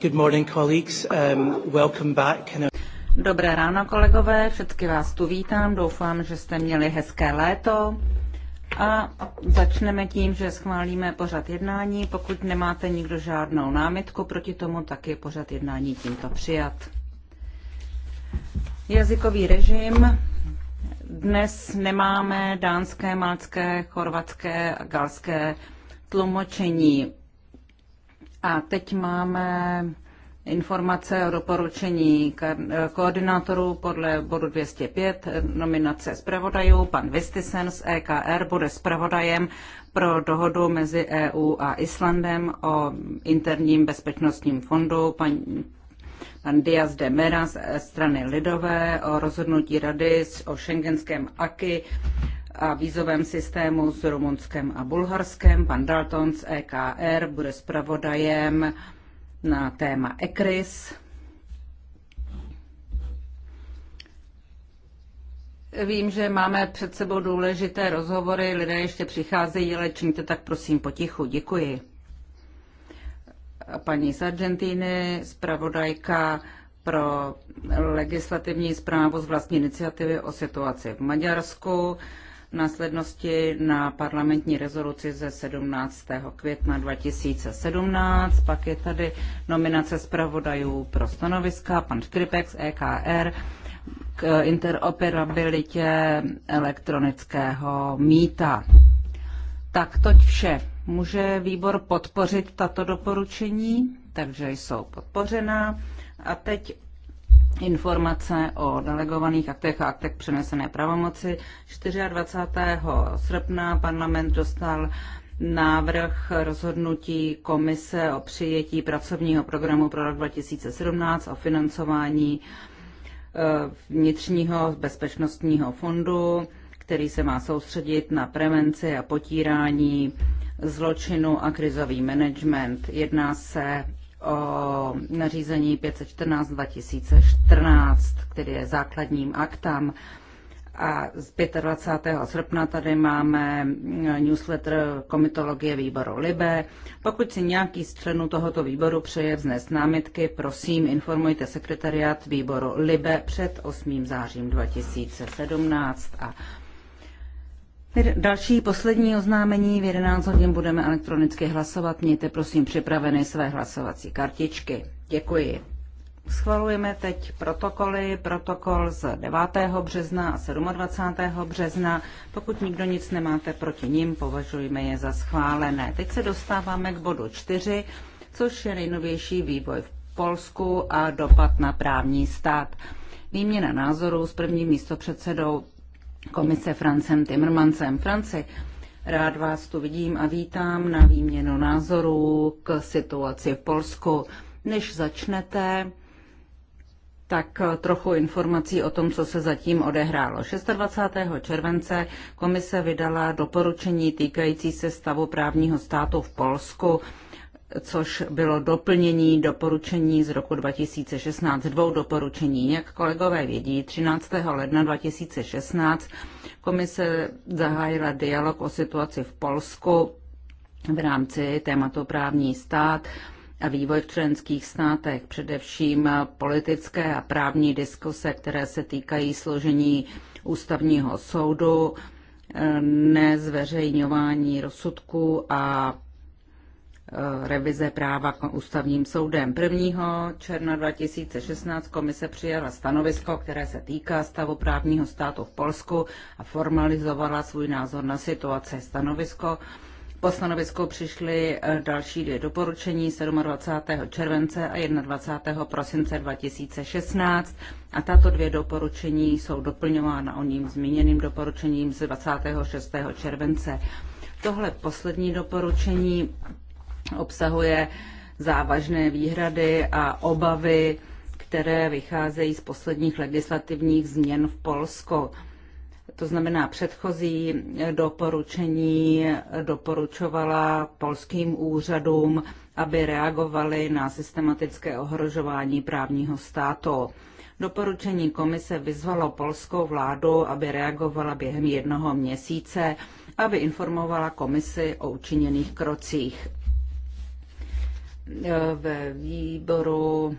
Good morning, colleagues. Um, welcome back. Dobré ráno, kolegové, všetky vás tu vítám. Doufám, že jste měli hezké léto. A začneme tím, že schválíme pořad jednání. Pokud nemáte nikdo žádnou námitku proti tomu, tak je pořad jednání tímto přijat. Jazykový režim. Dnes nemáme dánské, malcké, chorvatské a galské tlumočení. A teď máme informace o doporučení koordinátorů podle bodu 205, nominace zpravodajů. Pan Vistisen z EKR bude zpravodajem pro dohodu mezi EU a Islandem o interním bezpečnostním fondu. Pan, pan Diaz de Mera z eh, strany Lidové o rozhodnutí rady o šengenském AKI a vízovém systému s Rumunskem a Bulharskem. Pan Dalton z EKR bude zpravodajem na téma ECRIS. Vím, že máme před sebou důležité rozhovory, lidé ještě přicházejí, ale činíte tak prosím potichu. Děkuji. Paní z Argentiny, zpravodajka pro legislativní zprávu z vlastní iniciativy o situaci v Maďarsku následnosti na parlamentní rezoluci ze 17. května 2017. Pak je tady nominace zpravodajů pro stanoviska, pan Škripex, EKR, k interoperabilitě elektronického míta. Tak toť vše. Může výbor podpořit tato doporučení, takže jsou podpořena. A teď informace o delegovaných aktech a aktech přenesené pravomoci. 24. srpna parlament dostal návrh rozhodnutí komise o přijetí pracovního programu pro rok 2017 o financování eh, vnitřního bezpečnostního fondu, který se má soustředit na prevenci a potírání zločinu a krizový management. Jedná se o nařízení 514 2014, který je základním aktem. A z 25. srpna tady máme newsletter komitologie výboru Libe. Pokud si nějaký z členů tohoto výboru přeje vznést námitky, prosím informujte sekretariat výboru Libe před 8. zářím 2017. A Další poslední oznámení, v 11 hodin budeme elektronicky hlasovat. Mějte prosím připraveny své hlasovací kartičky. Děkuji. Schvalujeme teď protokoly, protokol z 9. března a 27. března. Pokud nikdo nic nemáte proti ním, považujeme je za schválené. Teď se dostáváme k bodu 4, což je nejnovější vývoj v Polsku a dopad na právní stát. Výměna názorů s prvním místopředsedou komise Francem Timmermansem. Franci, rád vás tu vidím a vítám na výměnu názorů k situaci v Polsku. Než začnete, tak trochu informací o tom, co se zatím odehrálo. 26. července komise vydala doporučení týkající se stavu právního státu v Polsku což bylo doplnění doporučení z roku 2016, dvou doporučení. Jak kolegové vědí, 13. ledna 2016 komise zahájila dialog o situaci v Polsku v rámci tématu právní stát a vývoj v členských státech, především politické a právní diskuse, které se týkají složení ústavního soudu, nezveřejňování rozsudků a Eh, revize práva ústavním soudem. 1. června 2016 komise přijala stanovisko, které se týká stavu právního státu v Polsku a formalizovala svůj názor na situaci. Stanovisko po stanovisku přišly eh, další dvě doporučení 27. července a 21. prosince 2016 a tato dvě doporučení jsou doplňována o ním zmíněným doporučením z 26. července. Tohle poslední doporučení obsahuje závažné výhrady a obavy, které vycházejí z posledních legislativních změn v Polsku. To znamená, předchozí doporučení doporučovala polským úřadům, aby reagovali na systematické ohrožování právního státu. Doporučení komise vyzvalo polskou vládu, aby reagovala během jednoho měsíce, aby informovala komisi o učiněných krocích ve výboru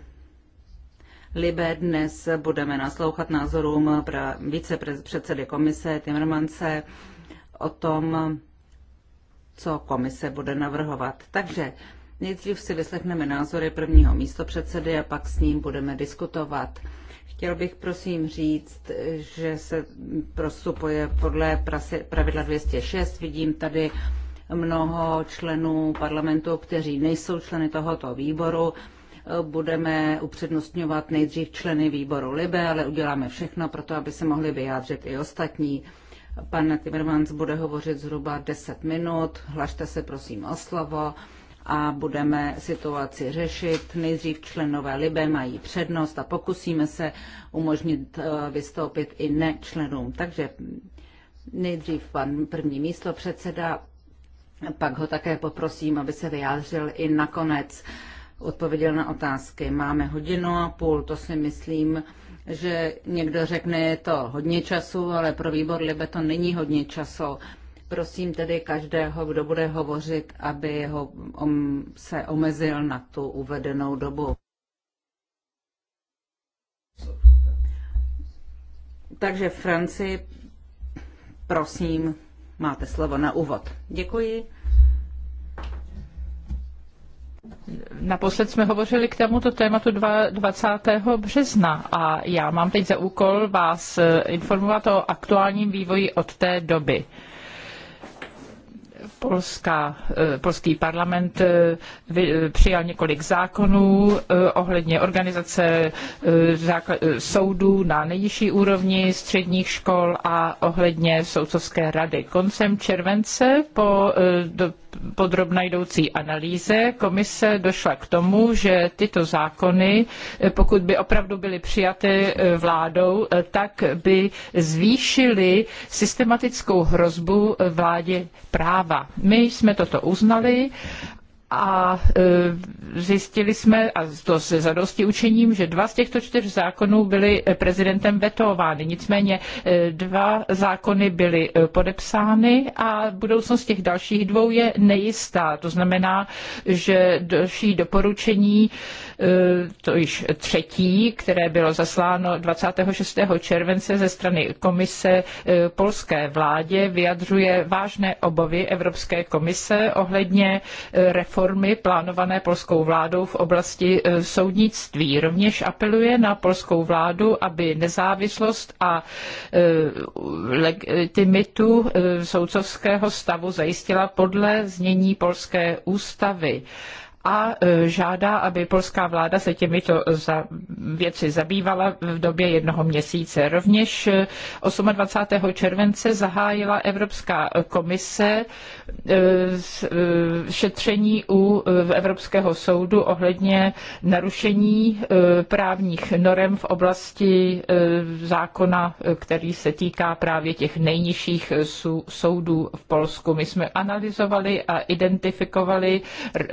Libe dnes budeme naslouchat názorům pra vicepředsedy komise Timmermance o tom, co komise bude navrhovat. Takže nejdřív si vyslechneme názory prvního místopředsedy a pak s ním budeme diskutovat. Chtěl bych prosím říct, že se prostupuje podle pravidla 206. Vidím tady mnoho členů parlamentu, kteří nejsou členy tohoto výboru. Budeme upřednostňovat nejdřív členy výboru Libe, ale uděláme všechno pro to, aby se mohli vyjádřit i ostatní. Pan Timmermans bude hovořit zhruba 10 minut, hlašte se prosím o slovo a budeme situaci řešit. Nejdřív členové Libe mají přednost a pokusíme se umožnit eh, vystoupit i nečlenům. Takže nejdřív pan první místo předseda, pak ho také poprosím, aby se vyjádřil i nakonec, odpověděl na otázky. Máme hodinu a půl, to si myslím, že někdo řekne, je to hodně času, ale pro výbor Libe to není hodně času. Prosím tedy každého, kdo bude hovořit, aby ho, om, se omezil na tu uvedenou dobu. Takže Franci, prosím, Máte slovo na úvod. Děkuji. Naposled jsme hovořili k tomuto tématu 22. března a já mám teď za úkol vás eh, informovat o aktuálním vývoji od té doby. Polská, eh, polský parlament eh, eh, přijal několik zákonů ohledně organizace soudů na nejvyšší úrovni středních škol a ohledně soudcovské rady. Koncem července po podrobné jdoucí analýze komise došla k tomu, že tyto zákony, pokud by opravdu byly přijaty vládou, tak by zvýšily systematickou hrozbu vládě práva. My jsme toto uznali a e, zjistili jsme, a to se zadosti učením, že dva z těchto čtyř zákonů byly e, prezidentem vetovány. Nicméně e, dva zákony byly podepsány a budoucnost těch dalších dvou je nejistá. To znamená, že další doporučení E, to již třetí, které bylo zasláno 26. července ze strany komise e, polské vládě, vyjadřuje vážné obavy Evropské komise ohledně e, reformy plánované polskou vládou v oblasti soudnictví. Rovněž apeluje na polskou vládu, aby nezávislost a legitimitu soudcovského stavu zajistila podle znění polské ústavy a e, žádá, aby polská vláda se těmito za věci zabývala v době jednoho měsíce. Rovněž e, 28. července zahájila Evropská komise e, šetření u Evropského soudu ohledně narušení právních norem v oblasti zákona, který se týká právě těch nejnižších soudů v Polsku. My jsme analyzovali a identifikovali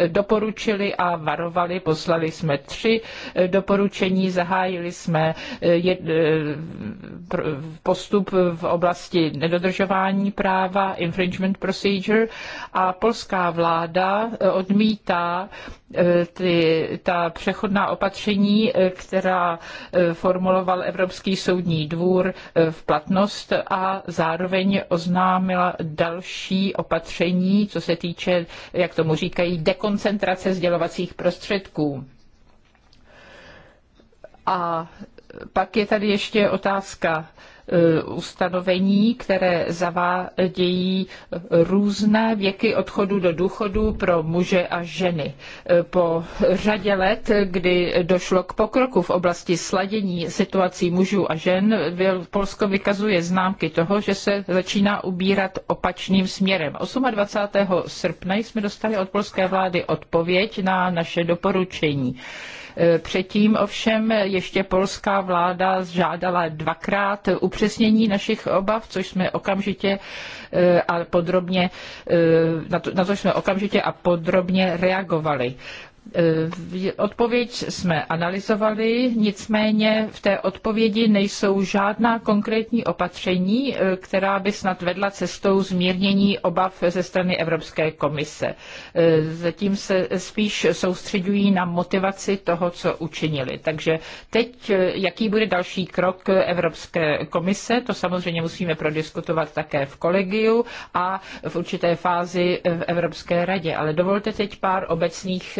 doporučení doporučili a varovali. Poslali jsme tři eh, doporučení, zahájili jsme eh, eh, postup v oblasti nedodržování práva, infringement procedure a polská vláda odmítá Eh, ty, ta přechodná opatření, eh, která eh, formuloval Evropský soudní dvůr v platnost a zároveň oznámila další opatření, co se týče, jak tomu říkají, dekoncentrace sdělovacích prostředků. A pak je tady ještě otázka Eh, ustanovení, které zavádějí různé věky odchodu do důchodu pro muže a ženy. Eh, po řadě let, kdy došlo k pokroku v oblasti sladění situací mužů a žen, Polsko vykazuje známky toho, že se začíná ubírat opačným směrem. 28. srpna jsme dostali od polské vlády odpověď na naše doporučení. Předtím ovšem ještě polská vláda žádala dvakrát upřesnění našich obav, což jsme okamžitě eh, a podrobně, eh, na to, na to jsme okamžitě a podrobně reagovali. Eh, odpověď jsme analyzovali, nicméně v té odpovědi nejsou žádná konkrétní opatření, eh, která by snad vedla cestou zmírnění obav ze strany Evropské komise. Eh, zatím se spíš soustředují na motivaci toho, co učinili. Takže teď, jaký bude další krok Evropské komise, to samozřejmě musíme prodiskutovat také v kolegiu a v určité fázi v Evropské radě. Ale dovolte teď pár obecných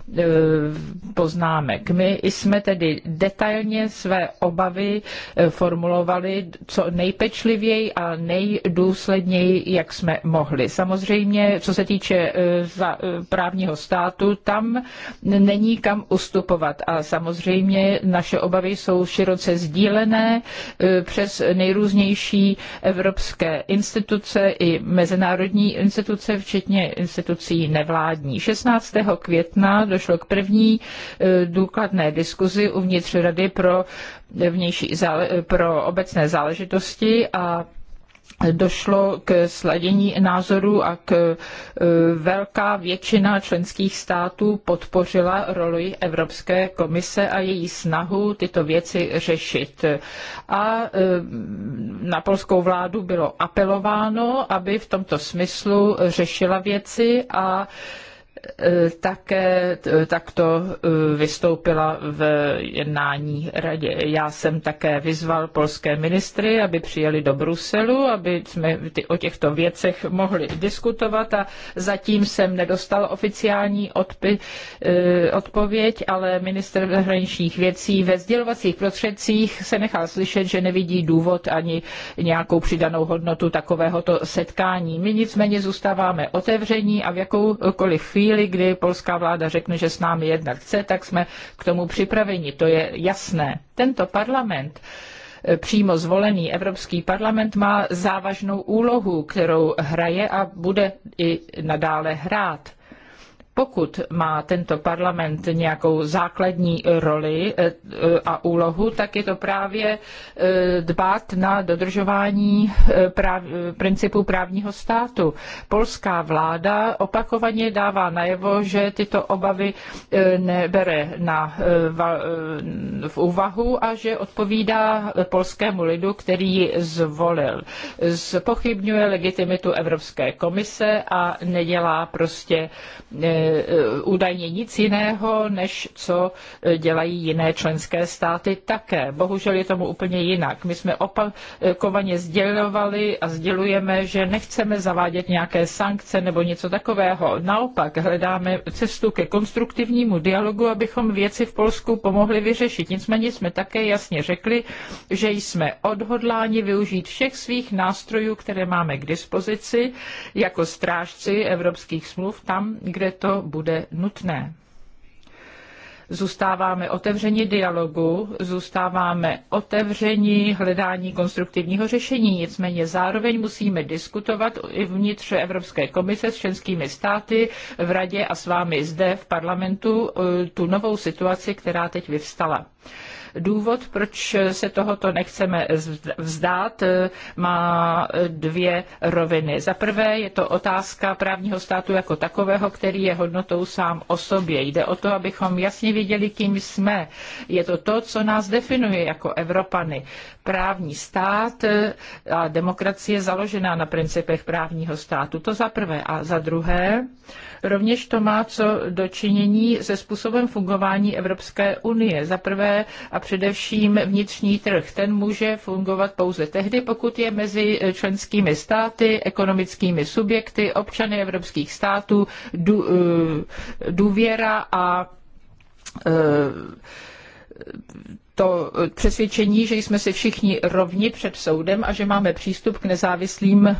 E, poznámek. My jsme tedy detailně své obavy e, formulovali co nejpečlivěji a nejdůsledněji, jak jsme mohli. Samozřejmě, co se týče e, právního státu, tam není kam ustupovat a samozřejmě naše obavy jsou široce sdílené přes nejrůznější evropské instituce i mezinárodní instituce, včetně institucí nevládní. 16. května do došlo k první eh, důkladné diskuzi uvnitř Rady pro, vnější, pro obecné záležitosti a došlo k sladění názorů a k eh, velká většina členských států podpořila roli Evropské komise a její snahu tyto věci řešit. A eh, na polskou vládu bylo apelováno, aby v tomto smyslu řešila věci a Eh, také eh, takto eh, vystoupila v jednání radě. Já jsem také vyzval polské ministry, aby přijeli do Bruselu, aby jsme ty, o těchto věcech mohli diskutovat a zatím jsem nedostal oficiální odpy, odpověď, ale minister zahraničních věcí ve sdělovacích prostředcích se nechal slyšet, že nevidí důvod ani nějakou přidanou hodnotu takovéhoto setkání. My nicméně zůstáváme otevření a v jakoukoliv chvíli chvíli, kdy polská vláda řekne, že s námi jednak chce, tak jsme k tomu připraveni. To je jasné. Tento parlament eh, přímo zvolený Evropský parlament má závažnou úlohu, kterou hraje a bude i nadále hrát pokud má tento parlament nějakou základní roli eh, eh, a úlohu, tak je to právě eh, dbát na dodržování práv, principů právního státu. Polská vláda opakovaně dává najevo, že tyto obavy nebere na, v úvahu a že odpovídá polskému lidu, který ji zvolil. zpochybňuje legitimitu Evropské komise a nedělá prostě Eh, údajně nic jiného, než co eh, dělají jiné členské státy také. Bohužel je tomu úplně jinak. My jsme opakovaně sdělovali a sdělujeme, že nechceme zavádět nějaké sankce nebo něco takového. Naopak hledáme cestu ke konstruktivnímu dialogu, abychom věci v Polsku pomohli vyřešit. Nicméně jsme také jasně řekli, že jsme odhodláni využít všech svých nástrojů, které máme k dispozici jako strážci evropských smluv tam, kde to to bude nutné. Zůstáváme otevřeni dialogu, zůstáváme otevřeni hledání konstruktivního řešení, nicméně zároveň musíme diskutovat i vnitř Evropské komise s členskými státy, v radě a s vámi zde v parlamentu e, tu novou situaci, která teď vyvstala. Důvod, proč se tohoto nechceme vzdát, má dvě roviny. Za prvé je to otázka právního státu jako takového, který je hodnotou sám o sobě. Jde o to, abychom jasně věděli, kým jsme. Je to to, co nás definuje jako Evropany právní stát eh, a demokracie založená na principech právního státu. To za prvé. A za druhé, rovněž to má co dočinění se způsobem fungování Evropské unie. Za prvé a především vnitřní trh. Ten může fungovat pouze tehdy, pokud je mezi eh, členskými státy, ekonomickými subjekty, občany evropských států eh, důvěra a to eh, přesvědčení, že jsme si všichni rovni před soudem a že máme přístup k nezávislým eh,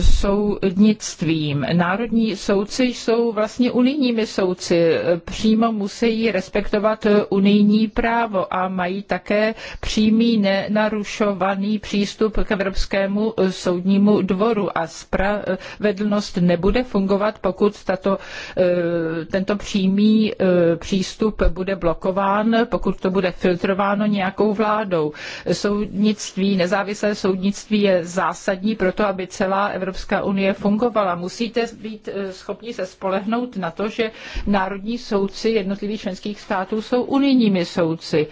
soudnictvím. Národní soudci jsou vlastně unijními soudci, přímo musí respektovat unijní právo a mají také přímý nenarušovaný přístup k Evropskému soudnímu dvoru a spravedlnost nebude fungovat, pokud tato, eh, tento přímý eh, přístup bude blokován, pokud to bude filtrováno nějakou vládou. Soudnictví, nezávislé soudnictví je zásadní pro to, aby celá celá Evropská unie fungovala. Musíte být eh, schopni se spolehnout na to, že národní soudci jednotlivých členských států jsou unijními soudci.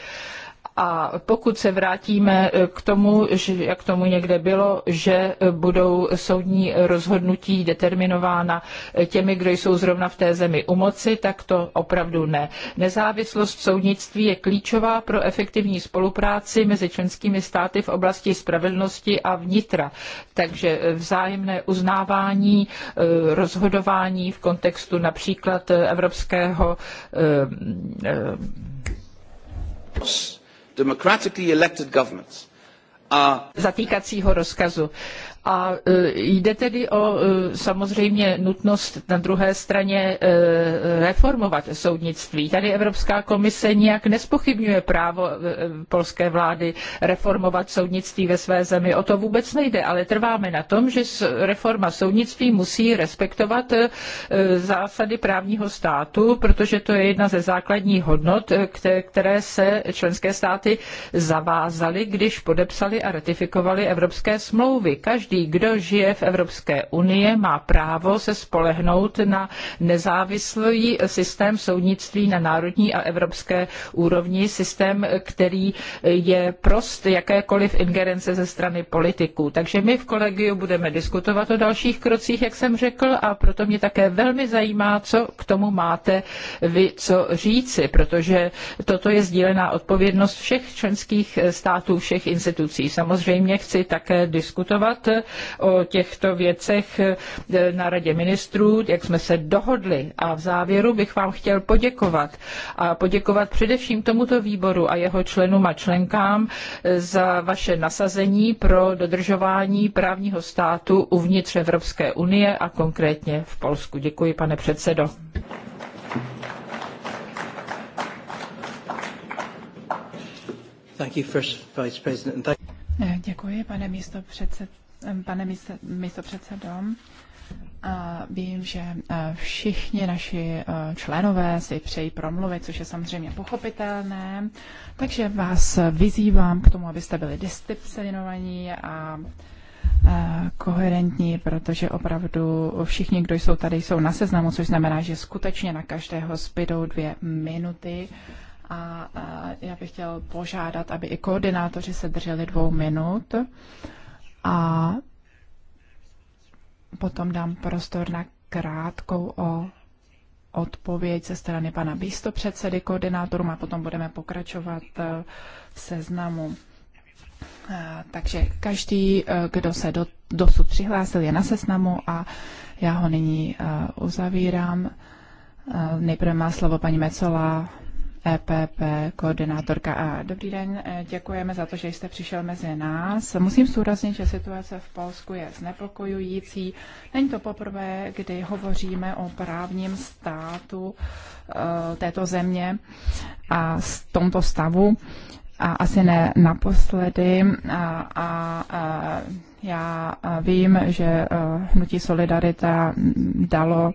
A pokud se vrátíme eh, k tomu, že, jak tomu někde bylo, že eh, budou soudní rozhodnutí determinována eh, těmi, kdo jsou zrovna v té zemi u moci, tak to opravdu ne. Nezávislost soudnictví je klíčová pro efektivní spolupráci mezi členskými státy v oblasti spravedlnosti a vnitra. Takže vzájemné uznávání rozhodování v kontextu například evropského democratically elected governments zatýkacího rozkazu. A e, jde tedy o e, samozřejmě nutnost na druhé straně e, reformovat soudnictví. Tady Evropská komise nijak nespochybňuje právo polské vlády reformovat soudnictví ve své zemi. O to vůbec nejde, ale trváme na tom, že reforma soudnictví musí respektovat zásady právního státu, protože to je jedna ze základních hodnot, které se členské státy zavázaly, když podepsali a ratifikovali evropské smlouvy. Každý každý, kdo žije v Evropské unii, má právo se spolehnout na nezávislý systém soudnictví na národní a evropské úrovni, systém, který je prost jakékoliv ingerence ze strany politiků. Takže my v kolegiu budeme diskutovat o dalších krocích, jak jsem řekl, a proto mě také velmi zajímá, co k tomu máte vy co říci, protože toto je sdílená odpovědnost všech členských států, všech institucí. Samozřejmě chci také diskutovat o těchto věcech eh, na radě ministrů, jak jsme se dohodli. A v závěru bych vám chtěl poděkovat a poděkovat především tomuto výboru a jeho členům a členkám eh, za vaše nasazení pro dodržování právního státu uvnitř Evropské unie a konkrétně v Polsku. Děkuji, pane předsedo. Eh, děkuji, pane místo předsedo pane místo, místopředsedo. A vím, že všichni naši členové si přejí promluvit, což je samozřejmě pochopitelné, takže vás vyzývám k tomu, abyste byli disciplinovaní a koherentní, protože opravdu všichni, kdo jsou tady, jsou na seznamu, což znamená, že skutečně na každého zbydou dvě minuty. A já bych chtěl požádat, aby i koordinátoři se drželi dvou minut a potom dám prostor na krátkou o odpověď ze strany pana místopředsedy koordinátorům a potom budeme pokračovat eh, v seznamu. Eh, takže každý, eh, kdo se do, dosud přihlásil, je na seznamu a já ho nyní uzavírám. Nejprve má slovo paní Mecola, EPP, koordinátorka A. Dobrý den, e, děkujeme za to, že jste přišel mezi nás. Musím zúraznit, že situace v Polsku je znepokojující. Není to poprvé, kdy hovoříme o právním státu e, této země a s tomto stavu a asi ne naposledy. A, a, a já vím, že e, hnutí Solidarita dalo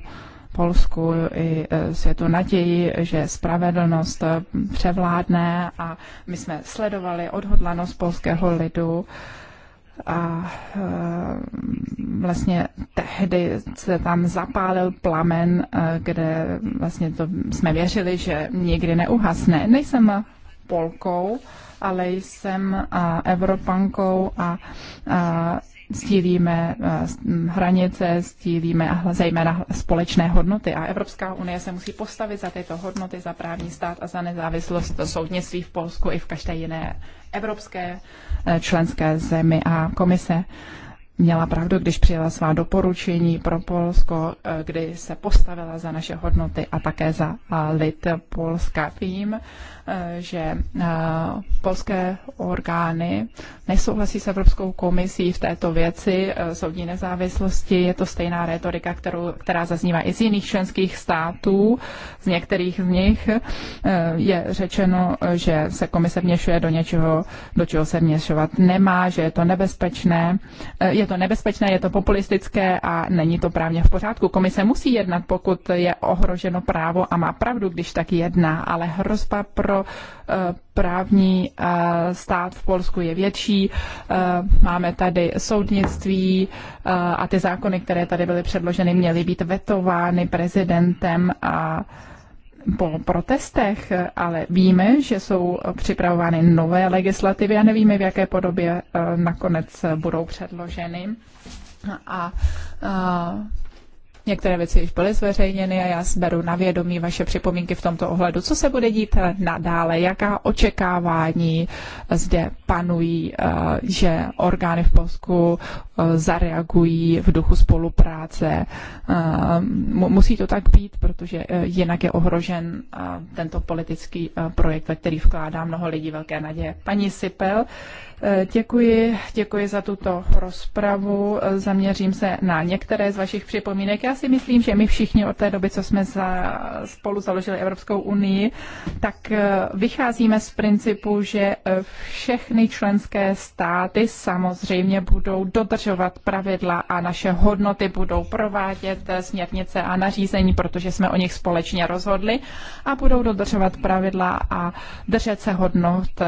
Polsku i e, světu naději, že spravedlnost e, převládne a my jsme sledovali odhodlanost polského lidu a e, vlastně tehdy se tam zapálil plamen, kde vlastně to jsme věřili, že nikdy neuhasne. Nejsem Polkou, ale jsem Evropankou a, a sdílíme eh, hranice, sdílíme zejména společné hodnoty a Evropská unie se musí postavit za tyto hodnoty, za právní stát a za nezávislost soudnictví v Polsku i v každé jiné evropské eh, členské zemi a komise měla pravdu, když přijela svá doporučení pro Polsko, eh, kdy se postavila za naše hodnoty a také za lid Polska. Vím, že eh, polské orgány nesouhlasí s Evropskou komisí v této věci eh, soudní nezávislosti. Je to stejná retorika, kterou, která zaznívá i z jiných členských států. Z některých z nich eh, je řečeno, že se komise vněšuje do něčeho, do čeho se vněšovat nemá, že je to nebezpečné. Je to nebezpečné, je to populistické a není to právně v pořádku. Komise musí jednat, pokud je ohroženo právo a má pravdu, když tak jedná, ale hrozba pro právní eh, stát v Polsku je větší. Eh, máme tady soudnictví eh, a ty zákony, které tady byly předloženy, měly být vetovány prezidentem a po protestech, ale víme, že jsou připravovány nové legislativy a nevíme, v jaké podobě nakonec budou předloženy. a Některé věci již byly zveřejněny a já zberu na vědomí vaše připomínky v tomto ohledu. Co se bude dít eh, nadále? Jaká očekávání zde panují, eh, že orgány v Polsku Eh, zareagují v duchu spolupráce. Eh, musí to tak být, protože eh, jinak je ohrožen tento politický projekt, ve který vkládá mnoho lidí velké naděje. Paní Sipel, děkuji, děkuji za tuto rozpravu. Zaměřím se na některé z vašich připomínek. Já si myslím, že my všichni od té doby, co jsme za, spolu založili Evropskou unii, tak vycházíme z principu, že všechny členské státy samozřejmě budou dodržovat dodržovat pravidla a naše hodnoty budou provádět směrnice a nařízení, protože jsme o nich společně rozhodli a budou dodržovat pravidla a držet se hodnot, eh,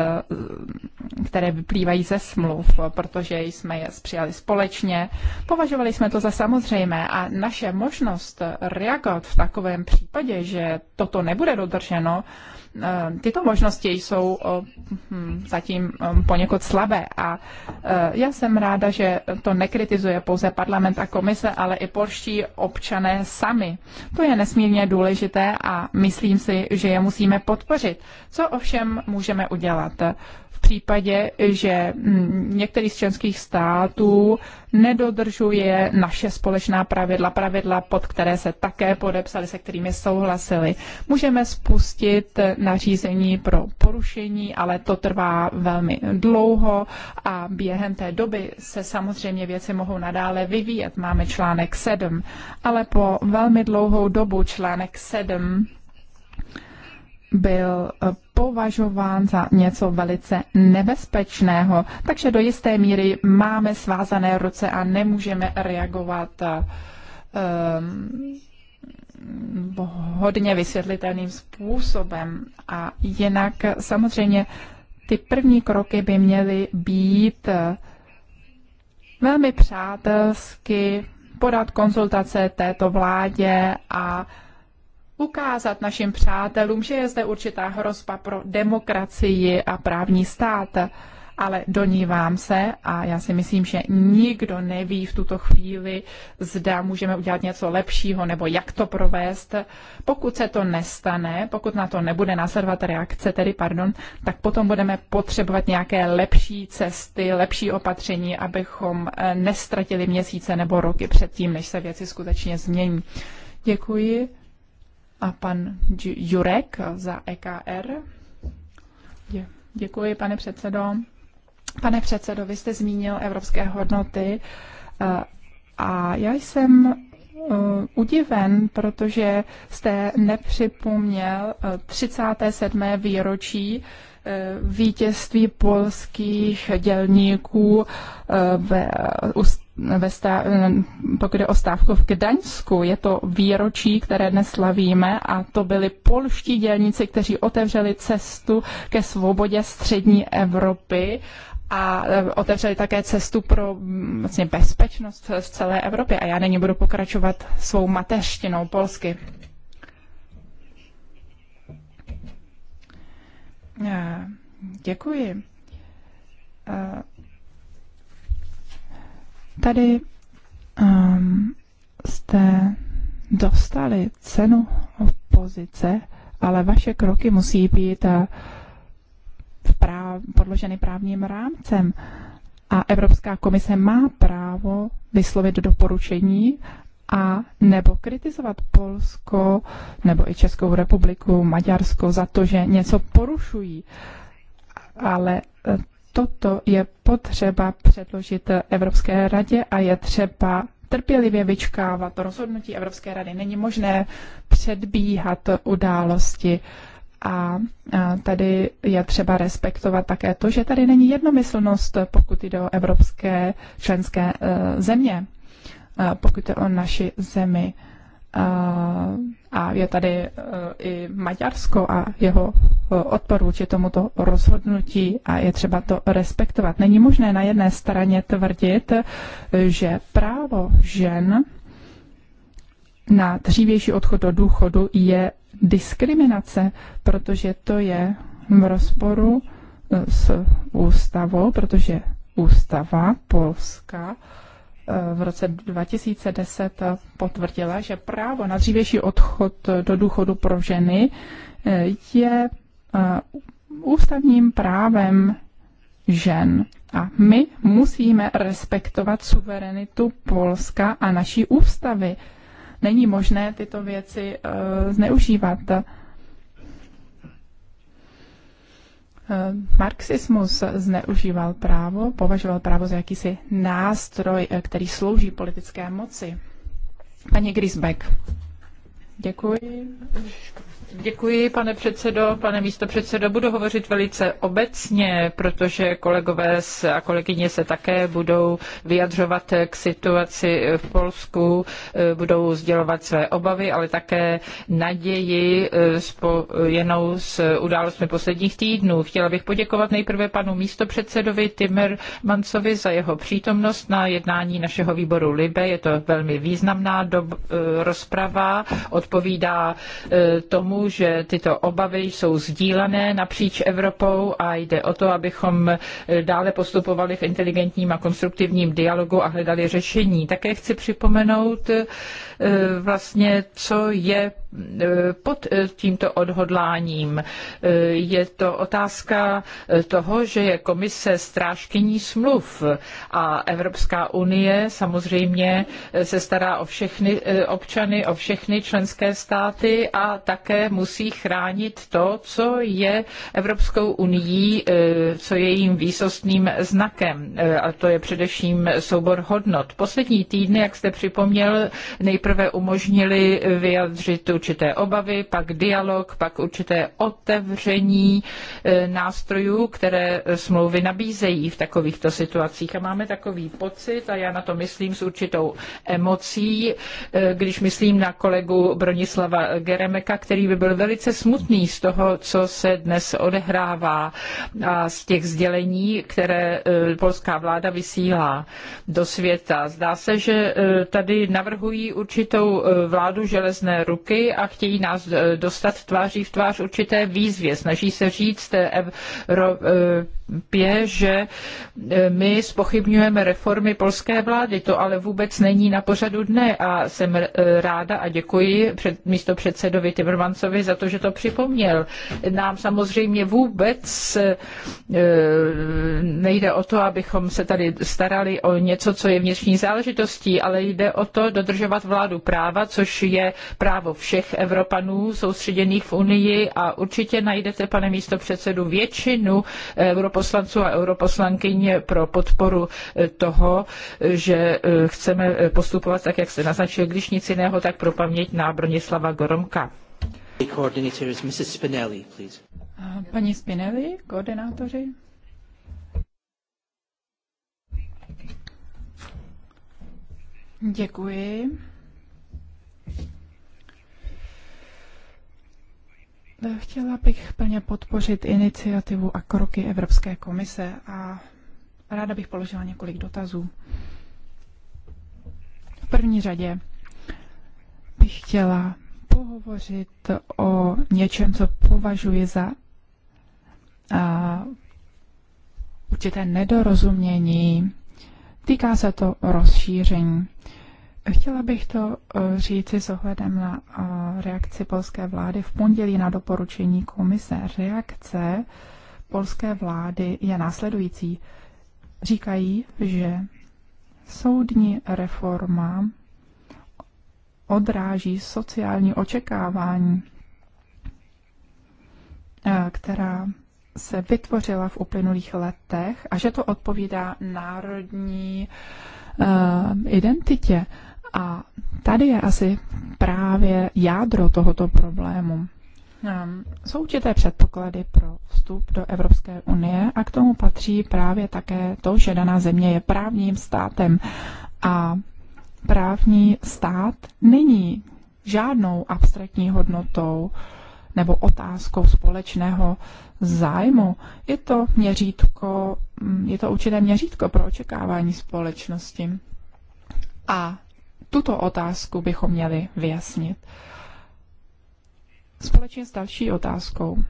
které vyplývají ze smluv, protože jsme je přijali společně. Považovali jsme to za samozřejmé a naše možnost reagovat v takovém případě, že toto nebude dodrženo, Eh, tyto možnosti jsou eh, hm, zatím eh, poněkud slabé a já jsem ráda, že to nekritizuje pouze parlament a komise, ale i polští občané sami. To je nesmírně důležité a myslím si, že je musíme podpořit. Co ovšem můžeme udělat? v případě, že mm, některý z členských států nedodržuje naše společná pravidla, pravidla, pod které se také podepsali, se kterými souhlasili. Můžeme spustit nařízení pro porušení, ale to trvá velmi dlouho a během té doby se samozřejmě věci mohou nadále vyvíjet. Máme článek 7, ale po velmi dlouhou dobu článek 7 byl považován za něco velice nebezpečného. Takže do jisté míry máme svázané ruce a nemůžeme reagovat um, hodně vysvětlitelným způsobem. A jinak samozřejmě ty první kroky by měly být eh, velmi přátelsky, podat konzultace této vládě a ukázat našim přátelům, že je zde určitá hrozba pro demokracii a právní stát. Ale donívám se, a já si myslím, že nikdo neví v tuto chvíli, zda můžeme udělat něco lepšího nebo jak to provést. Pokud se to nestane, pokud na to nebude následovat reakce, tedy pardon, tak potom budeme potřebovat nějaké lepší cesty, lepší opatření, abychom eh, nestratili měsíce nebo roky předtím, než se věci skutečně změní. Děkuji a pan Jurek za EKR. Děkuji, pane předsedo. Pane předsedo, vy jste zmínil evropské hodnoty eh, a já jsem eh, udiven, protože jste nepřipomněl 37. Eh, výročí vítězství polských dělníků ve, ve stá, pokud jde o stávku v Gdaňsku, je to výročí, které neslavíme a to byli polští dělníci, kteří otevřeli cestu ke svobodě střední Evropy a e, otevřeli také cestu pro mm, vlastně bezpečnost v celé Evropě. A já nyní budu pokračovat svou mateřštinou polsky. E, děkuji. E, Tady um, jste dostali cenu opozice, ale vaše kroky musí být eh, práv, podloženy právním rámcem. A Evropská komise má právo vyslovit doporučení a nebo kritizovat Polsko nebo i Českou republiku, Maďarsko za to, že něco porušují. Ale eh, toto je potřeba předložit Evropské radě a je třeba trpělivě vyčkávat rozhodnutí Evropské rady. Není možné předbíhat události a tady je třeba respektovat také to, že tady není jednomyslnost, pokud jde o evropské členské e, země, e, pokud jde o naši zemi a je tady e, i Maďarsko a jeho e, odpor vůči tomuto rozhodnutí a je třeba to respektovat. Není možné na jedné straně tvrdit, že právo žen na dřívější odchod do důchodu je diskriminace, protože to je v rozporu e, s ústavou, protože ústava Polska uh, Eh, v roce 2010 potvrdila, že právo na dřívější odchod do důchodu pro ženy eh, je eh, ústavním právem žen. A my musíme respektovat suverenitu Polska a naší ústavy. Není možné tyto věci zneužívat. Eh, marxismus zneužíval právo, považoval právo za jakýsi nástroj, eh, který slouží politické moci. Pani Grisbeck. Děkuji. Děkuji, pane předsedo, pane místopředsedo. Budu hovořit velice obecně, protože kolegové a kolegyně se také budou vyjadřovat k situaci v Polsku, eh, budou sdělovat své obavy, ale také naději eh, spojenou s událostmi posledních týdnů. Chtěla bych poděkovat nejprve panu místopředsedovi Timmermansovi za jeho přítomnost na jednání našeho výboru LIBE. Je to velmi významná dob, eh, rozprava, odpovídá tomu, že tyto obavy jsou sdílené napříč Evropou a jde o to, abychom eh, dále postupovali v inteligentním a konstruktivním dialogu a hledali řešení. Také chci připomenout eh, vlastně, co je pod eh, tímto odhodláním. Eh, je to otázka eh, toho, že je komise strážkyní smluv a Evropská unie samozřejmě se stará o všechny občany, o všechny členské státy a také musí chránit to, co je Evropskou unii, co je jejím výsostným znakem. A to je především soubor hodnot. Poslední týdny, jak jste připomněl, nejprve umožnili vyjadřit tu určité obavy, pak dialog, pak určité otevření e, nástrojů, které e, smlouvy nabízejí v takovýchto situacích. A máme takový pocit, a já na to myslím s určitou emocí, e, když myslím na kolegu Bronislava Geremeka, který by byl velice smutný z toho, co se dnes odehrává a z těch sdělení, které polská vláda vysílá do světa. Zdá se, že tady navrhují určitou vládu železné ruky a chtějí nás eh, dostat tváří v tvář určité výzvě. Snaží se říct eh, Evropě, eh, pě, že e, my spochybňujeme reformy polské vlády. To ale vůbec není na pořadu dne a jsem e, ráda a děkuji před, místo předsedovi Timmermansovi za to, že to připomněl. Nám samozřejmě vůbec e, nejde o to, abychom se tady starali o něco, co je vnitřní záležitostí, ale jde o to dodržovat vládu práva, což je právo všech Evropanů soustředěných v Unii a určitě najdete, pane místo předsedu, většinu Evropa europoslanců a europoslankyň pro podporu eh, toho, eh, že eh, chceme postupovat tak, jak se naznačil, když nic jiného, tak pro paměť na Bronislava Goromka. Paní Spinelli, koordinátoři. Děkuji. Chtěla bych plně podpořit iniciativu a kroky Evropské komise a ráda bych položila několik dotazů. V první řadě bych chtěla pohovořit o něčem, co považuji za a, určité nedorozumění. Týká se to rozšíření. Chtěla bych to eh, říci s ohledem na eh, reakci polské vlády v pondělí na doporučení komise. Reakce polské vlády je následující. Říkají, že soudní reforma odráží sociální očekávání, eh, která se vytvořila v uplynulých letech a že to odpovídá národní uh, identitě. Uh, a tady je asi právě jádro tohoto problému. Ehm, jsou určité předpoklady pro vstup do Evropské unie a k tomu patří právě také to, že daná země je právním státem a právní stát není žádnou abstraktní hodnotou nebo otázkou společného zájmu. Je to měřítko, mm, je to určité měřítko pro očekávání společnosti. A tuto otázku bychom měli vyjasnit. Společně s další otázkou.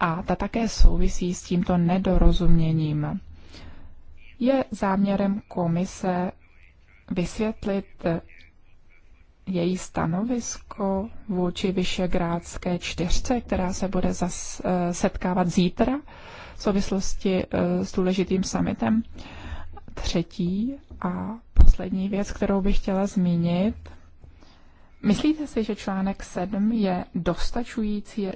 A ta také souvisí s tímto nedorozuměním. Je záměrem komise vysvětlit její stanovisko vůči Vyšegrádské čtyřce, která se bude zas, eh, setkávat zítra v souvislosti eh, s důležitým summitem. Třetí a poslední věc, kterou bych chtěla zmínit. Myslíte si, že článek 7 je dostačující eh,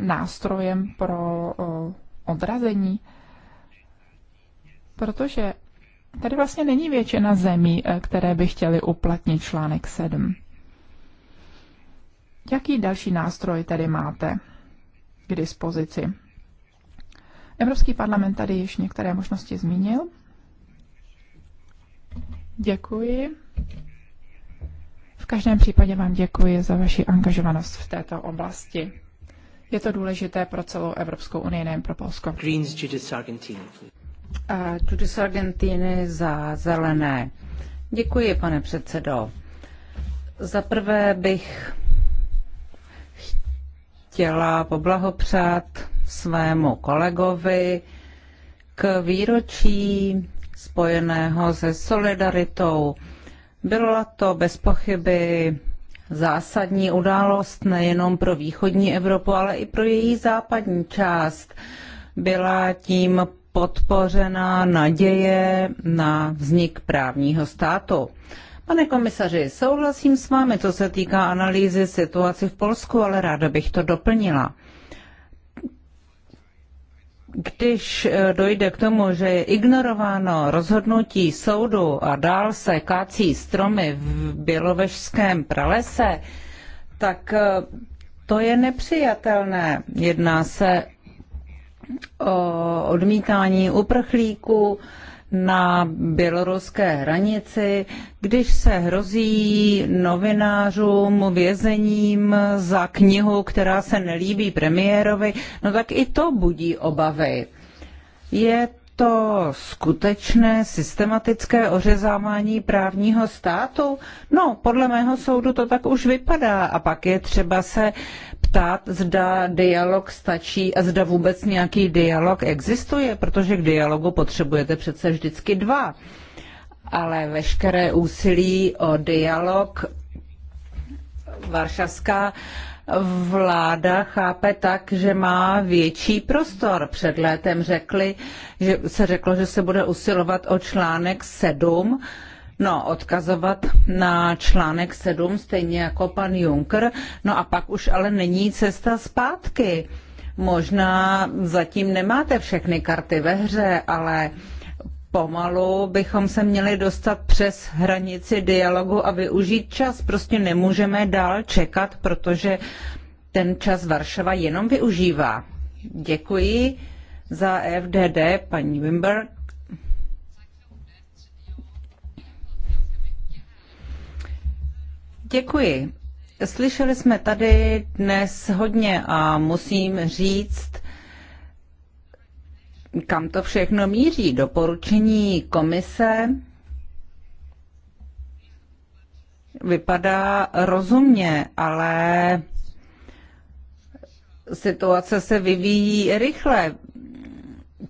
nástrojem pro eh, odrazení? Protože tady vlastně není většina zemí, eh, které by chtěly uplatnit článek 7. Jaký další nástroj tedy máte k dispozici? Evropský parlament tady již některé možnosti zmínil. Děkuji. V každém případě vám děkuji za vaši angažovanost v této oblasti. Je to důležité pro celou Evropskou unii, nejen pro Polsko. Greens, Judith Sargentini. A Judith Sargentini za zelené. Děkuji, pane předsedo. Za prvé bych chtěla poblahopřát svému kolegovi k výročí spojeného se solidaritou. Byla to bez pochyby zásadní událost nejenom pro východní Evropu, ale i pro její západní část. Byla tím podpořena naděje na vznik právního státu. Pane komisaři, souhlasím s vámi, co se týká analýzy situace v Polsku, ale ráda bych to doplnila když eh, dojde k tomu, že je ignorováno rozhodnutí soudu a dál se kácí stromy v bělovežském pralese, tak eh, to je nepřijatelné. Jedná se o odmítání uprchlíků, na běloruské hranici, když se hrozí novinářům vězením za knihu, která se nelíbí premiérovi, no tak i to budí obavy. Je to skutečné systematické ořezávání právního státu? No, podle mého soudu to tak už vypadá a pak je třeba se ptát, zda dialog stačí a zda vůbec nějaký dialog existuje, protože k dialogu potřebujete přece vždycky dva. Ale veškeré úsilí o dialog Varšavská vláda chápe tak, že má větší prostor. Před létem řekli, že se řeklo, že se bude usilovat o článek 7, No, odkazovat na článek 7, stejně jako pan Juncker, no a pak už ale není cesta zpátky. Možná zatím nemáte všechny karty ve hře, ale uh, pomalu bychom se měli dostat přes hranici dialogu a využít čas. Prostě nemůžeme dál čekat, protože ten čas Varšava jenom využívá. Děkuji za FDD, paní Wimberg. Děkuji. Slyšeli jsme tady dnes hodně a musím říct, kam to všechno míří. Doporučení komise vypadá rozumně, ale situace se vyvíjí rychle.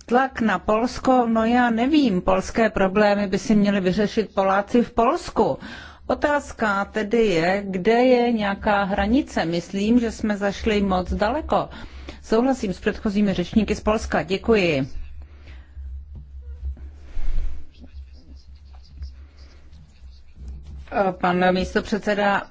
Tlak na Polsko, no já nevím, polské problémy by si měli vyřešit Poláci v Polsku. Otázka tedy je, kde je nějaká hranice. Myslím, že jsme zašli moc daleko. Souhlasím s předchozími řečníky z Polska. Děkuji. Pan místopředseda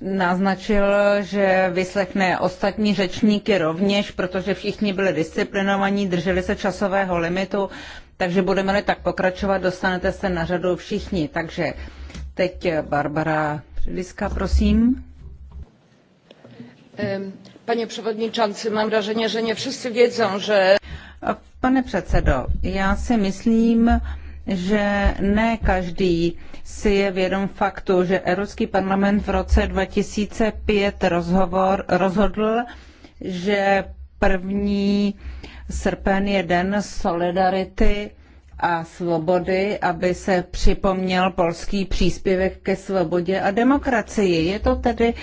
naznačil, že vyslechne ostatní řečníky rovněž, protože všichni byli disciplinovaní, drželi se časového limitu, takže budeme-li tak pokračovat, dostanete se na řadu všichni. Takže Teď Barbara prosím. mám wrażenie, že ne všichni vědí, že. Pane předsedo, já si myslím, že ne každý si je vědom faktu, že Evropský parlament v roce 2005 rozhovor, rozhodl, že první srpen je den solidarity a svobody, aby se připomněl polský příspěvek ke svobodě a demokracii. Je to tedy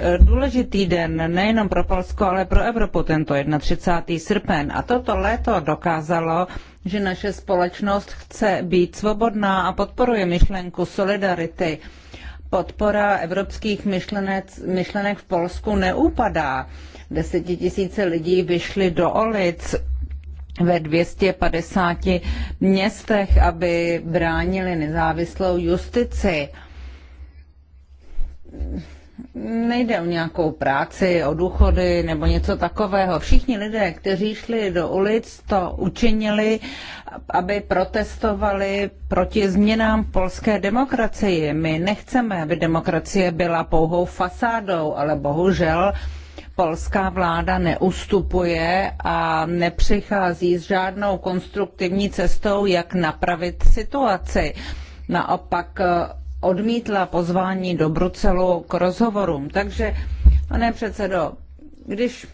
e, důležitý den nejenom pro Polsko, ale pro Evropu tento 31. srpen. A toto léto dokázalo, že naše společnost chce být svobodná a podporuje myšlenku solidarity. Podpora evropských myšlenec, myšlenek v Polsku neupadá. Desetitisíce lidí vyšly do ulic ve 250 městech, aby bránili nezávislou justici. Nejde o nějakou práci, o důchody nebo něco takového. Všichni lidé, kteří šli do ulic, to učinili, aby protestovali proti změnám polské demokracii. My nechceme, aby demokracie byla pouhou fasádou, ale bohužel polská vláda neustupuje a nepřichází s žádnou konstruktivní cestou, jak napravit situaci. Naopak eh, odmítla pozvání do Bruselu k rozhovorům. Takže, pane předsedo, když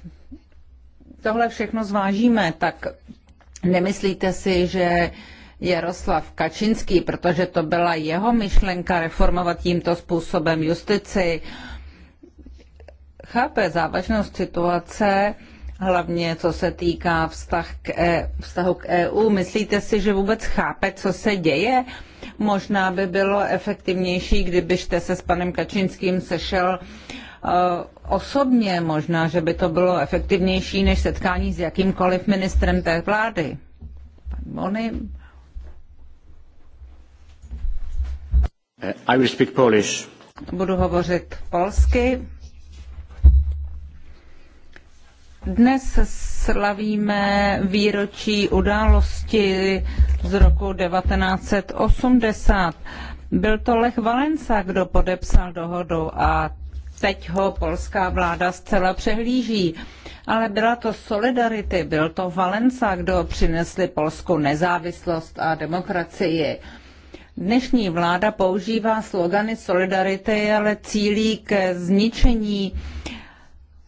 tohle všechno zvážíme, tak nemyslíte si, že Jaroslav Kačinský, protože to byla jeho myšlenka reformovat tímto způsobem justici, chápe závažnost situace, hlavně co se týká vztah k e, vztahu k EU. Myslíte si, že vůbec chápe, co se děje? Možná by bylo efektivnější, kdybyste se s panem Kačinským sešel eh, osobně. Možná, že by to bylo efektivnější než setkání s jakýmkoliv ministrem té vlády. Pan Bony. Eh, I will speak Polish. Budu hovořit polsky. Dnes slavíme výročí události z roku 1980. Byl to Lech Valenca, kdo podepsal dohodu a teď ho polská vláda zcela přehlíží. Ale byla to solidarity, byl to Valenca, kdo přinesli Polsku nezávislost a demokracii. Dnešní vláda používá slogany solidarity, ale cílí ke zničení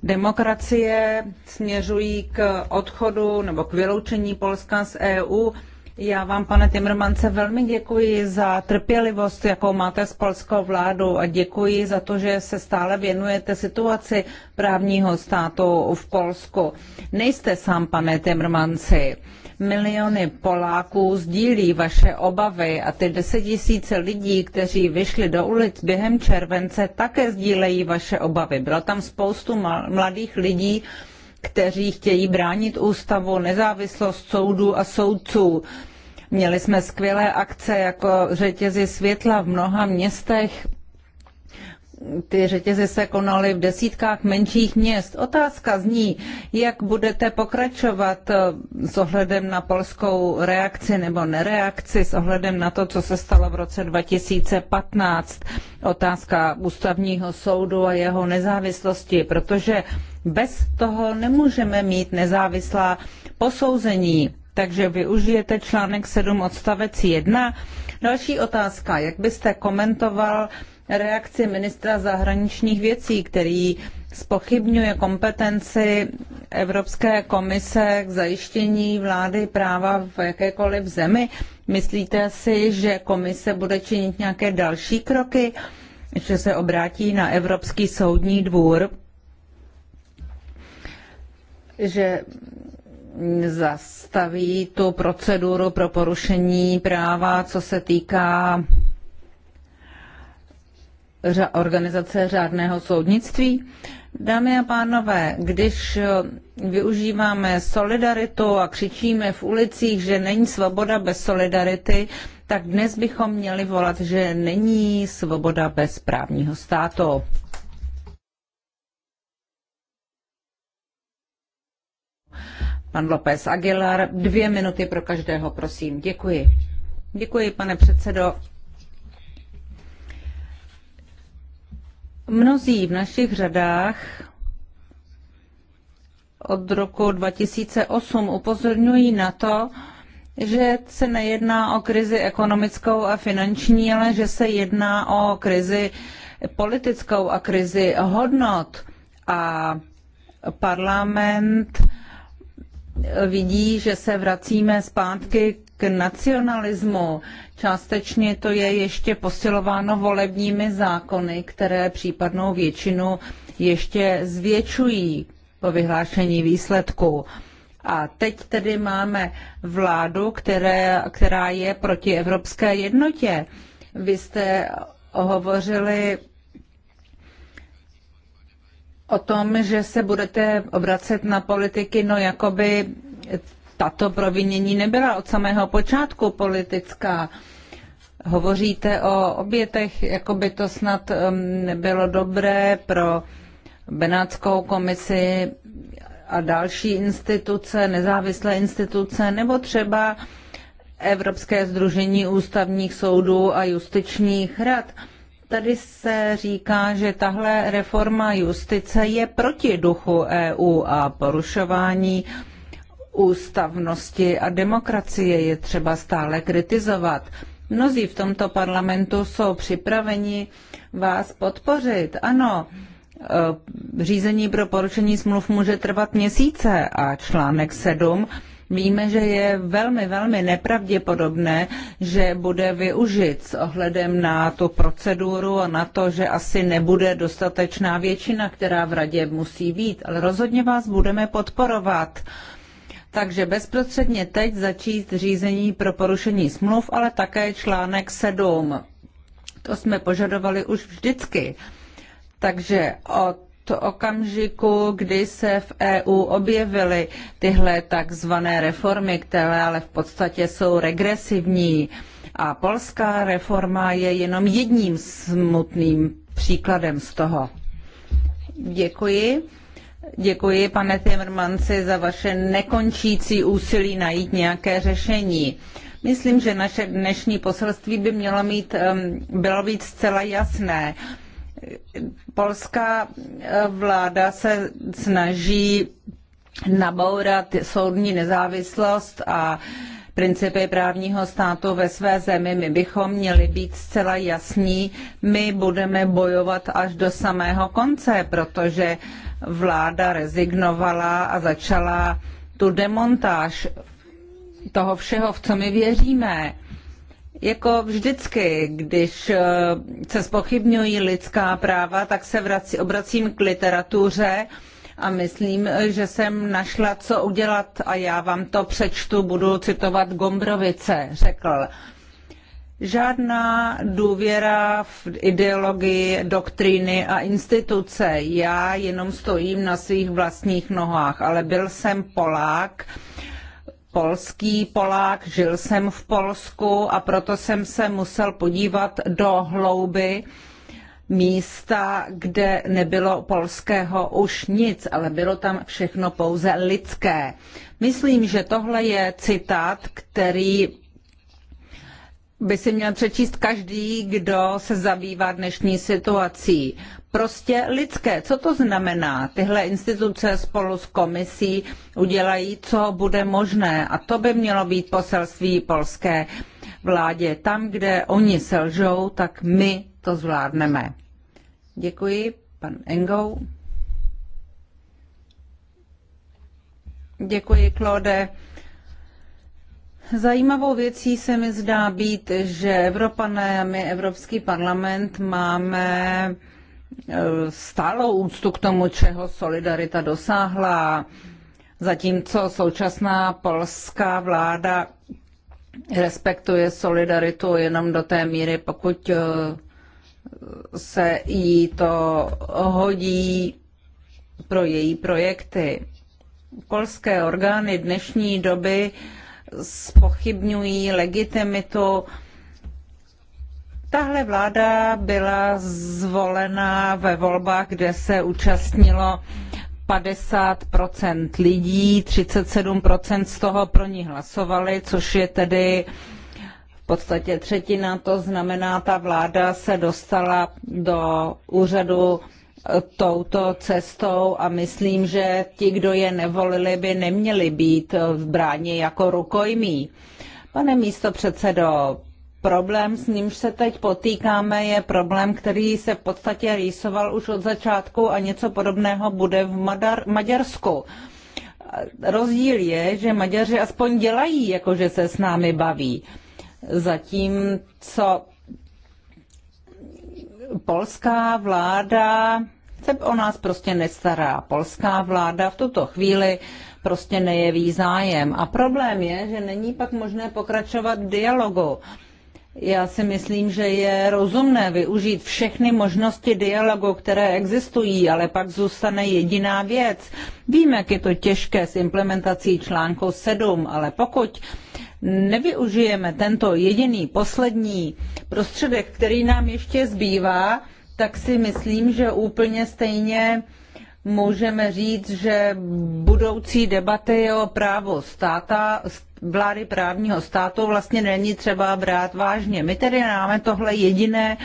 demokracie směřují k odchodu nebo k vyloučení Polska z EU. Já vám, pane Timmermance, velmi děkuji za trpělivost, jakou máte s polskou vládou a děkuji za to, že se stále věnujete situaci právního státu v Polsku. Nejste sám, pane Timmermansi. Miliony Poláků sdílí vaše obavy a ty desetisíce lidí, kteří vyšli do ulic během července, také sdílejí vaše obavy. Bylo tam spoustu mladých lidí, kteří chtějí bránit ústavu, nezávislost soudů a soudců. Měli jsme skvělé akce jako řetězy světla v mnoha městech ty řetězy se konaly v desítkách menších měst. Otázka zní, jak budete pokračovat eh, s ohledem na polskou reakci nebo nereakci, s ohledem na to, co se stalo v roce 2015. Otázka ústavního soudu a jeho nezávislosti, protože bez toho nemůžeme mít nezávislá posouzení. Takže využijete článek 7 odstavec 1. Další otázka, jak byste komentoval reakci ministra zahraničních věcí, který spochybňuje kompetenci Evropské komise k zajištění vlády práva v jakékoliv zemi. Myslíte si, že komise bude činit nějaké další kroky, že se obrátí na Evropský soudní dvůr, že zastaví tu proceduru pro porušení práva, co se týká organizace řádného soudnictví. Dámy a pánové, když eh, využíváme solidaritu a křičíme v ulicích, že není svoboda bez solidarity, tak dnes bychom měli volat, že není svoboda bez právního státu. Pan López Aguilar, dvě minuty pro každého, prosím. Děkuji. Děkuji, pane předsedo. Mnozí v našich řadách od roku 2008 upozorňují na to, že se nejedná o krizi ekonomickou a finanční, ale že se jedná o krizi politickou a krizi hodnot. A parlament vidí, že se vracíme zpátky k nacionalismu. Částečně to je ještě posilováno volebními zákony, které případnou většinu ještě zvětšují po vyhlášení výsledku. A teď tedy máme vládu, které, která je proti evropské jednotě. Vy jste hovořili o tom, že se budete obracet na politiky, no jakoby tato provinění nebyla od samého počátku politická. Hovoříte o obětech, jako by to snad um, nebylo dobré pro Benátskou komisi a další instituce, nezávislé instituce, nebo třeba Evropské združení ústavních soudů a justičních rad. Tady se říká, že tahle reforma justice je proti duchu EU a porušování ústavnosti a demokracie je třeba stále kritizovat. Mnozí v tomto parlamentu jsou připraveni vás podpořit. Ano, eh, řízení pro porušení smluv může trvat měsíce a článek 7 Víme, že je velmi, velmi nepravděpodobné, že bude využit s ohledem na tu proceduru a na to, že asi nebude dostatečná většina, která v radě musí být. Ale rozhodně vás budeme podporovat. Uh, takže bezprostředně teď začít řízení pro porušení smluv, ale také článek 7. To jsme požadovali už vždycky. Takže od okamžiku, kdy se v EU objevily tyhle takzvané reformy, které ale v podstatě jsou regresivní, a polská reforma je jenom jedním smutným příkladem z toho. Děkuji. Děkuji, pane Timmermansi, za vaše nekončící úsilí najít nějaké řešení. Myslím, že naše dnešní poselství by mělo mít, bylo být zcela jasné. Polská eh, vláda se snaží nabourat soudní nezávislost a principy právního státu ve své zemi. My bychom měli být zcela jasní, my budeme bojovat až do samého konce, protože vláda rezignovala a začala tu demontáž toho všeho, v co my věříme. Jako vždycky, když eh, se spochybňují lidská práva, tak se vrací, obracím k literatuře a myslím, že jsem našla, co udělat a já vám to přečtu, budu citovat Gombrovice, řekl. Žádná důvěra v ideologii, doktríny a instituce. Já jenom stojím na svých vlastních nohách, ale byl jsem Polák, polský Polák, žil jsem v Polsku a proto jsem se musel podívat do hlouby místa, kde nebylo polského už nic, ale bylo tam všechno pouze lidské. Myslím, že tohle je citát, který by si měl přečíst každý, kdo se zabývá dnešní situací. Prostě lidské. Co to znamená? Tyhle instituce spolu s komisí udělají, co bude možné. A to by mělo být poselství polské vládě. Tam, kde oni selžou, tak my to zvládneme. Děkuji, pan Engou. Děkuji, Klode. Zajímavou věcí se mi zdá být, že Evropané a my, Evropský parlament, máme e, stálou úctu k tomu, čeho solidarita dosáhla, zatímco současná polská vláda respektuje solidaritu jenom do té míry, pokud e, se jí to hodí pro její projekty. Polské orgány dnešní doby spochybňují legitimitu. Tahle vláda byla zvolena ve volbách, kde se účastnilo 50 lidí, 37 z toho pro ní hlasovali, což je tedy podstatě třetina, to znamená, ta vláda se dostala do úřadu eh, touto cestou a myslím, že ti, kdo je nevolili, by neměli být v eh, bráně jako rukojmí. Pane místo předsedo, problém, s nímž se teď potýkáme, je problém, který se v podstatě rýsoval už od začátku a něco podobného bude v Madar- Maďarsku. Rozdíl je, že Maďaři aspoň dělají, jakože se s námi baví. Zatím co polská vláda se o nás prostě nestará. Polská vláda v tuto chvíli prostě nejeví zájem. A problém je, že není pak možné pokračovat v dialogu. Já si myslím, že je rozumné využít všechny možnosti dialogu, které existují, ale pak zůstane jediná věc. Vím, jak je to těžké s implementací článku 7, ale pokud nevyužijeme tento jediný poslední prostředek, který nám ještě zbývá, tak si myslím, že úplně stejně můžeme říct, že budoucí debaty o právo státa, vlády právního státu vlastně není třeba brát vážně. My tedy máme tohle jediné,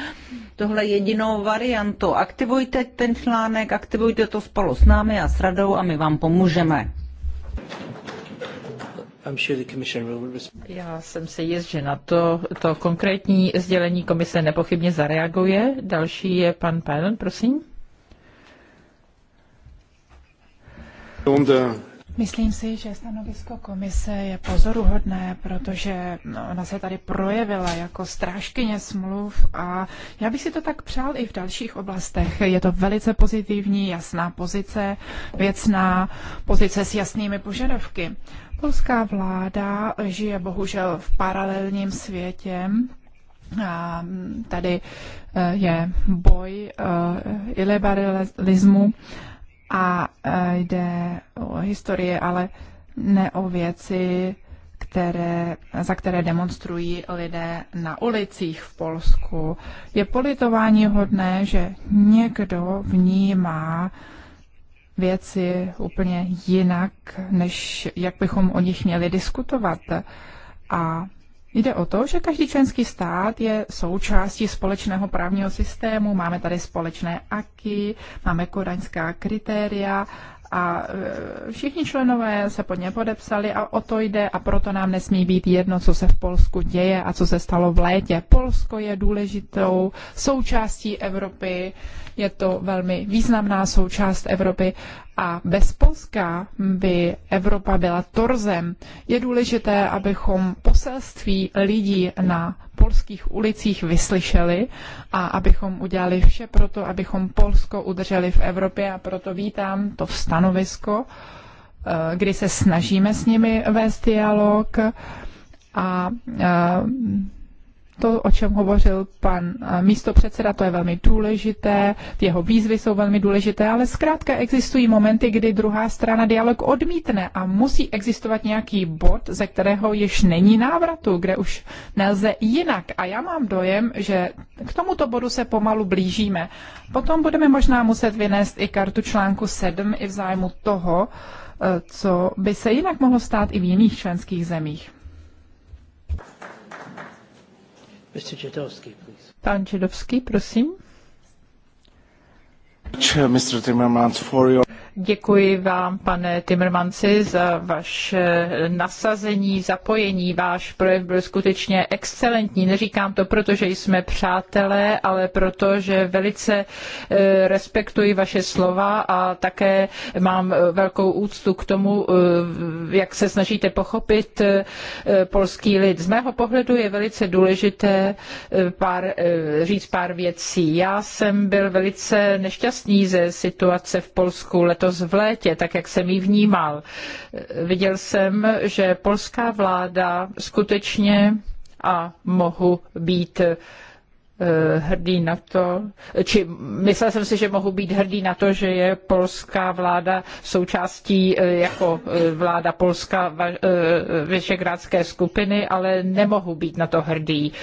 tohle jedinou variantu. Aktivujte ten článek, aktivujte to spolu s námi a s radou a my vám pomůžeme. Já jsem si jist, že na to, to konkrétní sdělení komise nepochybně zareaguje. Další je pan Pajlen, prosím. Myslím si, že stanovisko komise je pozoruhodné, protože no, ona se tady projevila jako strážkyně smluv a já bych si to tak přál i v dalších oblastech. Je to velice pozitivní, jasná pozice, věcná pozice s jasnými požadavky. Polská vláda žije bohužel v paralelním světě. A tady e, je boj e, iliberalismu a e, jde o historii, ale ne o věci, které, za které demonstrují lidé na ulicích v Polsku. Je politování hodné, že někdo vnímá věci úplně jinak, než jak bychom o nich měli diskutovat. A Jde o to, že každý členský stát je součástí společného právního systému, máme tady společné aky, máme kodaňská kritéria a e, všichni členové se pod ně podepsali a o to jde a proto nám nesmí být jedno, co se v Polsku děje a co se stalo v létě. Polsko je důležitou součástí Evropy, je to velmi významná součást Evropy a bez Polska by Evropa byla torzem. Je důležité, abychom poselství lidí na polských ulicích vyslyšeli a abychom udělali vše pro to, abychom Polsko udrželi v Evropě a proto vítám to stanovisko, eh, kdy se snažíme s nimi vést dialog a eh, to, o čem hovořil pan eh, místopředseda, to je velmi důležité, jeho výzvy jsou velmi důležité, ale zkrátka existují momenty, kdy druhá strana dialog odmítne a musí existovat nějaký bod, ze kterého již není návratu, kde už nelze jinak. A já mám dojem, že k tomuto bodu se pomalu blížíme. Potom budeme možná muset vynést i kartu článku 7 i v zájmu toho, eh, co by se jinak mohlo stát i v jiných členských zemích. Mr. Četovský, please. Pan Čedovský, prosím. Mr. Timmermans, for your... Děkuji vám, pane Timmermansi, za vaše nasazení, zapojení. Váš projev byl skutečně excelentní. Neříkám to, protože jsme přátelé, ale proto, že velice eh, respektuji vaše slova a také mám eh, velkou úctu k tomu, eh, jak se snažíte pochopit polský lid. Z mého pohledu je velice důležité pár, říct pár věcí. Já jsem byl velice nešťastný ze situace v Polsku letos letos v létě, tak jak jsem ji vnímal. Viděl jsem, že polská vláda skutečně a mohu být eh, hrdý na to, či myslel jsem si, že mohu být hrdý na to, že je polská vláda součástí eh, jako eh, vláda Polska Vyšegrádské skupiny, ale nemohu být na to hrdý.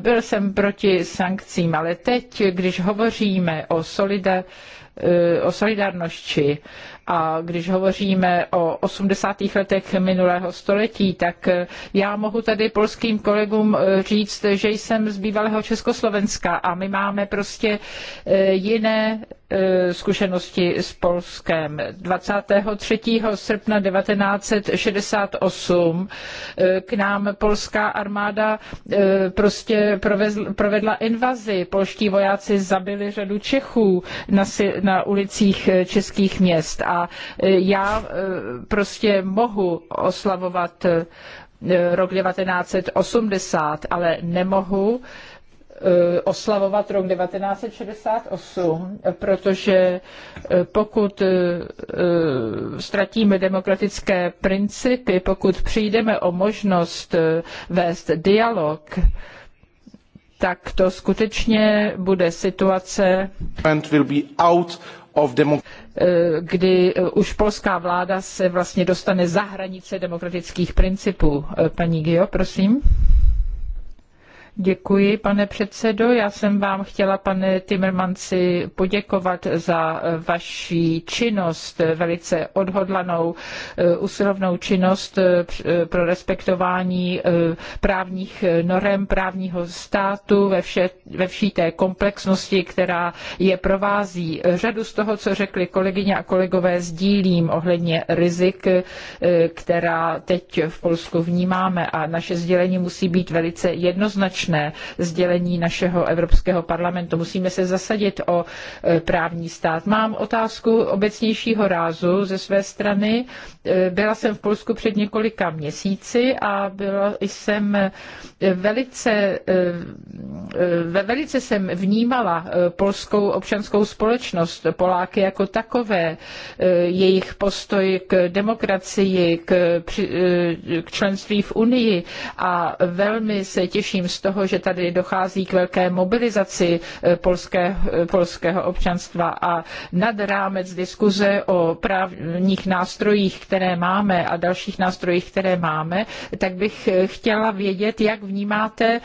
Byl jsem proti sankcím, ale teď, když hovoříme o solidaritě, o solidarnosti. A když hovoříme o 80. letech minulého století, tak eh, já mohu tady polským kolegům eh, říct, že jsem z bývalého Československa a my máme prostě eh, jiné zkušenosti s Polskem. 23. srpna 1968 k nám polská armáda prostě provedla invazi. Polští vojáci zabili řadu Čechů na, na ulicích českých měst a E, já e, prostě mohu oslavovat e, rok 1980, ale nemohu oslavovat rok 1968, protože pokud ztratíme demokratické principy, pokud přijdeme o možnost vést dialog, tak to skutečně bude situace, Eh, kdy eh, už polská vláda se vlastně dostane za hranice demokratických principů. Eh, paní Gio, prosím. Děkuji, pane předsedo. Já jsem vám chtěla, pane Timmermansi, poděkovat za vaši činnost, velice odhodlanou, eh, usilovnou činnost eh, eh, pro respektování právních norem právního státu ve, vše, ve vší té komplexnosti, která je provází. Řadu z toho, co řekli kolegyně a kolegové, sdílím ohledně rizik, která teď v Polsku vnímáme a naše sdělení musí být velice jednoznačné společné sdělení našeho Evropského parlamentu. Musíme se zasadit o e, právní stát. Mám otázku obecnějšího rázu ze své strany. E, byla jsem v Polsku před několika měsíci a byla jsem velice, e, ve velice jsem vnímala polskou občanskou společnost, Poláky jako takové, jejich postoj k demokracii, k, k členství v Unii a velmi se těším z toho, toho, že tady dochází k velké mobilizaci eh, polské, eh, polského občanstva a nad rámec diskuze o právních nástrojích, které máme a dalších nástrojích, které máme, tak bych eh, chtěla vědět, jak vnímáte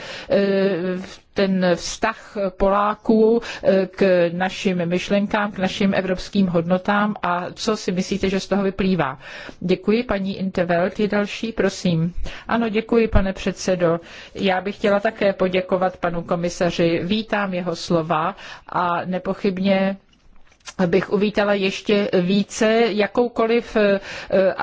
ten vztah Poláků eh, k našim myšlenkám, k našim evropským hodnotám a co si myslíte, že z toho vyplývá. Děkuji, paní Intervelt je další, prosím. Ano, děkuji, pane předsedo. Já bych chtěla také poděkovat panu komisaři. Vítám jeho slova a nepochybně bych uvítala ještě více jakoukoliv, eh, eh,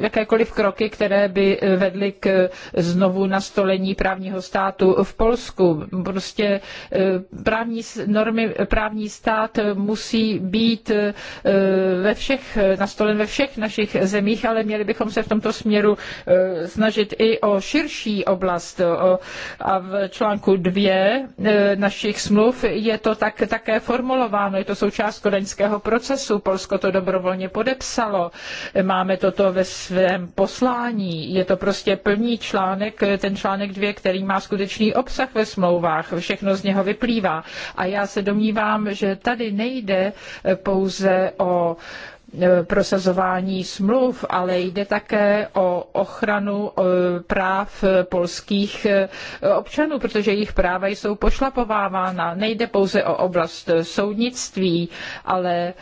jakékoliv kroky, které by vedly k znovu nastolení právního státu v Polsku. Prostě eh, právní normy, právní stát musí být ve všech, nastolen ve všech našich zemích, ale měli bychom se v tomto směru snažit i o širší oblast. A v článku dvě našich smluv je to tak, také formulováno. Je to součást kodaňského procesu. Polsko to dobrovolně podepsalo. Máme toto ve svém poslání. Je to prostě plný článek, ten článek dvě, který má skutečný obsah ve smlouvách. Všechno z něho vyplývá. A já se domnívám, že tady nejde pouze o E, prosazování smluv, ale jde také o ochranu e, práv polských e, občanů, protože jejich práva jsou pošlapovávána. Nejde pouze o oblast soudnictví, ale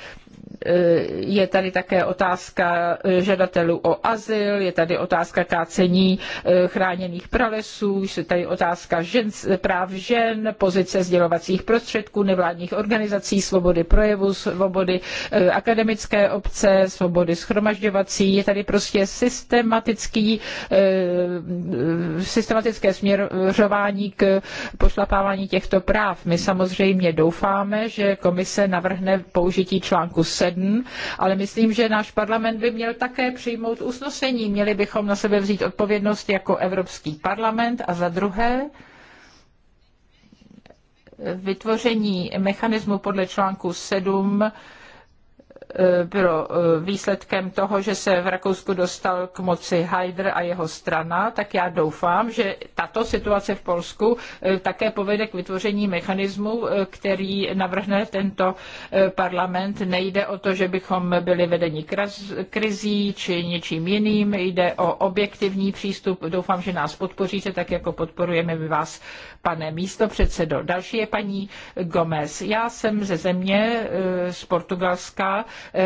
je tady také otázka eh, žadatelů o azyl, je tady otázka kácení eh, chráněných pralesů, je tady otázka žen, práv žen, pozice sdělovacích prostředků, nevládních organizací, svobody projevu, svobody eh, akademické obce, svobody schromažďovací, je tady prostě systematický, systematické směřování k pošlapávání těchto práv. My samozřejmě doufáme, že komise navrhne použití článku 7, ale myslím, že náš parlament by měl také přijmout usnesení. Měli bychom na sebe vzít odpovědnost jako Evropský parlament a za druhé vytvoření mechanismu podle článku 7 bylo e, e, výsledkem toho, že se v Rakousku dostal k moci Haider a jeho strana, tak já doufám, že tato situace v Polsku e, také povede k vytvoření mechanismu, který navrhne tento parlament. Nejde o to, že bychom byli vedeni krizí či něčím jiným, jde o objektivní přístup. Doufám, že nás podpoříte, tak jako podporujeme my vás, pane místopředsedo. Další je paní Gomez. Já jsem ze země z Portugalska,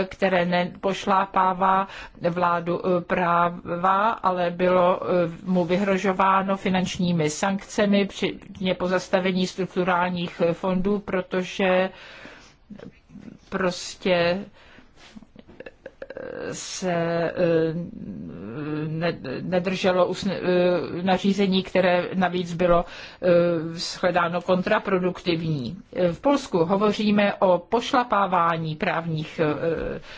které nepošlápává vládu eh, práva, ale bylo eh, mu vyhrožováno finančními sankcemi, včetně pozastavení strukturálních eh, fondů, protože prostě se eh, nedrželo eh, nařízení, které navíc bylo eh, shledáno kontraproduktivní. V Polsku hovoříme o pošlapávání právních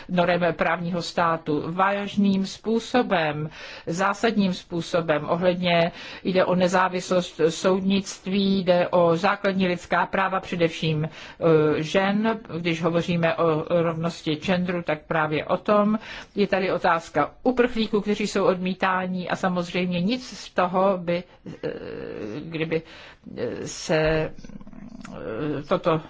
norem právního státu vážným způsobem, zásadním způsobem. Ohledně jde o nezávislost soudnictví, jde o základní lidská práva, především žen. Když hovoříme o rovnosti genderu, tak právě o tom je tady otázka uprchlíků, kteří jsou odmítáni a samozřejmě nic z toho by, eh, kdyby eh, se eh, toto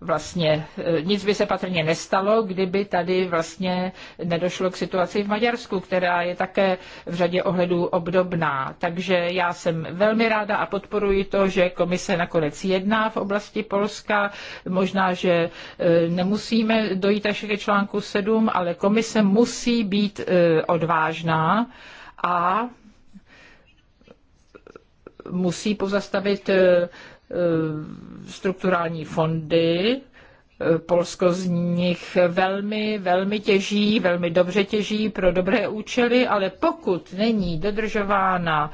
vlastně eh, nic by se patrně nestalo, kdyby tady vlastně nedošlo k situaci v Maďarsku, která je také v řadě ohledů obdobná. Takže já jsem velmi ráda a podporuji to, že komise nakonec jedná v oblasti Polska. Možná, že eh, nemusíme dojít až ke článku 7, ale komise musí být eh, odvážná a musí pozastavit Eh, strukturální fondy. Eh, Polsko z nich velmi, velmi těží, velmi dobře těží pro dobré účely, ale pokud není dodržována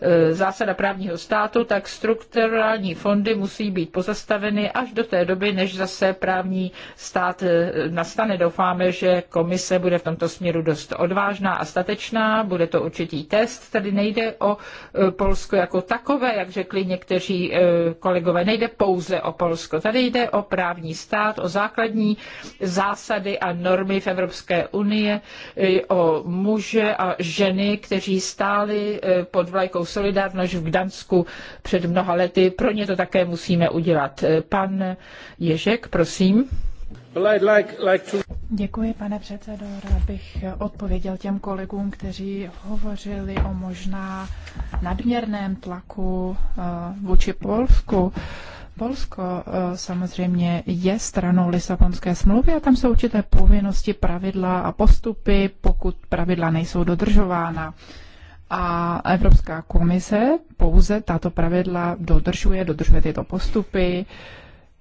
E, zásada právního státu, tak strukturální fondy musí být pozastaveny až do té doby, než zase právní stát e, nastane. Doufáme, že komise bude v tomto směru dost odvážná a statečná, bude to určitý test. Tady nejde o e, Polsko jako takové, jak řekli někteří kolegové, nejde pouze o Polsko. Tady jde o právní stát, o základní zásady a normy v Evropské unii, o muže a ženy, kteří stáli pod vlajkou solidárnost v Gdansku před mnoha lety. Pro ně to také musíme udělat. Pan Ježek, prosím. Děkuji, pane předsedo. Rád bych odpověděl těm kolegům, kteří hovořili o možná nadměrném tlaku eh, vůči Polsku. Polsko eh, samozřejmě je stranou Lisabonské smlouvy a tam jsou určité povinnosti, pravidla a postupy, pokud pravidla nejsou dodržována a Evropská komise pouze tato pravidla dodržuje, dodržuje tyto postupy,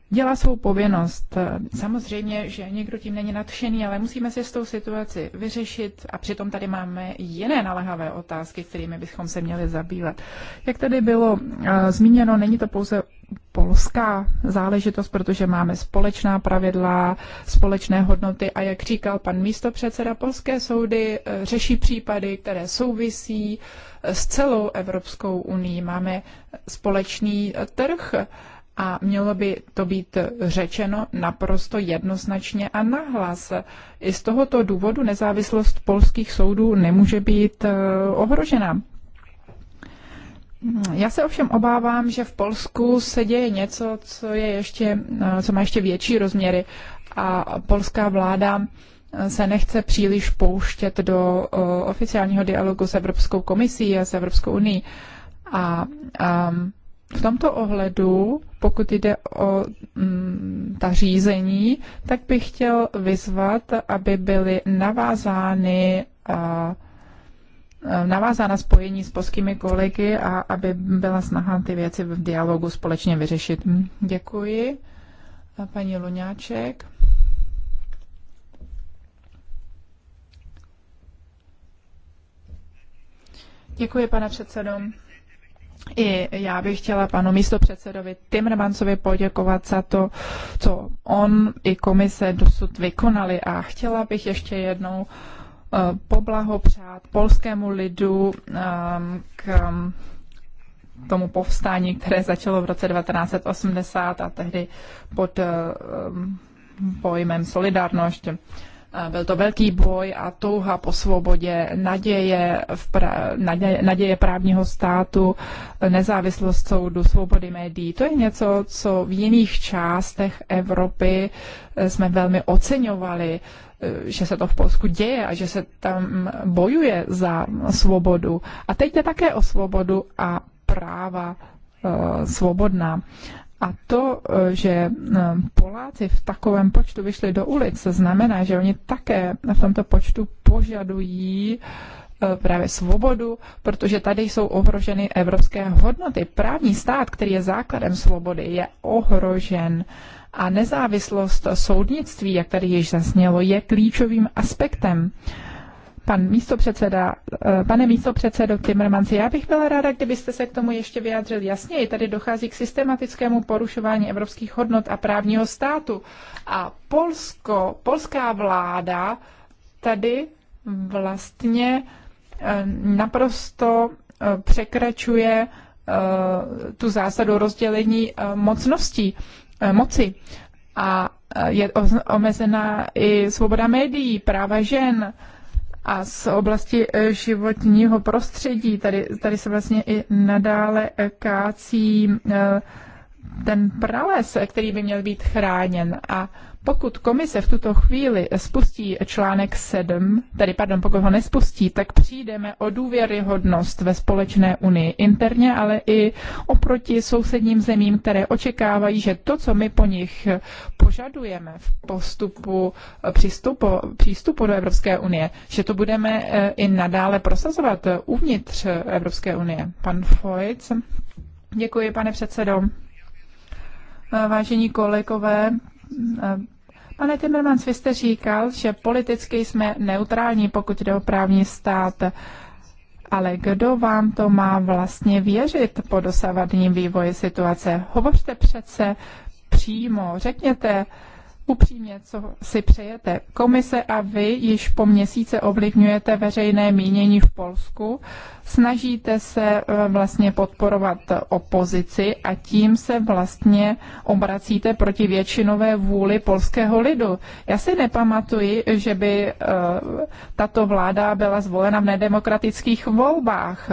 dělá svou povinnost. Samozřejmě, že někdo tím není nadšený, ale musíme si s tou situaci vyřešit a přitom tady máme jiné naléhavé otázky, kterými bychom se měli zabývat. Jak tady bylo eh, zmíněno, není to pouze polská záležitost, protože máme společná pravidla, společné hodnoty a jak říkal pan místopředseda, polské soudy eh, řeší případy, které souvisí eh, s celou Evropskou unii. Máme společný eh, trh a mělo by to být řečeno naprosto jednoznačně a nahlas. I z tohoto důvodu nezávislost polských soudů nemůže být ohrožena. Já se ovšem obávám, že v Polsku se děje něco, co, je ještě, eh, co má ještě větší rozměry a polská vláda eh, se nechce příliš pouštět do eh, oficiálního dialogu s Evropskou komisí a s Evropskou unii. A um, v tomto ohledu, pokud jde o mm, ta řízení, tak bych chtěl vyzvat, aby byly navázány a, Eh, navázána spojení s polskými kolegy a aby byla snaha ty věci v dialogu společně vyřešit. Hm, děkuji. A paní Luňáček. Děkuji, pane předsedo. I já bych chtěla panu místopředsedovi Timrmancovi poděkovat za to, co on i komise dosud vykonali. A chtěla bych ještě jednou uh, Eh, poblahopřát polskému lidu ehm, k ehm, tomu povstání, které začalo v roce 1980 a tehdy pod ehm, pojmem Solidarnost. Eh, byl to velký boj a touha po svobodě, naděje, v pra, naděje, naděje právního státu, nezávislost soudu, svobody médií. To je něco, co v jiných částech Evropy eh, jsme velmi oceňovali. Uh, Eh, že se to v Polsku děje a že se tam bojuje za svobodu. A teď jde také o svobodu a práva eh, svobodná. A to, eh, že Poláci v takovém počtu vyšli do ulic, znamená, že oni také v tomto počtu požadují právě svobodu, protože tady jsou ohroženy evropské hodnoty. Právní stát, který je základem svobody, je ohrožen. Uh, a nezávislost soudnictví, jak tady již zasnělo, je klíčovým aspektem. Pan místopředseda, eh, pane místopředsedo Timmermans, já bych byla ráda, kdybyste se k tomu ještě vyjádřil jasněji. Tady dochází k systematickému porušování evropských hodnot a právního státu. A Polsko, polská vláda tady vlastně eh, naprosto eh, překračuje tu zásadu rozdělení mocností. Eh, moci. A eh, je omezená i svoboda médií, práva žen a z oblasti eh, životního prostředí. Tady, tady se vlastně i nadále kácí ten prales, který by měl být chráněn. A pokud komise v tuto chvíli spustí článek 7, tedy pardon, pokud ho nespustí, tak přijdeme o důvěryhodnost ve společné unii interně, ale i oproti sousedním zemím, které očekávají, že to, co my po nich požadujeme v postupu eh, přístupu, přístupu do Evropské unie, že to budeme eh, i nadále prosazovat uvnitř Evropské unie. Pan Fojc. Děkuji, pane předsedo. Eh, vážení kolegové, Pane Timmermans, vy jste říkal, že politicky jsme neutrální, pokud jde o právní stát. Ale kdo vám to má vlastně věřit po dosavadním vývoji situace? Hovořte přece přímo, řekněte, upřímně, co si přejete. Komise a vy již po měsíce ovlivňujete veřejné mínění v Polsku, snažíte se eh, vlastně podporovat opozici a tím se vlastně obracíte proti většinové vůli polského lidu. Já si nepamatuji, že by eh, tato vláda byla zvolena v nedemokratických volbách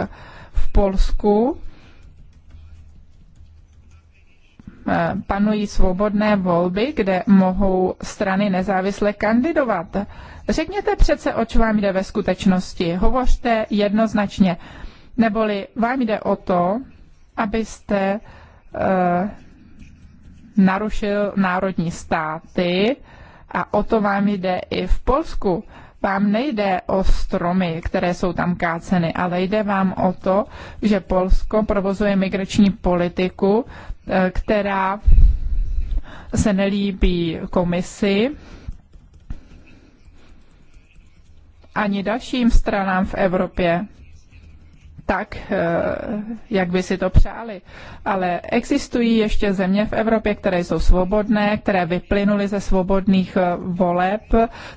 v Polsku Eh, panují svobodné volby, kde mohou strany nezávisle kandidovat. Řekněte přece, oč vám jde ve skutečnosti. Hovořte jednoznačně. Neboli vám jde o to, abyste uh, narušil národní státy a o to vám jde i v Polsku. Vám nejde o stromy, které jsou tam káceny, ale jde vám o to, že Polsko provozuje migrační politiku, Eh, která se nelíbí komisi ani dalším stranám v Evropě tak, eh, jak by si to přáli. Ale existují ještě země v Evropě, které jsou svobodné, které vyplynuly ze svobodných eh, voleb,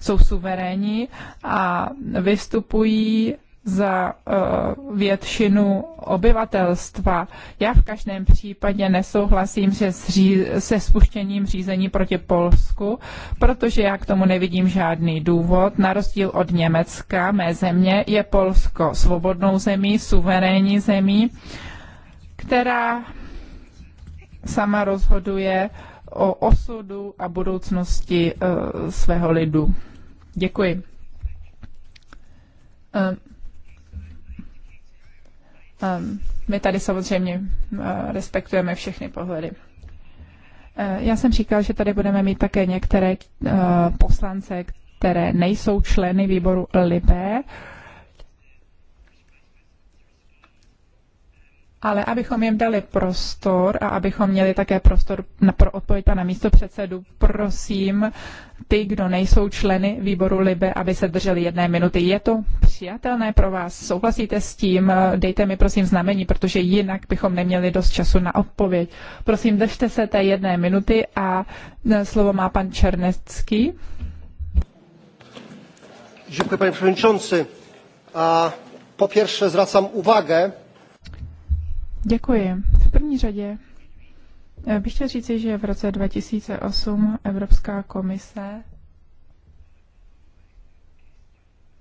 jsou suverénní a vystupují za eh, většinu obyvatelstva. Já v každém případě nesouhlasím se, zří, se spuštěním řízení proti Polsku, protože já k tomu nevidím žádný důvod. Na rozdíl od Německa, mé země, je Polsko svobodnou zemí, suverénní zemí, která sama rozhoduje o osudu a budoucnosti eh, svého lidu. Děkuji. Eh, Ehm, my tady samozřejmě eh, respektujeme všechny pohledy. Eh, já jsem říkal, že tady budeme mít také některé eh, poslance, které nejsou členy výboru LIBE ale abychom jim dali prostor a abychom měli také prostor na, pro odpověď pana předsedu, prosím ty, kdo nejsou členy výboru Libe, aby se drželi jedné minuty. Je to přijatelné pro vás? Souhlasíte s tím? Dejte mi prosím znamení, protože jinak bychom neměli dost času na odpověď. Prosím, držte se té jedné minuty a e, slovo má pan Černecký. Děkuji, pane předsedající. Po pierwsze zwracam uwagę, Děkuji. V první řadě eh, bych chtěl říci, že v roce 2008 Evropská komise,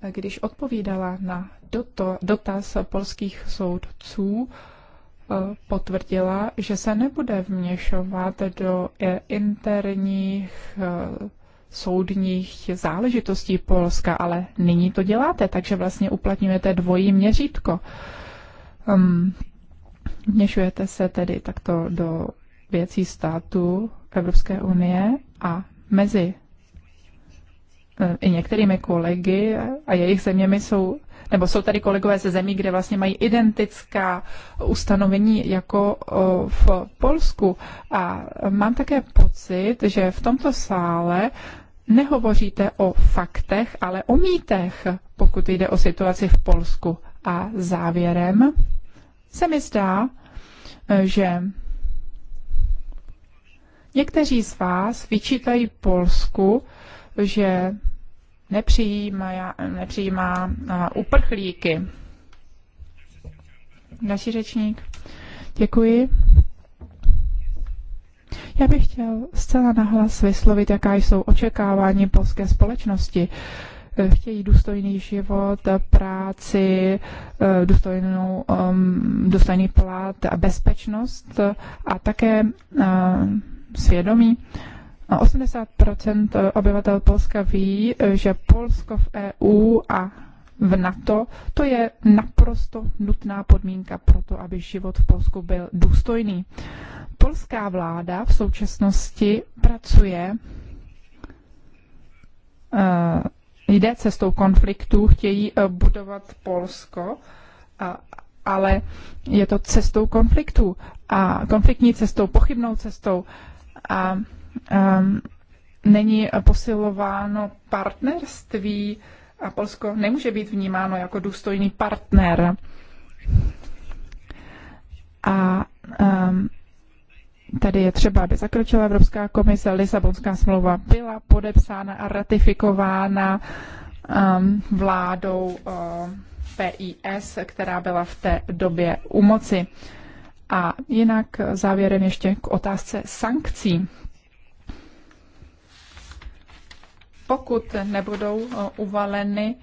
eh, když odpovídala na doto, dotaz polských soudců, eh, potvrdila, že se nebude vměšovat do interních soudních záležitostí Polska, ale nyní to děláte, takže vlastně uplatňujete dvojí měřítko. Um, Vněšujete se tedy takto do věcí státu Evropské unie a mezi eh, i některými kolegy a jejich zeměmi jsou, nebo jsou tady kolegové ze zemí, kde vlastně mají identická ustanovení jako v Polsku. A mám také pocit, že v tomto sále nehovoříte o faktech, ale o mýtech, pokud jde o situaci v Polsku. A závěrem se mi zdá, eh, že někteří z vás vyčítají Polsku, že nepřijímá, nepřijímá eh, uprchlíky. Další řečník. Děkuji. Já bych chtěl zcela nahlas vyslovit, jaká jsou očekávání polské společnosti chtějí důstojný život, práci, eh, důstojnou, um, důstojný plat a bezpečnost a také eh, svědomí. 80 obyvatel Polska ví, že Polsko v EU a v NATO, to je naprosto nutná podmínka pro to, aby život v Polsku byl důstojný. Polská vláda v současnosti pracuje eh, jde cestou konfliktu, chtějí eh, budovat Polsko, a, ale je to cestou konfliktu a konfliktní cestou, pochybnou cestou a, a ehm, není posilováno partnerství a Polsko nemůže být vnímáno jako důstojný partner. A um, Tady je třeba, aby zakročila Evropská komise, Lisabonská smlouva byla podepsána a ratifikována um, vládou um, uh, PIS, která byla v té době u moci. A jinak závěrem ještě k otázce sankcí. Pokud nebudou uh, uvaleny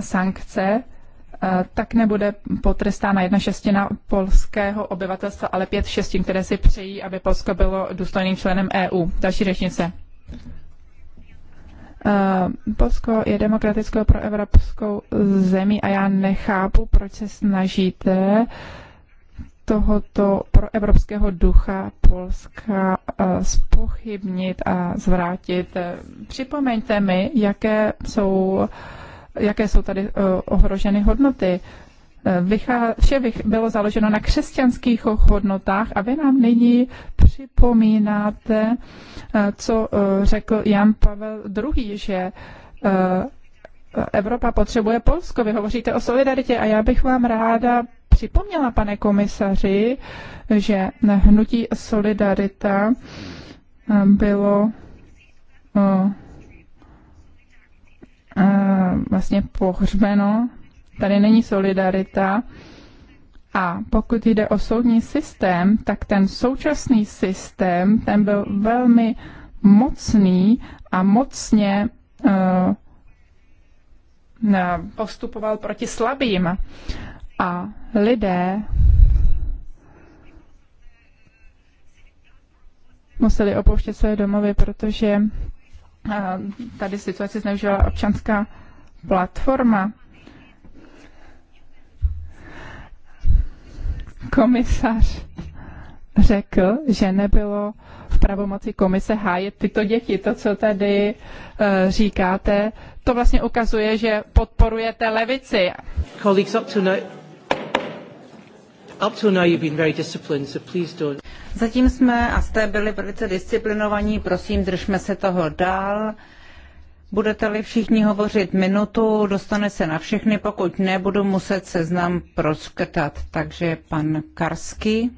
sankce, Eh, tak nebude potrestána jedna šestina polského obyvatelstva, ale pět šestin, které si přejí, aby Polsko bylo důstojným členem EU. Další řečnice. Eh, Polsko je demokratickou proevropskou zemí a já nechápu, proč se snažíte tohoto proevropského ducha Polska spochybnit eh, a zvrátit. Připomeňte mi, jaké jsou uh, jaké jsou tady eh, ohroženy hodnoty. Eh, vychá, vše vych, bylo založeno na křesťanských hodnotách a vy nám nyní připomínáte, eh, co řekl Jan Pavel II., že Evropa potřebuje Polsko. Vy hovoříte o solidaritě a já bych vám ráda připomněla, pane komisaři, že hnutí Solidarita bylo vlastně pohřbeno. Tady není solidarita. A pokud jde o soudní systém, tak ten současný systém, ten byl velmi mocný a mocně uh, postupoval proti slabým. A lidé museli opouštět své domovy, protože tady situaci zneužila občanská platforma. Komisař řekl, že nebylo v pravomoci komise hájet tyto děti. To, co tady e, říkáte, to vlastně ukazuje, že podporujete levici. Colleagues up to no- Zatím jsme a jste byli velice disciplinovaní, prosím, držme se toho dál. Budete-li všichni hovořit minutu, dostane se na všechny, pokud ne, budu muset seznam proskrtat. Takže pan Karsky.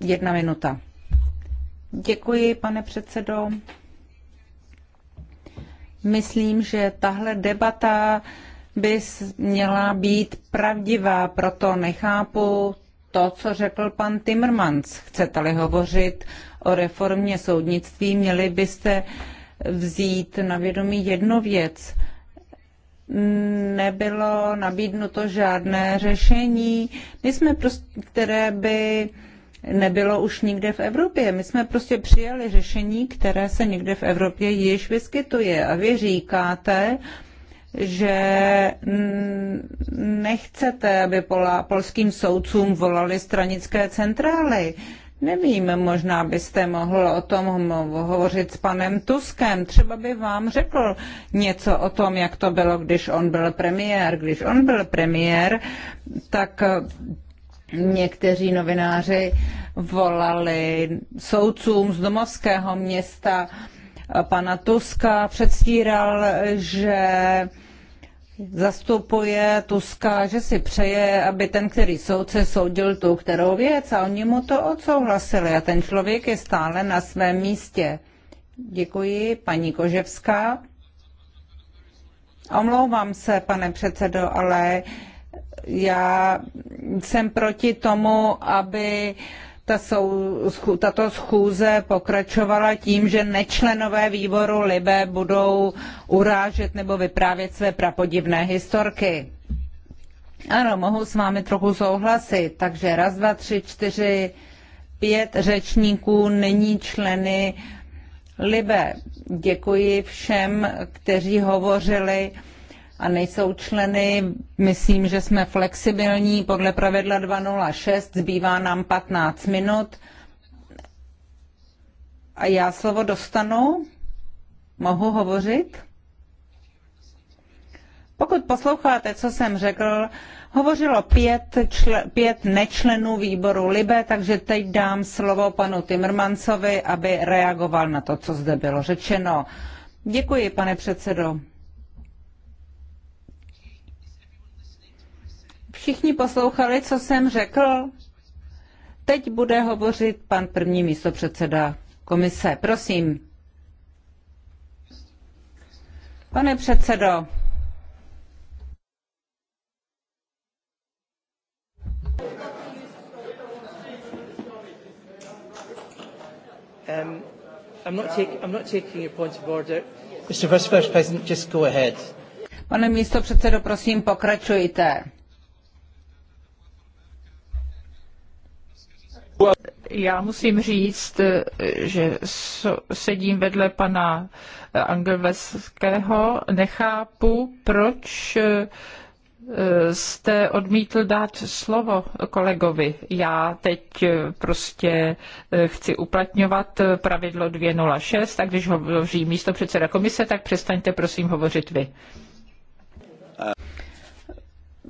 Jedna minuta. Děkuji, pane předsedo. Myslím, že tahle debata by měla být pravdivá, proto nechápu to, co řekl pan Timmermans. Chcete-li hovořit o reformě soudnictví, měli byste vzít na vědomí jednu věc. Nebylo nabídnuto žádné řešení, my jsme prostě, které by nebylo už nikde v Evropě. My jsme prostě přijali řešení, které se někde v Evropě již vyskytuje. A vy říkáte, že nechcete, aby polským soudcům volali stranické centrály. Nevím, možná byste mohl o tom hovořit s panem Tuskem. Třeba by vám řekl něco o tom, jak to bylo, když on byl premiér. Když on byl premiér, tak eh, někteří novináři volali soudcům z domovského města eh, pana Tuska, předstíral, že zastupuje Tuska, že si přeje, aby ten, který soudce soudil tu, kterou věc a oni mu to odsouhlasili a ten člověk je stále na svém místě. Děkuji, paní Koževská. Omlouvám se, pane předsedo, ale já jsem proti tomu, aby ta sou, tato schůze pokračovala tím, že nečlenové výboru Libe budou urážet nebo vyprávět své prapodivné historky. Ano, mohu s vámi trochu souhlasit. Takže raz, dva, tři, čtyři, pět řečníků není členy Libe. Děkuji všem, kteří hovořili a nejsou členy. Myslím, že jsme flexibilní. Podle pravidla 206 zbývá nám 15 minut. A já slovo dostanu? Mohu hovořit? Pokud posloucháte, co jsem řekl, hovořilo pět, čl- pět nečlenů výboru Libe, takže teď dám slovo panu Timmermansovi, aby reagoval na to, co zde bylo řečeno. Děkuji, pane předsedo. Všichni poslouchali, co jsem řekl? Teď bude hovořit pan první místopředseda komise. Prosím. Pane předsedo, Um, I'm not, take, I'm not taking your point of order. Mr. Vice President, just go ahead. Pane místo předsedo, prosím, pokračujte. Já musím říct, že sedím vedle pana Angelveského, nechápu, proč eh, jste odmítl dát slovo kolegovi. Já teď eh, prostě eh, chci uplatňovat pravidlo 206 tak když hovoří místo předseda komise, tak přestaňte prosím hovořit vy.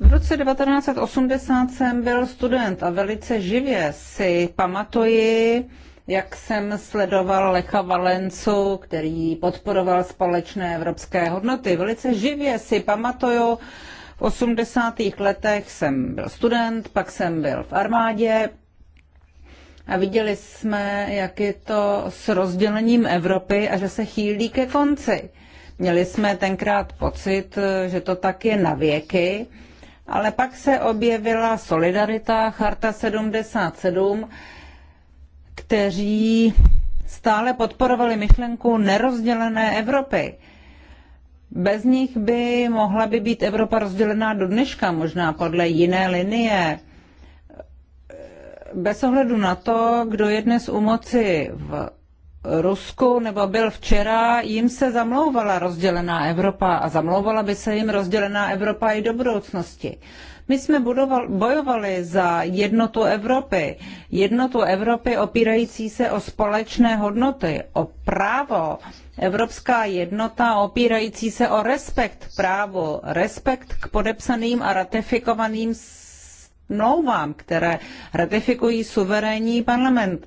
V roce 1980 jsem byl student a velice živě si pamatuji, jak jsem sledoval Lecha Valencu, který podporoval společné evropské hodnoty. Velice živě si pamatuju, v 80. letech jsem byl student, pak jsem byl v armádě a viděli jsme, jak je to s rozdělením Evropy a že se chýlí ke konci. Měli jsme tenkrát pocit, že to tak je na věky ale pak se objevila Solidarita, Charta 77, kteří stále podporovali myšlenku nerozdělené Evropy. Bez nich by mohla by být Evropa rozdělená do dneška, možná podle jiné linie. Bez ohledu na to, kdo je dnes u moci v Rusku, nebo byl včera, jim se zamlouvala rozdělená Evropa a zamlouvala by se jim rozdělená Evropa i do budoucnosti. My jsme budoval, bojovali za jednotu Evropy, jednotu Evropy opírající se o společné hodnoty, o právo, evropská jednota opírající se o respekt právo, respekt k podepsaným a ratifikovaným smlouvám, které ratifikují suverénní parlament.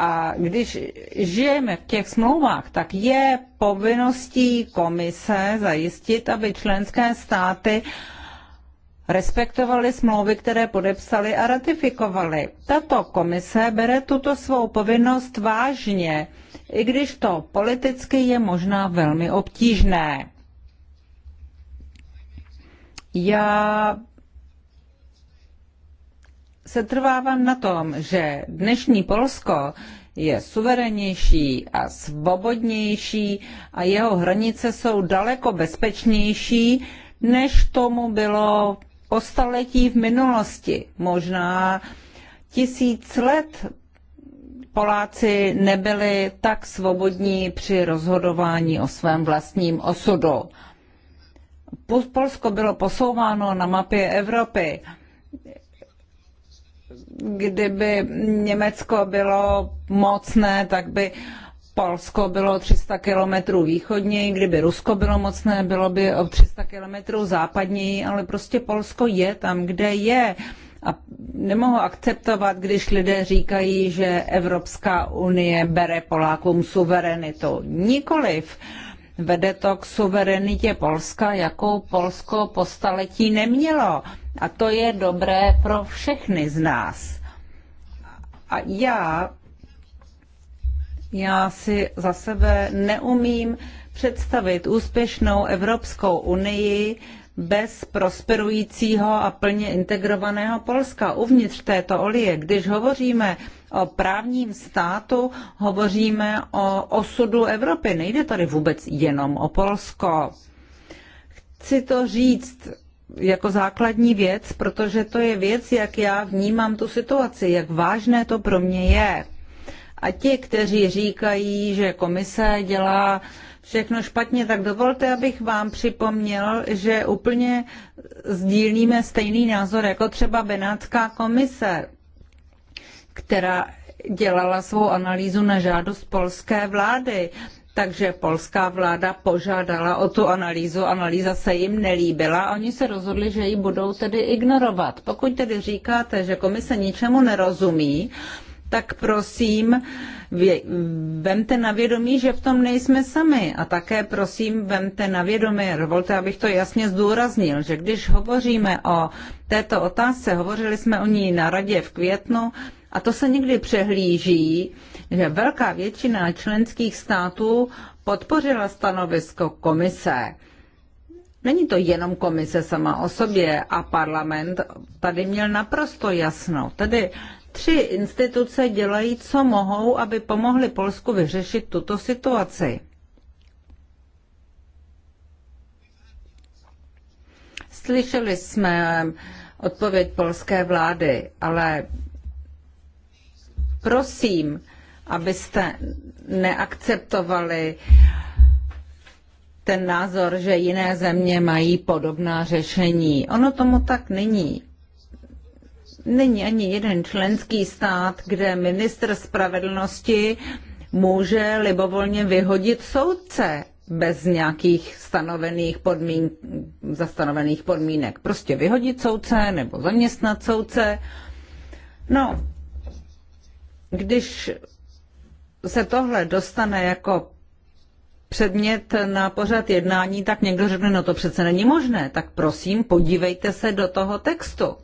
A když žijeme v těch smlouvách, tak je povinností komise zajistit, aby členské státy respektovali smlouvy, které podepsali a ratifikovali. Tato komise bere tuto svou povinnost vážně, i když to politicky je možná velmi obtížné. Já se na tom, že dnešní Polsko je suverenější a svobodnější a jeho hranice jsou daleko bezpečnější, než tomu bylo po staletí v minulosti. Možná tisíc let Poláci nebyli tak svobodní při rozhodování o svém vlastním osudu. Polsko bylo posouváno na mapě Evropy kdyby Německo bylo mocné, tak by Polsko bylo 300 kilometrů východněji, kdyby Rusko bylo mocné, bylo by o 300 kilometrů západněji, ale prostě Polsko je tam, kde je. A nemohu akceptovat, když lidé říkají, že Evropská unie bere Polákům suverenitu. Nikoliv. Vede to k suverenitě Polska, jakou Polsko po staletí nemělo. A to je dobré pro všechny z nás. A já, já si za sebe neumím představit úspěšnou Evropskou unii bez prosperujícího a plně integrovaného Polska uvnitř této olie. Když hovoříme o právním státu, hovoříme o osudu Evropy. Nejde tady vůbec jenom o Polsko. Chci to říct, jako základní věc, protože to je věc, jak já vnímám tu situaci, jak vážné to pro mě je. A ti, kteří říkají, že komise dělá všechno špatně, tak dovolte, abych vám připomněl, že úplně sdílíme stejný názor jako třeba Benátská komise, která dělala svou analýzu na žádost polské vlády takže polská vláda požádala o tu analýzu, analýza se jim nelíbila, oni se rozhodli, že ji budou tedy ignorovat. Pokud tedy říkáte, že komise ničemu nerozumí, tak prosím, vemte na vědomí, že v tom nejsme sami. A také prosím, vemte na vědomí, dovolte, abych to jasně zdůraznil, že když hovoříme o této otázce, hovořili jsme o ní na radě v květnu, a to se někdy přehlíží, že velká většina členských států podpořila stanovisko komise. Není to jenom komise sama o sobě a parlament tady měl naprosto jasno. Tedy tři instituce dělají, co mohou, aby pomohly Polsku vyřešit tuto situaci. Slyšeli jsme odpověď polské vlády, ale Prosím, abyste neakceptovali ten názor, že jiné země mají podobná řešení. Ono tomu tak není. Není ani jeden členský stát, kde ministr spravedlnosti může libovolně vyhodit soudce bez nějakých stanovených podmín, zastanovených podmínek. Prostě vyhodit soudce nebo zaměstnat soudce. No, když se tohle dostane jako předmět na pořad jednání, tak někdo řekne, no to přece není možné, tak prosím, podívejte se do toho textu.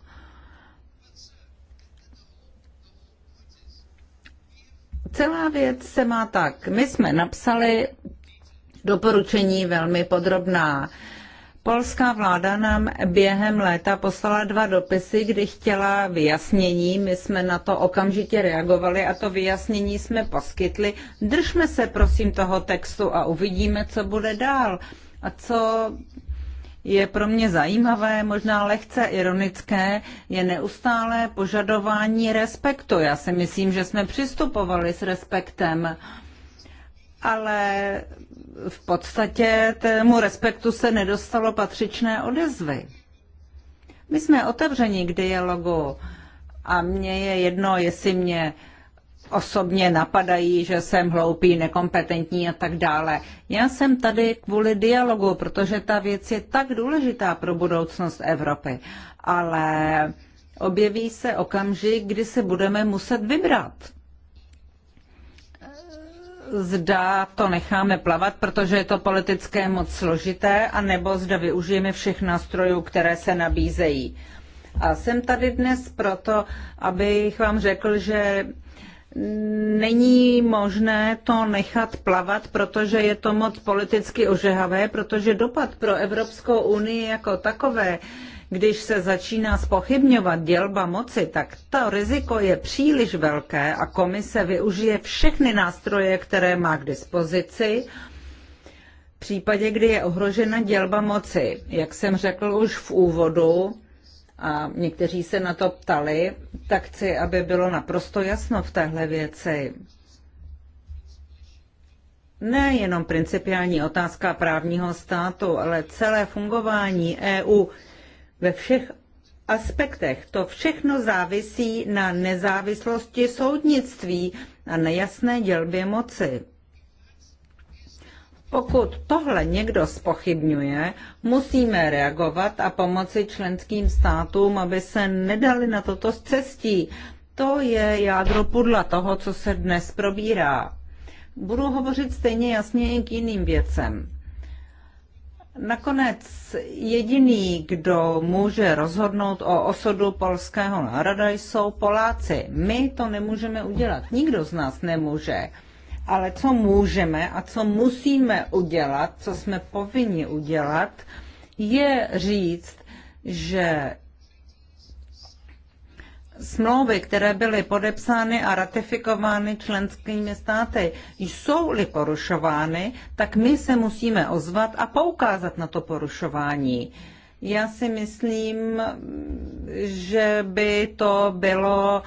Celá věc se má tak. My jsme napsali doporučení velmi podrobná. Polská vláda nám během léta poslala dva dopisy, kdy chtěla vyjasnění. My jsme na to okamžitě reagovali a to vyjasnění jsme poskytli. Držme se prosím toho textu a uvidíme, co bude dál. A co je pro mě zajímavé, možná lehce ironické, je neustálé požadování respektu. Já si myslím, že jsme přistupovali s respektem, ale v podstatě tému respektu se nedostalo patřičné odezvy. My jsme otevřeni k dialogu a mně je jedno, jestli mě osobně napadají, že jsem hloupý, nekompetentní a tak dále. Já jsem tady kvůli dialogu, protože ta věc je tak důležitá pro budoucnost Evropy. Ale objeví se okamžik, kdy se budeme muset vybrat zda to necháme plavat, protože je to politické moc složité, anebo zda využijeme všech nástrojů, které se nabízejí. A jsem tady dnes proto, abych vám řekl, že není možné to nechat plavat, protože je to moc politicky ožehavé, protože dopad pro Evropskou unii jako takové když se začíná spochybňovat dělba moci, tak to riziko je příliš velké a komise využije všechny nástroje, které má k dispozici, v případě, kdy je ohrožena dělba moci. Jak jsem řekl už v úvodu, a někteří se na to ptali, tak chci, aby bylo naprosto jasno v téhle věci. Nejenom principiální otázka právního státu, ale celé fungování EU ve všech aspektech. To všechno závisí na nezávislosti soudnictví a na jasné dělbě moci. Pokud tohle někdo spochybňuje, musíme reagovat a pomoci členským státům, aby se nedali na toto z cestí. To je jádro pudla toho, co se dnes probírá. Budu hovořit stejně jasně i k jiným věcem. Nakonec jediný, kdo může rozhodnout o osudu polského národa, jsou Poláci. My to nemůžeme udělat. Nikdo z nás nemůže. Ale co můžeme a co musíme udělat, co jsme povinni udělat, je říct, že smlouvy, které byly podepsány a ratifikovány členskými státy, jsou-li porušovány, tak my se musíme ozvat a poukázat na to porušování. Já si myslím, že by to bylo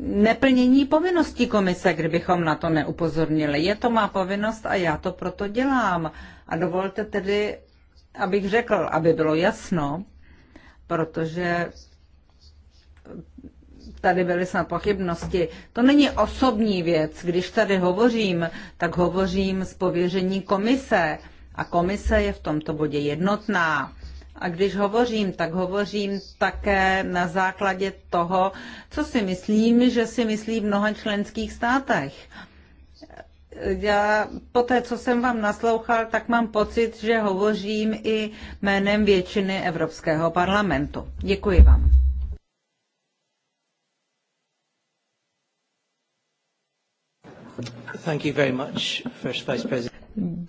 neplnění povinností komise, kdybychom na to neupozornili. Je to má povinnost a já to proto dělám. A dovolte tedy, abych řekl, aby bylo jasno, protože tady byly snad pochybnosti. To není osobní věc. Když tady hovořím, tak hovořím z pověření komise. A komise je v tomto bodě jednotná. A když hovořím, tak hovořím také na základě toho, co si myslím, že si myslí v mnoha členských státech. Já po té, co jsem vám naslouchal, tak mám pocit, že hovořím i jménem většiny Evropského parlamentu. Děkuji vám.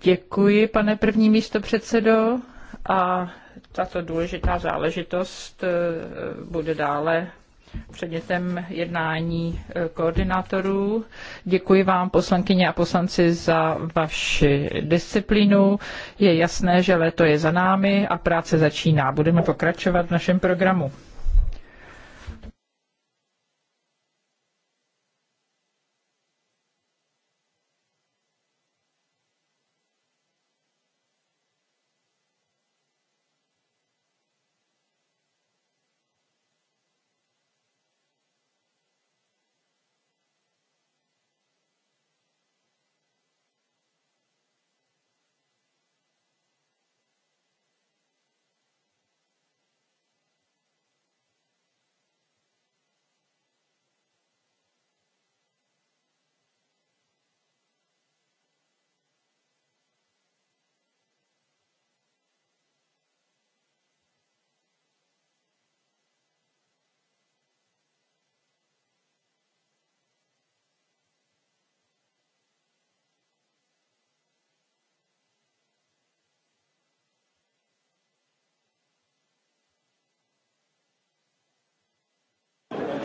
Děkuji, pane první místo předsedo. A tato důležitá záležitost eh, bude dále předmětem jednání eh, koordinátorů. Děkuji vám, poslankyně a poslanci, za vaši disciplínu. Je jasné, že léto je za námi a práce začíná. Budeme pokračovat v našem programu.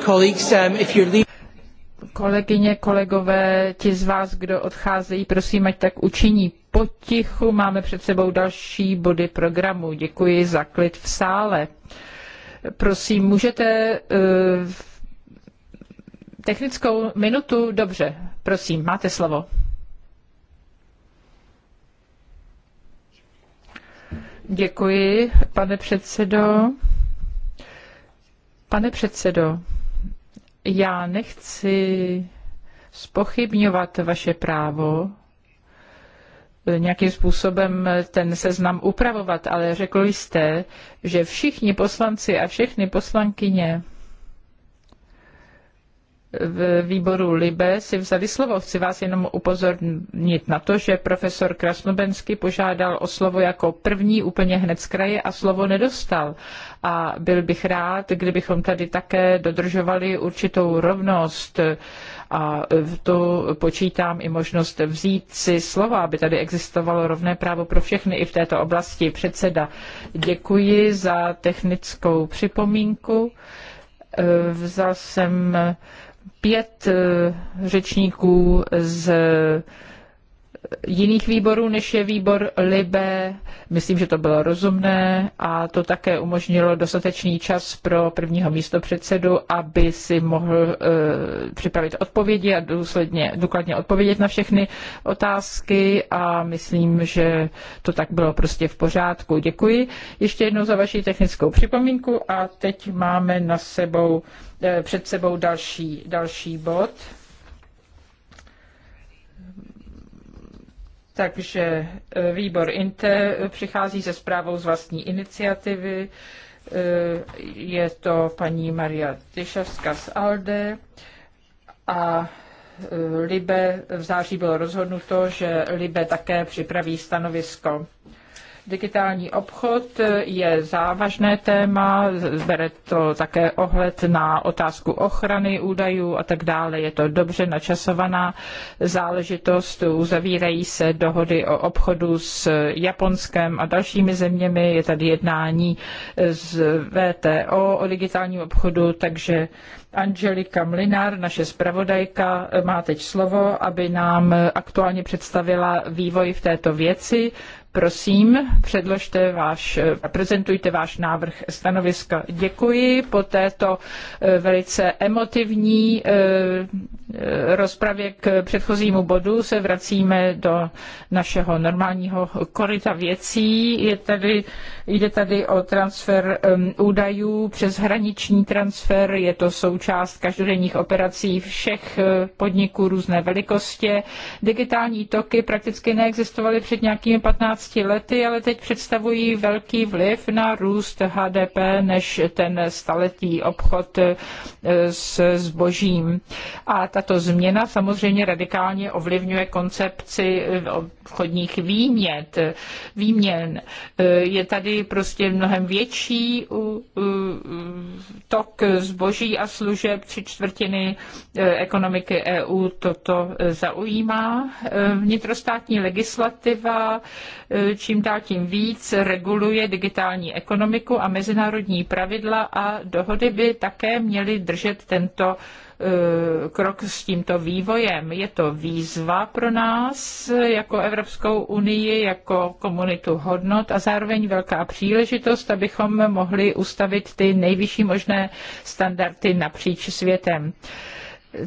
Um, kolegyně, kolegové, ti z vás, kdo odcházejí, prosím, ať tak učiní potichu. Máme před sebou další body programu. Děkuji za klid v sále. Prosím, můžete uh, technickou minutu? Dobře, prosím, máte slovo. Děkuji, pane předsedo. Pane předsedo, já nechci spochybňovat vaše právo eh, nějakým způsobem ten seznam upravovat, ale řekl jste, že všichni poslanci a všechny poslankyně v výboru Libe si vzali slovo. Chci vás jenom upozornit na to, že profesor Krasnobenský požádal o slovo jako první úplně hned z kraje a slovo nedostal. A byl bych rád, kdybychom tady také dodržovali určitou rovnost a to počítám i možnost vzít si slova, aby tady existovalo rovné právo pro všechny i v této oblasti. Předseda, děkuji za technickou připomínku. Vzal jsem pět eh, řečníků z eh, jiných výborů, než je výbor Libe. Myslím, že to bylo rozumné a to také umožnilo dostatečný čas pro prvního místopředsedu, aby si mohl uh, připravit odpovědi a důsledně, důkladně odpovědět na všechny otázky a myslím, že to tak bylo prostě v pořádku. Děkuji ještě jednou za vaši technickou připomínku a teď máme na sebou E, před sebou další, další bod. Takže e, výbor INTE přichází se zprávou z vlastní iniciativy. E, je to paní Maria Tyšovská z ALDE a Libe v září bylo rozhodnuto, že Libe také připraví stanovisko. Digitální obchod je závažné téma, bere to také ohled na otázku ochrany údajů a tak dále. Je to dobře načasovaná záležitost. Uzavírají se dohody o obchodu s Japonskem a dalšími zeměmi. Je tady jednání z VTO o digitálním obchodu, takže Angelika Mlinár, naše zpravodajka, má teď slovo, aby nám aktuálně představila vývoj v této věci. Prosím, předložte váš, prezentujte váš návrh stanoviska. Děkuji po této eh, velice emotivní eh, rozpravě k předchozímu bodu. Se vracíme do našeho normálního koryta věcí. Je tady, jde tady o transfer údajů přes hraniční transfer. Je to součást každodenních operací všech eh, podniků různé velikosti. Digitální toky prakticky neexistovaly před nějakými 15 15 lety, ale teď představují velký vliv na růst HDP než ten staletý obchod e, s zbožím. A tato změna samozřejmě radikálně ovlivňuje koncepci e, obchodních výmět, e, výměn. Je tady prostě mnohem větší tok zboží a služeb, tři čtvrtiny ekonomiky EU toto zaujímá. Vnitrostátní legislativa Eh, čím dál tím víc reguluje digitální ekonomiku a mezinárodní pravidla a dohody by také měly držet tento eh, krok s tímto vývojem. Je to výzva pro nás eh, jako Evropskou unii, jako komunitu hodnot a zároveň velká příležitost, abychom mohli ustavit ty nejvyšší možné standardy napříč světem.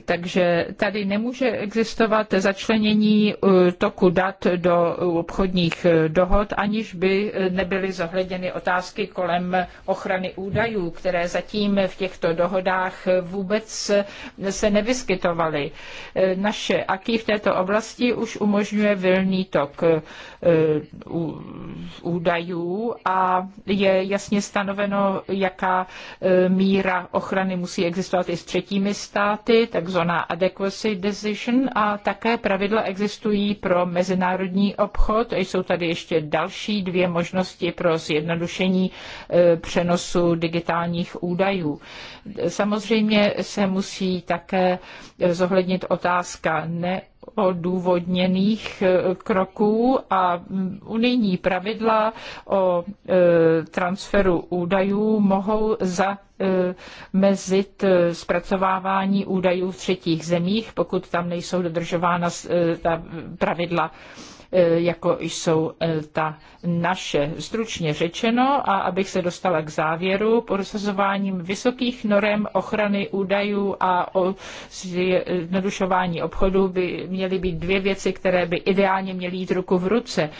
Takže tady nemůže existovat začlenění eh, toku dat do obchodních eh, dohod, aniž by eh, nebyly zohledněny otázky kolem ochrany údajů, které zatím v těchto dohodách vůbec se nevyskytovaly. Naše aký v této oblasti už umožňuje vilný tok údajů a je jasně stanoveno, jaká míra ochrany musí existovat i s třetími státy takzvaná adequacy decision a také pravidla existují pro mezinárodní obchod. Jsou tady ještě další dvě možnosti pro zjednodušení e, přenosu digitálních údajů. Samozřejmě se musí také zohlednit otázka ne odůvodněných eh, kroků a unijní pravidla o eh, transferu údajů mohou za mezit eh, zpracovávání údajů v třetích zemích, pokud tam nejsou dodržována ta pravidla E, jako jsou e, ta naše. Stručně řečeno, a abych se dostala k závěru, prosazováním vysokých norem ochrany údajů a o zjednodušování obchodu by měly být dvě věci, které by ideálně měly jít ruku v ruce.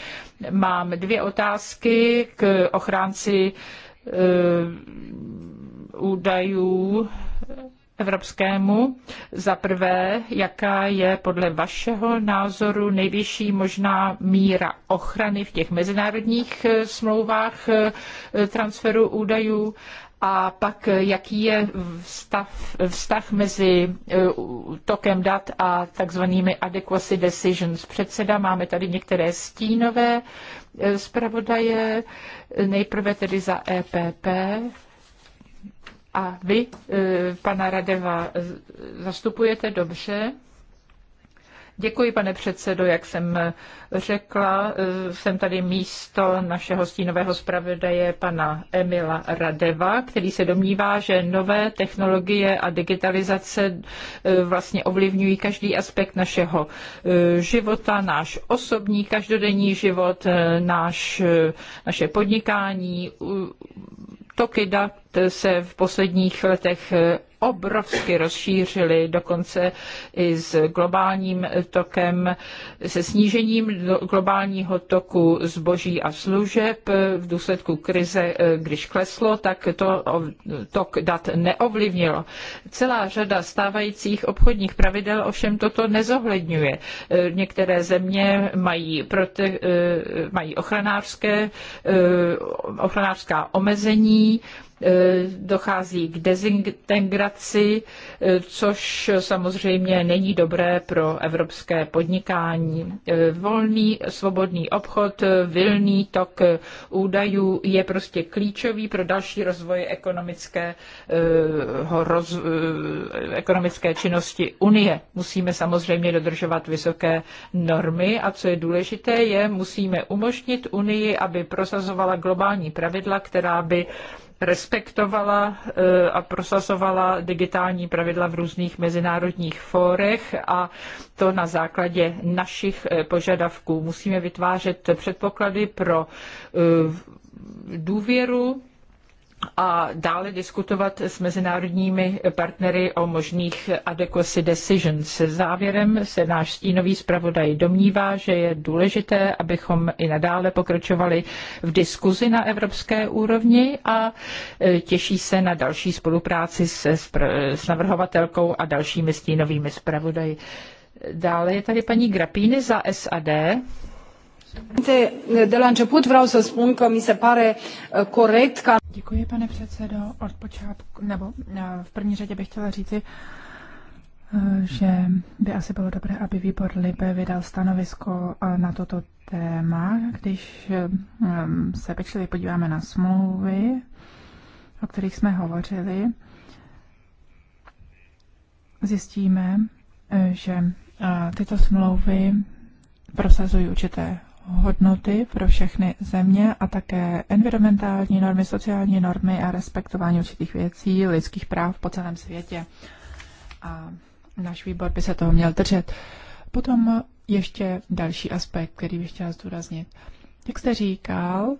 Mám dvě otázky k ochránci e, údajů evropskému. Za prvé, jaká je podle vašeho názoru nejvyšší možná míra ochrany v těch mezinárodních eh, smlouvách eh, transferu údajů a pak jaký je vztah, vztah mezi eh, tokem dat a takzvanými adequacy decisions předseda. Máme tady některé stínové zpravodaje, nejprve tedy za EPP, a vy, e, pana Radeva, zastupujete dobře. Děkuji, pane předsedo. Jak jsem řekla, e, jsem tady místo našeho stínového zpravodaje pana Emila Radeva, který se domnívá, že nové technologie a digitalizace e, vlastně ovlivňují každý aspekt našeho života, náš osobní každodenní život, náš, naše podnikání, toky dat, se v posledních letech obrovsky rozšířily, dokonce i s globálním tokem, se snížením globálního toku zboží a služeb v důsledku krize, když kleslo, tak to tok dat neovlivnilo. Celá řada stávajících obchodních pravidel ovšem toto nezohledňuje. Některé země mají, prote, mají ochranářské, eh, ochranářská omezení, Eh, dochází k dezintegraci, eh, což samozřejmě není dobré pro evropské podnikání. Eh, volný, svobodný obchod, vilný tok údajů je prostě klíčový pro další rozvoj ekonomické, roz, ekonomické činnosti Unie. Musíme samozřejmě dodržovat vysoké normy a co je důležité, je, musíme umožnit Unii, aby prosazovala globální pravidla, která by respektovala eh, a prosazovala digitální pravidla v různých mezinárodních fórech a to na základě našich eh, požadavků. Musíme vytvářet předpoklady pro eh, důvěru a dále diskutovat s mezinárodními partnery o možných adequacy decisions. Závěrem se náš stínový zpravodaj domnívá, že je důležité, abychom i nadále pokračovali v diskuzi na evropské úrovni a e, těší se na další spolupráci se, s navrhovatelkou a dalšími stínovými zpravodaji. Dále je tady paní Grapíny za SAD. De la început vreau să spun că mi se pare uh, corect ca... Děkuji, pane předsedo. Od počátku, nebo uh, v první řadě bych chtěla říci, uh, že by asi bylo dobré, aby výbor Libe vydal stanovisko na toto téma, když um, se pečlivě podíváme na smlouvy, o kterých jsme hovořili, zjistíme, že tyto smlouvy prosazují určité hodnoty pro všechny země a také environmentální normy, sociální normy a respektování určitých věcí, lidských práv po celém světě. A náš výbor by se toho měl držet. Potom ještě další aspekt, který bych chtěla zdůraznit. Jak jste říkal,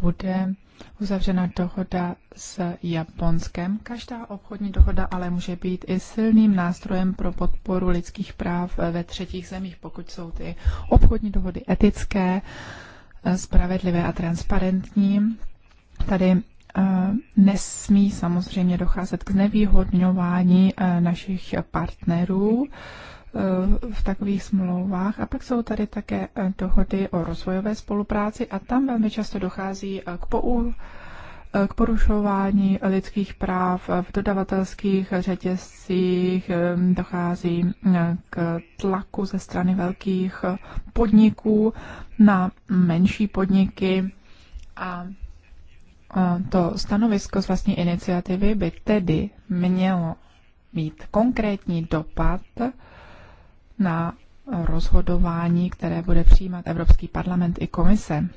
bude uzavřena dohoda s Japonskem. Každá obchodní dohoda ale může být i silným nástrojem pro podporu lidských práv ve třetích zemích, pokud jsou ty obchodní dohody etické, spravedlivé a transparentní. Tady eh, nesmí samozřejmě docházet k znevýhodňování eh, našich partnerů Eh, v takových smlouvách. A pak jsou tady také eh, dohody o rozvojové spolupráci a tam velmi často dochází eh, k pou k porušování lidských práv v dodavatelských řetězcích, dochází k tlaku ze strany velkých podniků na menší podniky a to stanovisko z vlastní iniciativy by tedy mělo mít konkrétní dopad na rozhodování, které bude přijímat Evropský parlament i komise.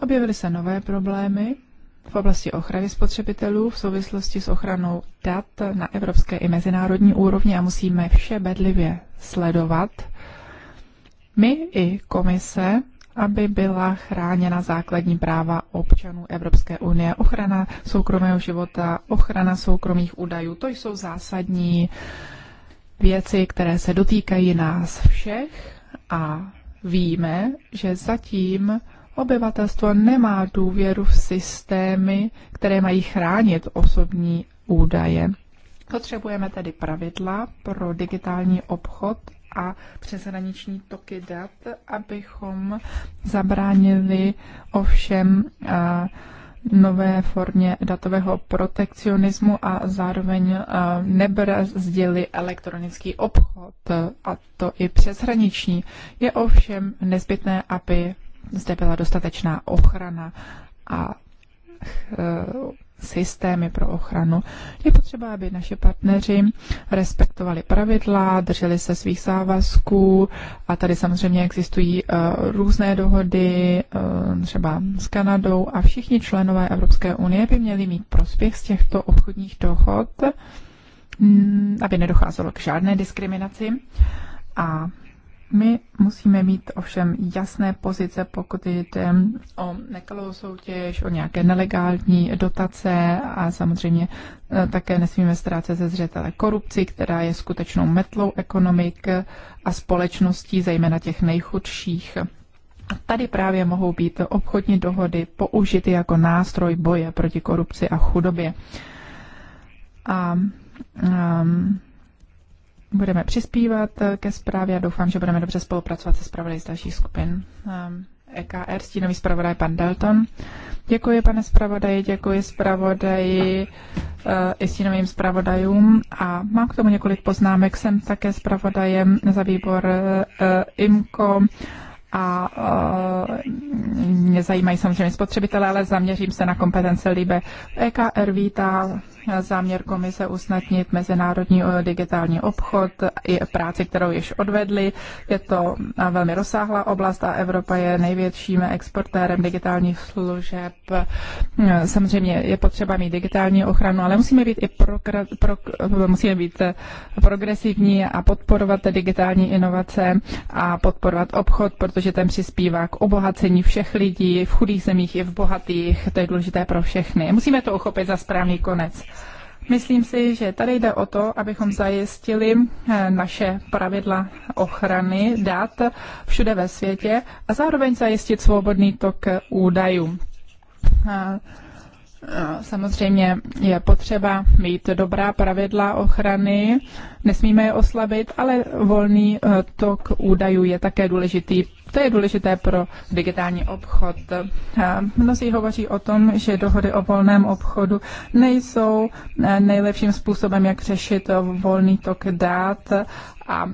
Objevily se nové problémy v oblasti ochrany spotřebitelů v souvislosti s ochranou dat na evropské i mezinárodní úrovni a musíme vše bedlivě sledovat. My i komise aby byla chráněna základní práva občanů Evropské unie. Ochrana soukromého života, ochrana soukromých údajů, to jsou zásadní uh, věci, které se dotýkají nás všech a víme, že zatím obyvatelstvo nemá důvěru v systémy, které mají chránit osobní údaje. Potřebujeme tedy pravidla pro digitální obchod a přeshraniční toky dat, abychom zabránili ovšem a, eh, nové formě datového protekcionismu a zároveň eh, nebrzdili elektronický obchod, a to i přeshraniční. Je ovšem nezbytné, aby zde byla dostatečná ochrana a eh, systémy pro ochranu. Je potřeba, aby naši partneři respektovali pravidla, drželi se svých závazků a tady samozřejmě existují eh, různé dohody, eh, třeba s Kanadou a všichni členové Evropské unie by měli mít prospěch z těchto obchodních dohod, mm, aby nedocházelo k žádné diskriminaci. A my musíme mít ovšem jasné pozice, pokud jde o nekalou soutěž, o nějaké nelegální dotace a samozřejmě eh, také nesmíme ztrácet ze zřetele korupci, která je skutečnou metlou ekonomik a společností, zejména těch nejchudších. A tady právě mohou být obchodní dohody použity jako nástroj boje proti korupci a chudobě. A um, budeme přispívat ke zprávě a doufám, že budeme dobře spolupracovat se zpravodaji z dalších skupin. EKR, ehm, e stínový zpravodaj pan Dalton. Děkuji, pane zpravodaji, děkuji zpravodaji eh, i stínovým zpravodajům a mám k tomu několik poznámek. Jsem také zpravodajem za výbor eh, IMCO a eh, mě zajímají samozřejmě spotřebitelé, ale zaměřím se na kompetence LIBE. EKR vítá záměr komise usnadnit mezinárodní eh, digitální obchod i práci, kterou již odvedli. Je to eh, velmi rozsáhlá oblast a Evropa je největším exportérem digitálních služeb. Eh, samozřejmě je potřeba mít digitální ochranu, ale musíme být i progr pro, musíme být progresivní a podporovat digitální inovace a podporovat obchod, protože ten přispívá k obohacení všech lidí v chudých zemích i v bohatých. To je důležité pro všechny. Musíme to uchopit za správný konec. Myslím si, že tady jde o to, abychom zajistili eh, naše pravidla ochrany dat všude ve světě a zároveň zajistit svobodný tok údajů. Samozřejmě je potřeba mít dobrá pravidla ochrany nesmíme je oslabit, ale volný eh, tok údajů je také důležitý. To je důležité pro digitální obchod. Eh, mnozí hovoří o tom, že dohody o volném obchodu nejsou eh, nejlepším způsobem, jak řešit volný tok dát a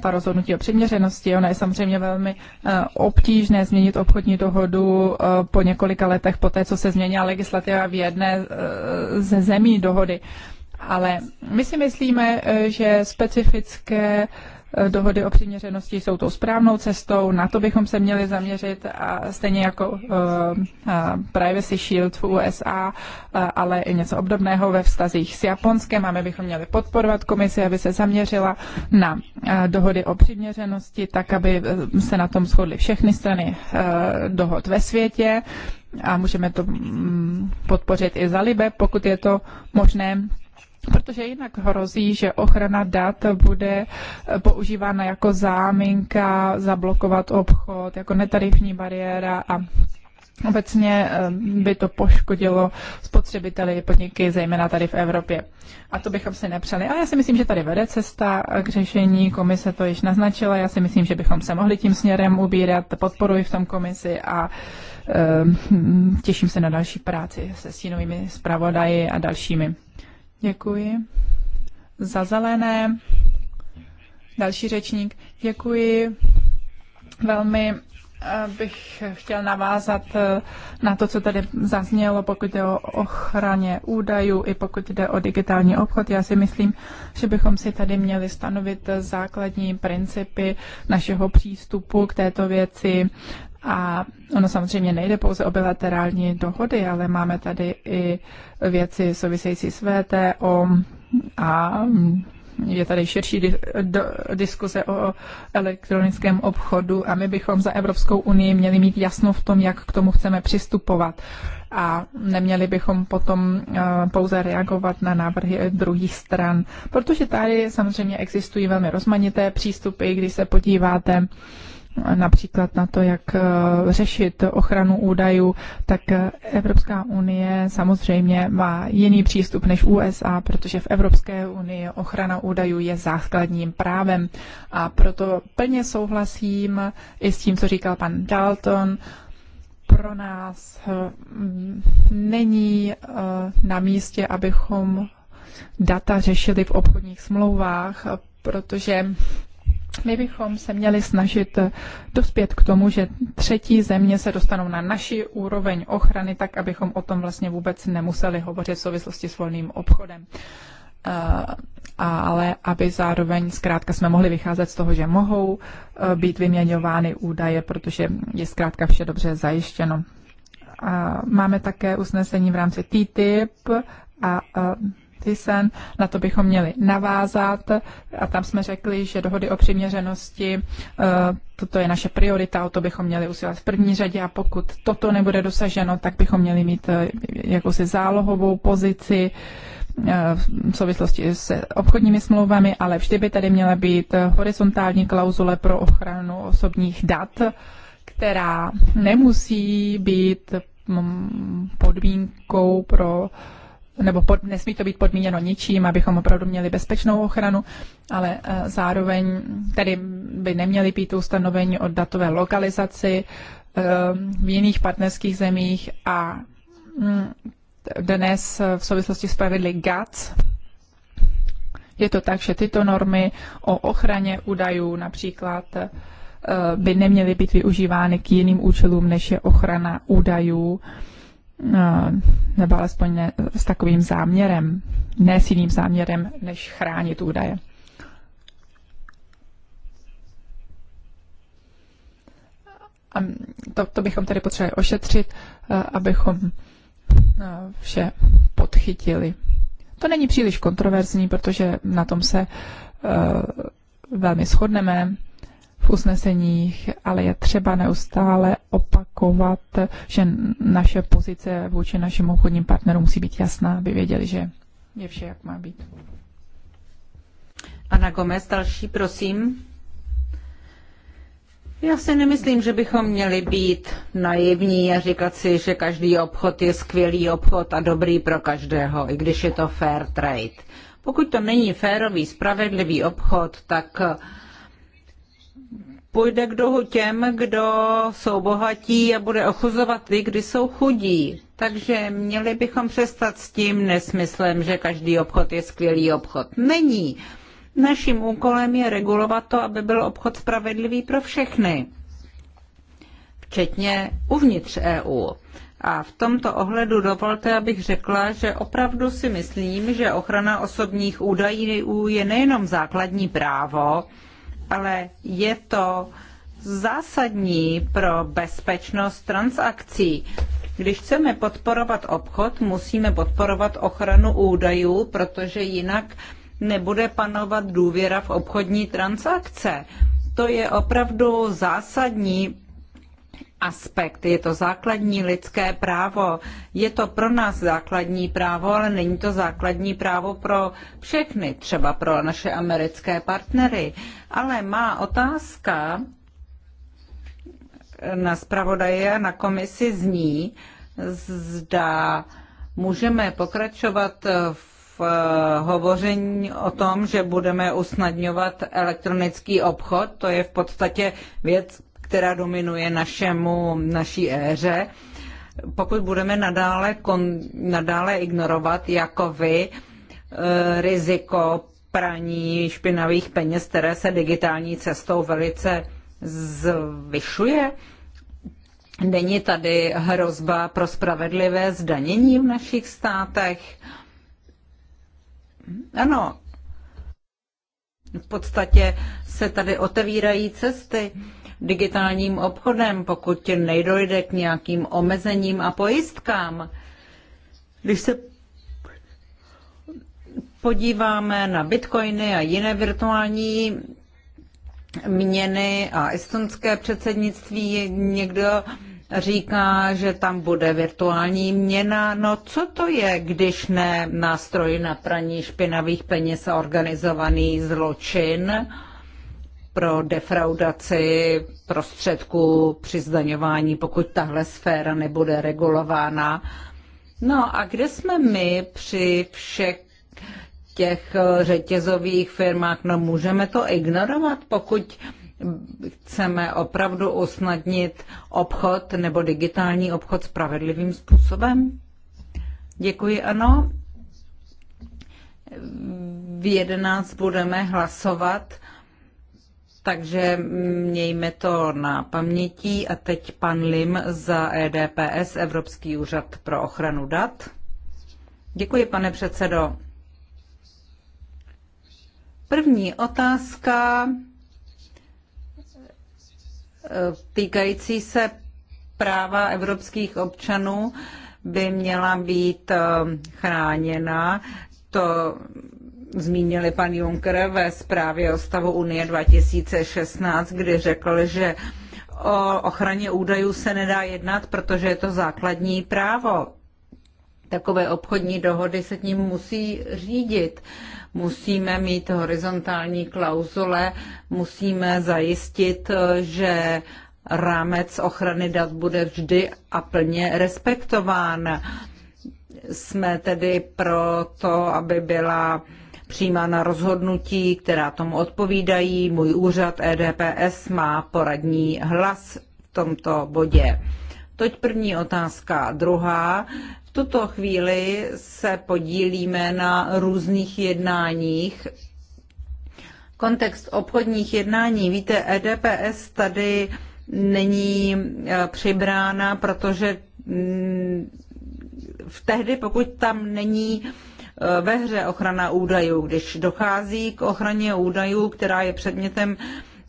ta rozhodnutí o přiměřenosti. Ona je samozřejmě velmi obtížné změnit obchodní dohodu po několika letech po té, co se změnila legislativa v jedné ze zemí dohody. Ale my si myslíme, eh, že specifické eh, dohody o přiměřenosti jsou tou správnou cestou, na to bychom se měli zaměřit a stejně jako uh, Privacy Shield v USA, uh, ale i něco obdobného ve vztazích s Japonskem a my bychom měli podporovat komisi, aby se zaměřila na uh, dohody o přiměřenosti, tak aby se na tom shodly všechny strany uh, dohod ve světě a můžeme to mm, podpořit i za Libe, pokud je to možné protože jinak hrozí, že ochrana dat bude eh, používána jako záminka, zablokovat obchod, jako netarifní bariéra a Obecně eh, by to poškodilo spotřebiteli podniky, zejména tady v Evropě. A to bychom si nepřeli. A já si myslím, že tady vede cesta k řešení. Komise to již naznačila. Já si myslím, že bychom se mohli tím směrem ubírat. Podporuji v tom komisi a eh, těším se na další práci se stínovými zpravodaji a dalšími. Děkuji. Za zelené. Další řečník. Děkuji. Velmi bych chtěl navázat eh, na to, co tady zaznělo, pokud jde o ochraně údajů i pokud jde o digitální obchod. Já si myslím, že bychom si tady měli stanovit eh, základní principy našeho přístupu k této věci. A ono samozřejmě nejde pouze o bilaterální dohody, ale máme tady i věci související s VTO a je tady širší diskuse o elektronickém obchodu a my bychom za Evropskou unii měli mít jasno v tom, jak k tomu chceme přistupovat. A neměli bychom potom eh, pouze reagovat na návrhy druhých stran, protože tady samozřejmě existují velmi rozmanité přístupy, když se podíváte například na to, jak eh, řešit ochranu údajů, tak eh, Evropská unie samozřejmě má jiný přístup než USA, protože v Evropské unii ochrana údajů je základním právem. A proto plně souhlasím i s tím, co říkal pan Dalton. Pro nás eh, není na místě, abychom data řešili v obchodních smlouvách, protože my bychom se měli snažit eh, dospět k tomu, že třetí země se dostanou na naši úroveň ochrany, tak abychom o tom vlastně vůbec nemuseli hovořit v souvislosti s volným obchodem. Eh, a, ale aby zároveň zkrátka jsme mohli vycházet z toho, že mohou eh, být vyměňovány údaje, protože je zkrátka vše dobře zajištěno. A máme také usnesení v rámci TTIP a, a Thyssen, na to bychom měli navázat a tam jsme řekli, že dohody o přiměřenosti, eh, toto je naše priorita, o to bychom měli usilovat v první řadě a pokud toto nebude dosaženo, tak bychom měli mít eh, jakousi zálohovou pozici, eh, v souvislosti s obchodními smlouvami, ale vždy by tady měla být horizontální klauzule pro ochranu osobních dat, která nemusí být mm, podmínkou pro nebo pod, nesmí to být podmíněno ničím, abychom opravdu měli bezpečnou ochranu, ale eh, zároveň tedy by neměly být ustanovení o datové lokalizaci eh, v jiných partnerských zemích a mm, dnes v souvislosti s pravidly GATS je to tak, že tyto normy o ochraně údajů například eh, by neměly být využívány k jiným účelům, než je ochrana údajů nebo alespoň ne, s takovým záměrem, ne s jiným záměrem, než chránit údaje. A to, to bychom tedy potřebovali ošetřit, abychom vše podchytili. To není příliš kontroverzní, protože na tom se velmi shodneme v usneseních, ale je třeba neustále opakovat, že naše pozice vůči našim obchodním partnerům musí být jasná, aby věděli, že je vše, jak má být. Ana Gomez, další, prosím. Já si nemyslím, že bychom měli být naivní a říkat si, že každý obchod je skvělý obchod a dobrý pro každého, i když je to fair trade. Pokud to není férový, spravedlivý obchod, tak půjde k duhu těm, kdo jsou bohatí a bude ochuzovat ty, kdy jsou chudí. Takže měli bychom přestat s tím nesmyslem, že každý obchod je skvělý obchod. Není. Naším úkolem je regulovat to, aby byl obchod spravedlivý pro všechny, včetně uvnitř EU. A v tomto ohledu dovolte, abych řekla, že opravdu si myslím, že ochrana osobních údajů je nejenom základní právo, ale je to zásadní pro bezpečnost transakcí. Když chceme podporovat obchod, musíme podporovat ochranu údajů, protože jinak nebude panovat důvěra v obchodní transakce. To je opravdu zásadní aspekt. Je to základní lidské právo. Je to pro nás základní právo, ale není to základní právo pro všechny, třeba pro naše americké partnery. Ale má otázka na zpravodaje a na komisi zní, zda můžeme pokračovat v hovoření o tom, že budeme usnadňovat elektronický obchod. To je v podstatě věc která dominuje našemu, naší éře, pokud budeme nadále, kon, nadále ignorovat jako vy e, riziko praní špinavých peněz, které se digitální cestou velice zvyšuje, Není tady hrozba pro spravedlivé zdanění v našich státech? Ano, v podstatě se tady otevírají cesty digitálním obchodem, pokud nejdojde k nějakým omezením a pojistkám. Když se podíváme na bitcoiny a jiné virtuální měny a estonské předsednictví, někdo říká, že tam bude virtuální měna. No co to je, když ne nástroj na praní špinavých peněz a organizovaný zločin? pro defraudaci prostředků při zdaňování, pokud tahle sféra nebude regulována. No a kde jsme my při všech těch řetězových firmách? No můžeme to ignorovat, pokud chceme opravdu usnadnit obchod nebo digitální obchod spravedlivým způsobem? Děkuji, ano. V 11 budeme hlasovat takže mějme to na paměti. A teď pan Lim za EDPS, Evropský úřad pro ochranu dat. Děkuji, pane předsedo. První otázka eh, týkající se práva evropských občanů by měla být eh, chráněna. To zmínili pan Juncker ve zprávě o stavu Unie 2016, kdy řekl, že o ochraně údajů se nedá jednat, protože je to základní právo. Takové obchodní dohody se tím musí řídit. Musíme mít horizontální klauzule, musíme zajistit, že rámec ochrany dat bude vždy a plně respektován. Jsme tedy pro to, aby byla přijímána rozhodnutí, která tomu odpovídají. Můj úřad EDPS má poradní hlas v tomto bodě. Toť první otázka. Druhá, v tuto chvíli se podílíme na různých jednáních. Kontext obchodních jednání. Víte, EDPS tady není e, přibrána, protože mm, v tehdy, pokud tam není Eh, ve hře ochrana údajů. Když dochází k ochraně údajů, která je předmětem,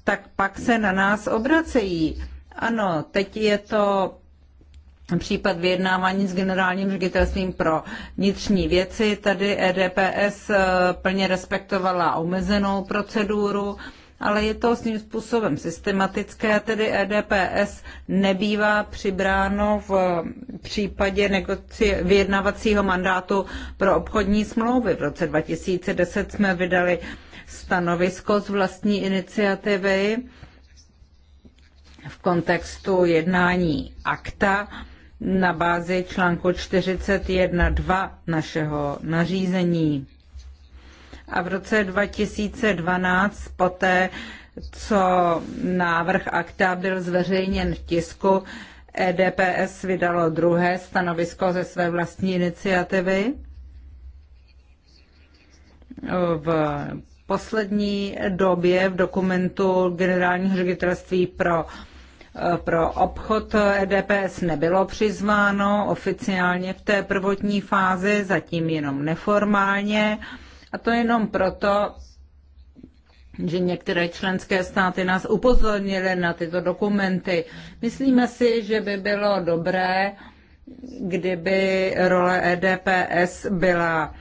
tak pak se na nás obracejí. Ano, teď je to případ vyjednávání s generálním ředitelstvím pro vnitřní věci. Tady EDPS eh, plně respektovala omezenou proceduru ale je to svým způsobem systematické, tedy EDPS nebývá přibráno v případě vyjednavacího mandátu pro obchodní smlouvy. V roce 2010 jsme vydali stanovisko z vlastní iniciativy v kontextu jednání akta na bázi článku 41.2 našeho nařízení a v roce 2012 poté, co návrh akta byl zveřejněn v tisku, EDPS vydalo druhé stanovisko ze své vlastní iniciativy. V poslední době v dokumentu generálního ředitelství pro pro obchod EDPS nebylo přizváno oficiálně v té prvotní fázi, zatím jenom neformálně. Uh, a to jenom proto, že některé členské státy nás upozornily na tyto dokumenty. Myslíme si, že by bylo dobré, kdyby role EDPS byla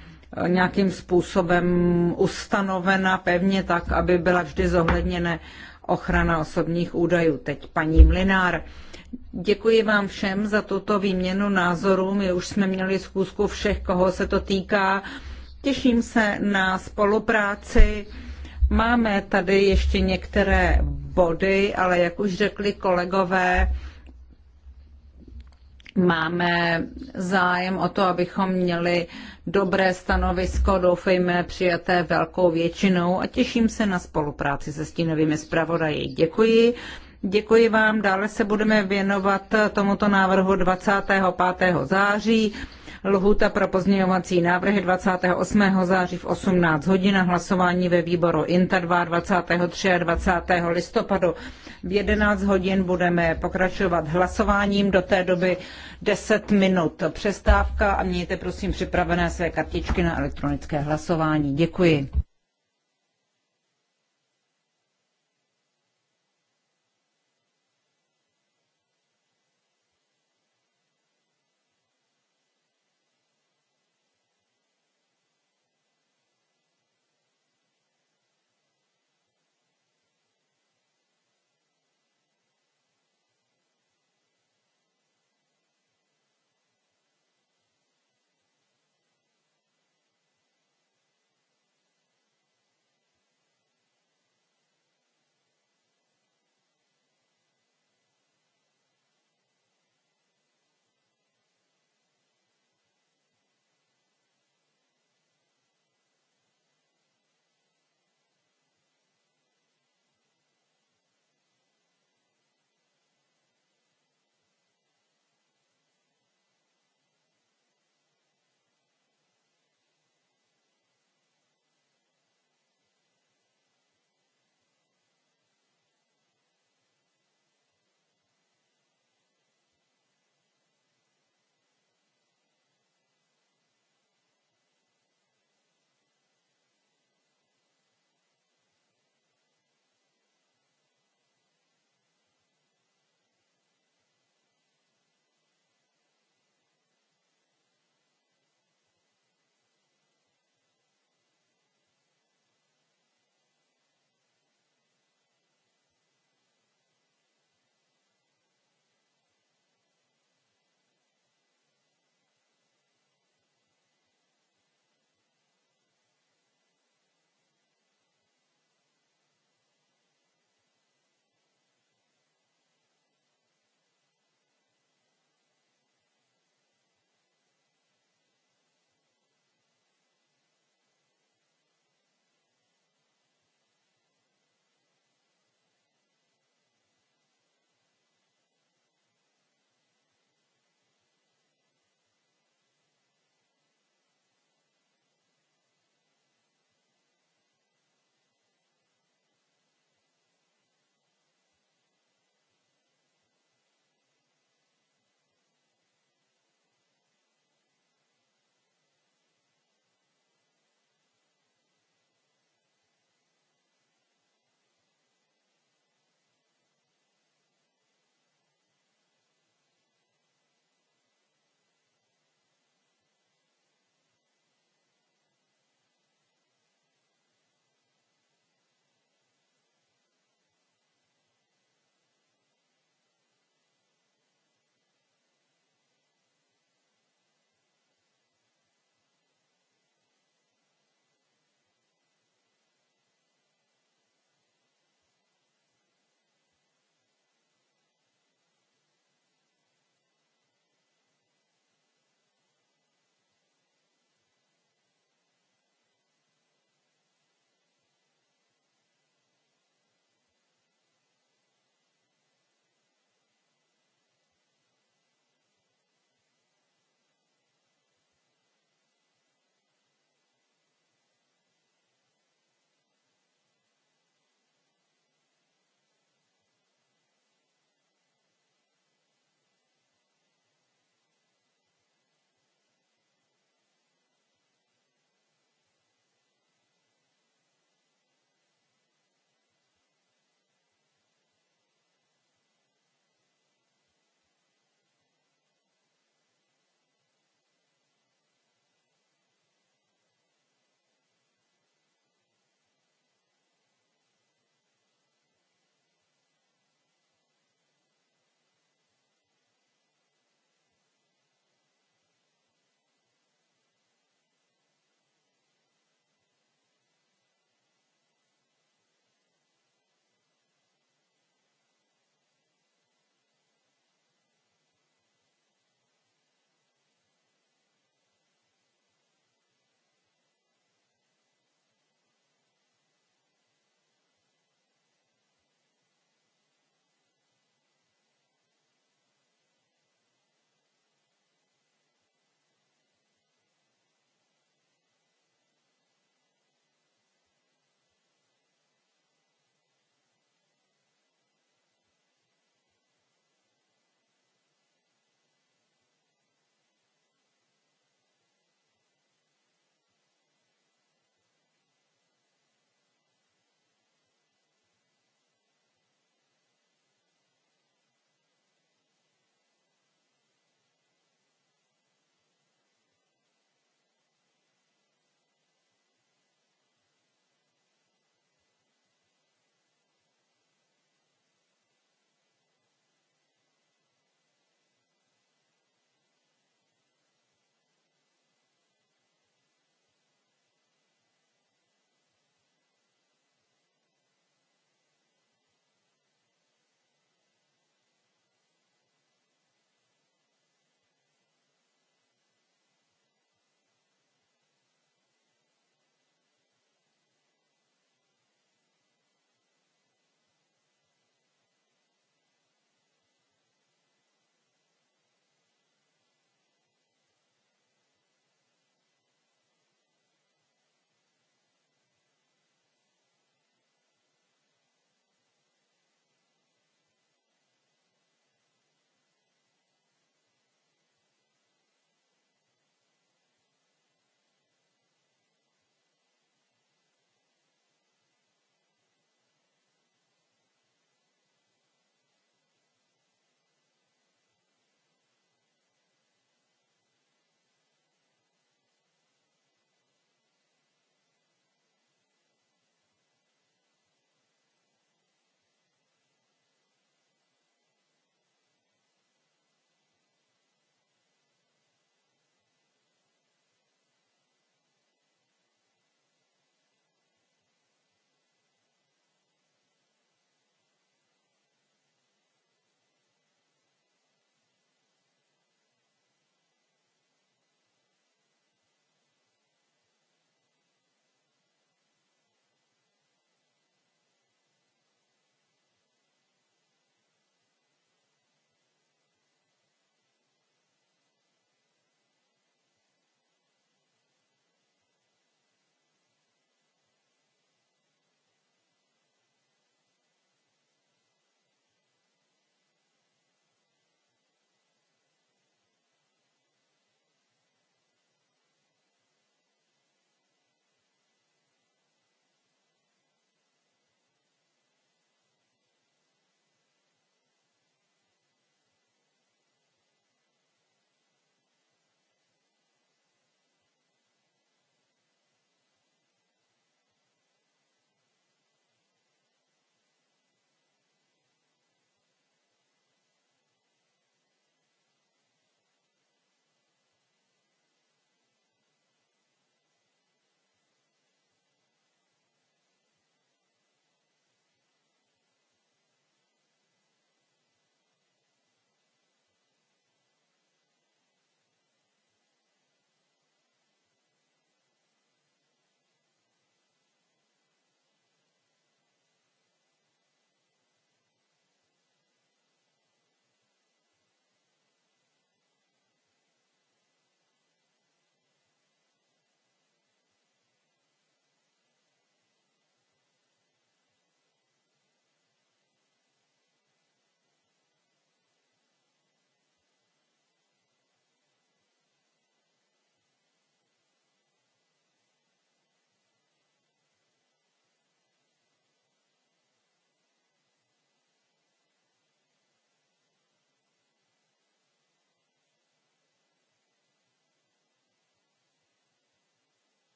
nějakým způsobem ustanovena pevně tak, aby byla vždy zohledněna ochrana osobních údajů. Teď paní Mlinár. Děkuji vám všem za tuto výměnu názorů. My už jsme měli zkusku všech, koho se to týká. Těším se na spolupráci. Máme tady ještě některé body, ale jak už řekli kolegové, máme zájem o to, abychom měli dobré stanovisko, doufejme přijaté velkou většinou a těším se na spolupráci se stínovými zpravodaji. Děkuji. Děkuji vám. Dále se budeme věnovat tomuto návrhu 25. září. Lhuta pro pozměňovací návrhy 28. září v 18 hodin hlasování ve výboru INTA 23. a 23. listopadu. V 11 hodin budeme pokračovat hlasováním, do té doby 10 minut přestávka a mějte prosím připravené své kartičky na elektronické hlasování. Děkuji.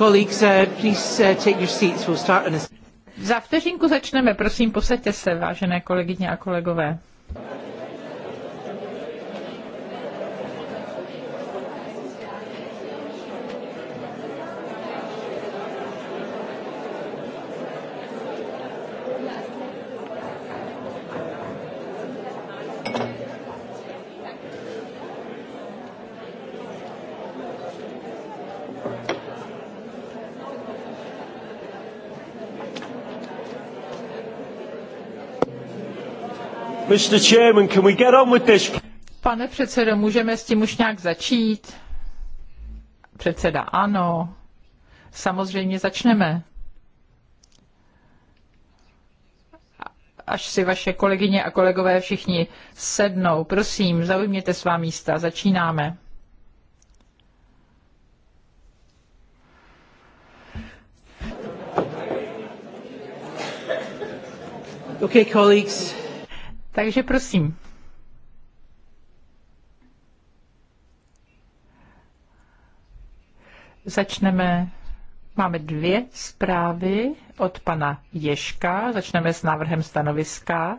Colleagues, uh, please uh, take your seats. We'll start in a... Za vteřinku začneme, prosím, posaďte se, vážené kolegyně a kolegové. Pane předsedo, můžeme s tím už nějak začít? Předseda, ano. Samozřejmě začneme. Až si vaše kolegyně a kolegové všichni sednou, prosím, zaujměte svá místa, začínáme. Okay, colleagues. Takže prosím. Začneme. Máme dvě zprávy od pana Ješka. Začneme s návrhem stanoviska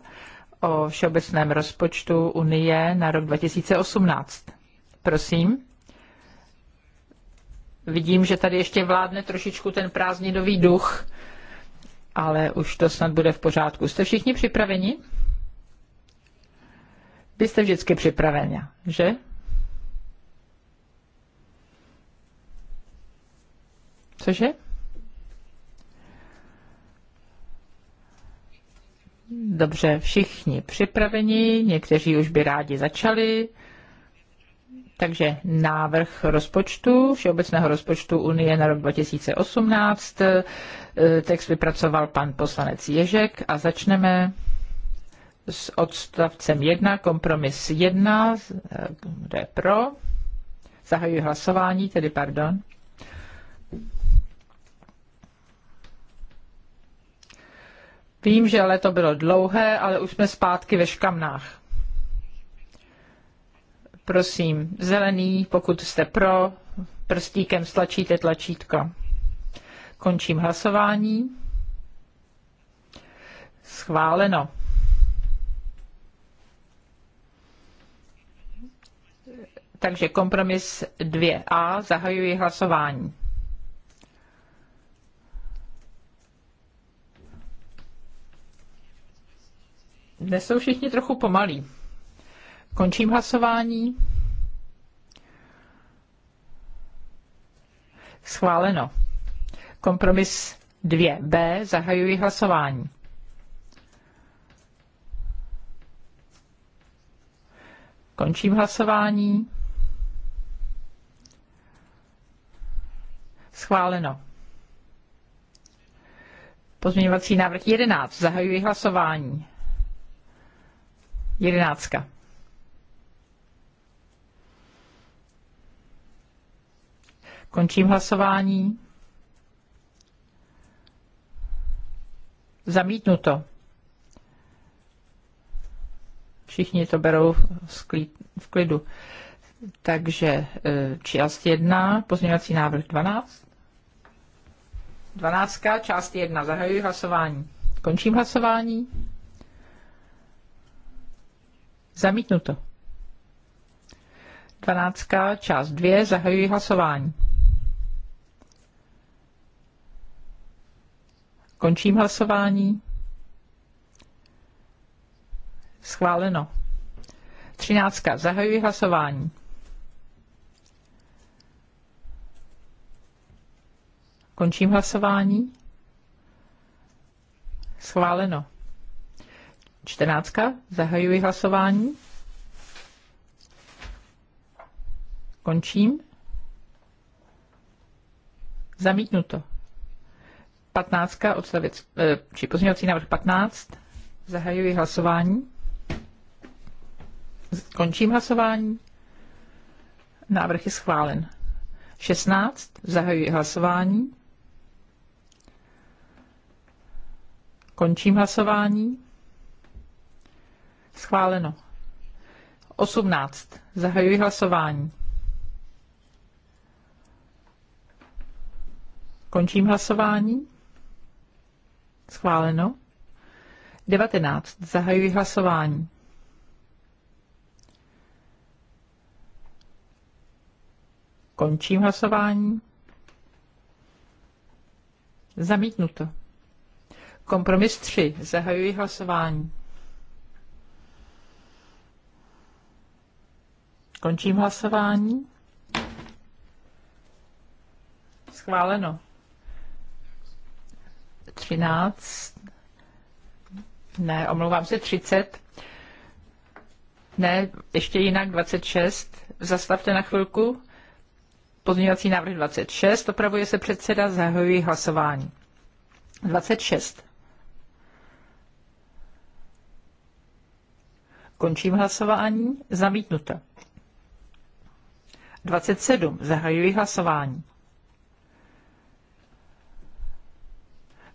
o všeobecném rozpočtu Unie na rok 2018. Prosím. Vidím, že tady ještě vládne trošičku ten prázdninový duch, ale už to snad bude v pořádku. Jste všichni připraveni? Vy jste vždycky připraveni, že? Cože? Dobře, všichni připraveni, někteří už by rádi začali. Takže návrh rozpočtu, všeobecného rozpočtu Unie na rok 2018, eh, text vypracoval pan poslanec Ježek a začneme s odstavcem 1, kompromis 1, eh, kde je pro. Zahajuji hlasování, tedy pardon. Vím, že leto bylo dlouhé, ale už jsme zpátky ve škamnách. Prosím, zelený, pokud jste pro, prstíkem stlačíte tlačítko. Končím hlasování. Schváleno. Takže kompromis 2a, zahajuji hlasování. Dnes jsou všichni trochu pomalí. Končím hlasování. Schváleno. Kompromis 2b, zahajuji hlasování. Končím hlasování. Schváleno. Pozměňovací návrh 11. Zahajuji hlasování. 11. Končím hlasování. Zamítnuto. Všichni to berou v klidu. Takže eh, část 1, pozměňovací návrh 12. 12. část 1. Zahajuji hlasování. Končím hlasování. Zamítnuto. 12. část 2. Zahajuji hlasování. Končím hlasování. Schváleno. 13. Zahajuji hlasování. Končím hlasování. Schváleno. Čtrnáctka. Zahajuji hlasování. Končím. Zamítnuto. 15. odstavec, eh, či pozměňovací návrh 15. Zahajuji hlasování. Končím hlasování. Návrh je schválen. 16. Zahajuji hlasování. Končím hlasování. Schváleno. 18. Zahajuji hlasování. Končím hlasování. Schváleno. 19. Zahajuji hlasování. Končím hlasování. Zamítnuto. Kompromis 3. Zahajuji hlasování. Končím hlasování. Schváleno. 13. Ne, omlouvám se, 30. Ne, ještě jinak 26. Zastavte na chvilku. Pozměňovací návrh 26. Opravuje se předseda, zahajuji hlasování. 26. Končím hlasování. Zamítnuto. 27. Zahajuji hlasování.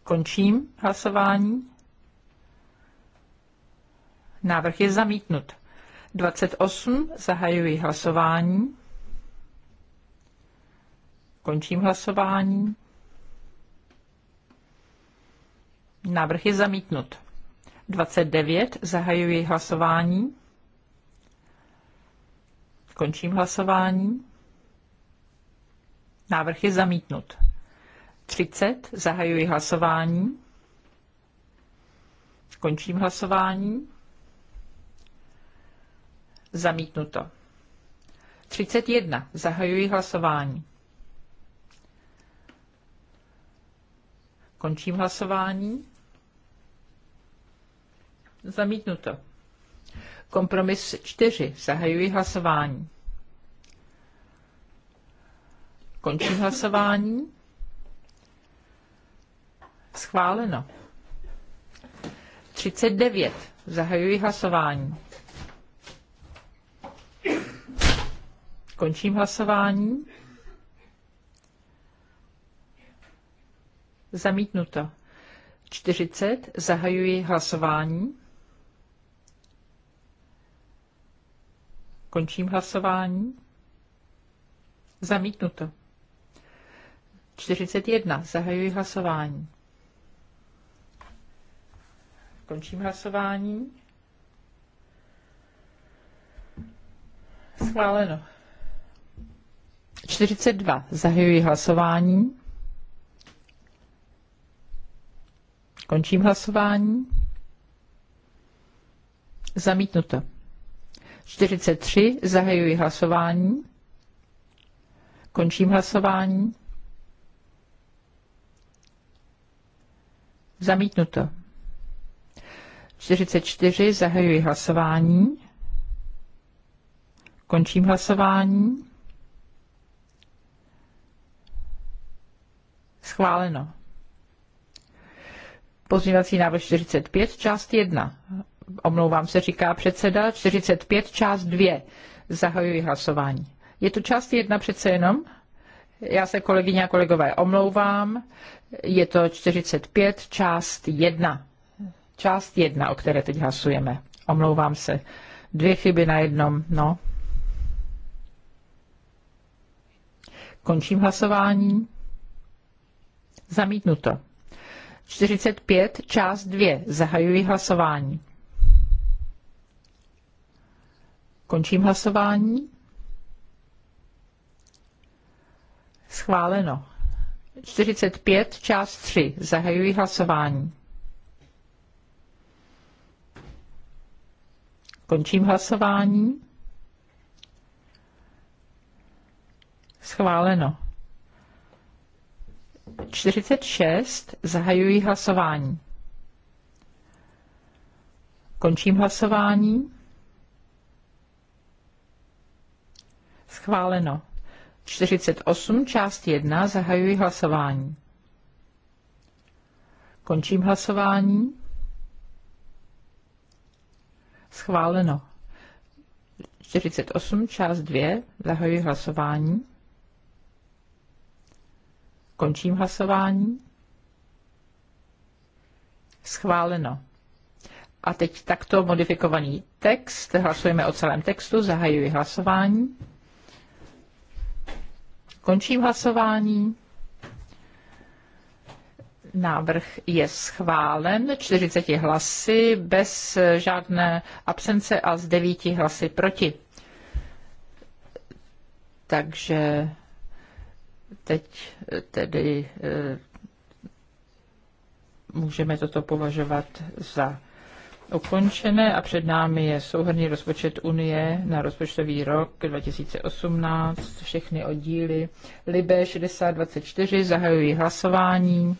Končím hlasování. Návrh je zamítnut. 28. Zahajuji hlasování. Končím hlasování. Návrh je zamítnut. 29. Zahajuji hlasování. Končím hlasování. Návrh je zamítnut. 30. Zahajuji hlasování. Končím hlasování. Zamítnuto. 31. Zahajuji hlasování. Končím hlasování. Zamítnuto. Kompromis 4. Zahajuji hlasování. Končím hlasování. Schváleno. 39. Zahajuji hlasování. Končím hlasování. Zamítnuto. 40. Zahajuji hlasování. Končím hlasování. Zamítnuto. 41. Zahajuji hlasování. Končím hlasování. Schváleno. 42. Zahajuji hlasování. Končím hlasování. Zamítnuto. 43. Zahajuji hlasování. Končím hlasování. Zamítnuto. 44. Zahajuji hlasování. Končím hlasování. Schváleno. Pozměňovací návrh 45, část 1 omlouvám se, říká předseda, 45, část 2. Zahajuji hlasování. Je to část 1 přece jenom? Já se kolegyně a kolegové omlouvám. Je to 45, část 1. Část 1, o které teď hlasujeme. Omlouvám se. Dvě chyby na jednom, no. Končím hlasování. Zamítnuto. 45, část 2. Zahajuji hlasování. Končím hlasování. Schváleno. 45, část 3. Zahajuji hlasování. Končím hlasování. Schváleno. 46. Zahajuji hlasování. Končím hlasování. Schváleno. 48, část 1, zahajuji hlasování. Končím hlasování. Schváleno. 48, část 2, zahajuji hlasování. Končím hlasování. Schváleno. A teď takto modifikovaný text. Hlasujeme o celém textu. Zahajuji hlasování. Končím hlasování. Návrh je schválen 40 hlasy bez žádné absence a z 9 hlasy proti. Takže teď tedy eh, můžeme toto považovat za ukončené a před námi je souhrný rozpočet Unie na rozpočtový rok 2018, všechny oddíly. Libe 6024, zahajuji hlasování.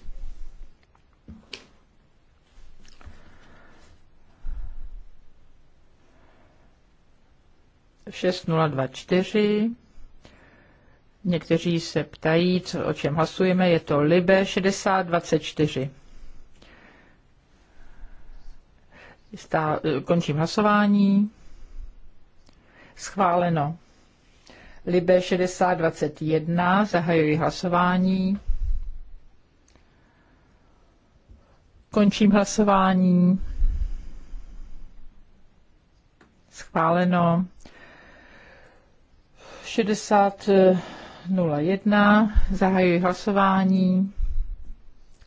Šest Někteří se ptají, co, o čem hlasujeme. Je to Libe 6024. Stá, končím hlasování. Schváleno. Libe 6021, zahajuji hlasování. Končím hlasování. Schváleno. 6001, zahajuji hlasování.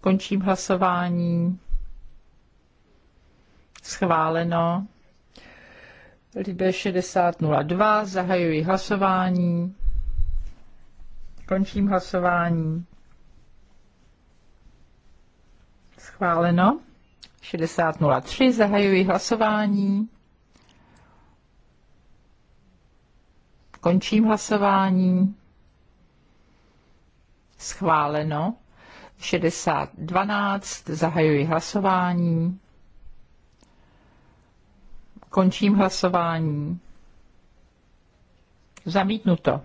Končím hlasování schváleno. Libe 60.02, zahajuji hlasování. Končím hlasování. Schváleno. 60.03, zahajuji hlasování. Končím hlasování. Schváleno. 60.12, zahajuji hlasování. Končím hlasování. Zamítnuto.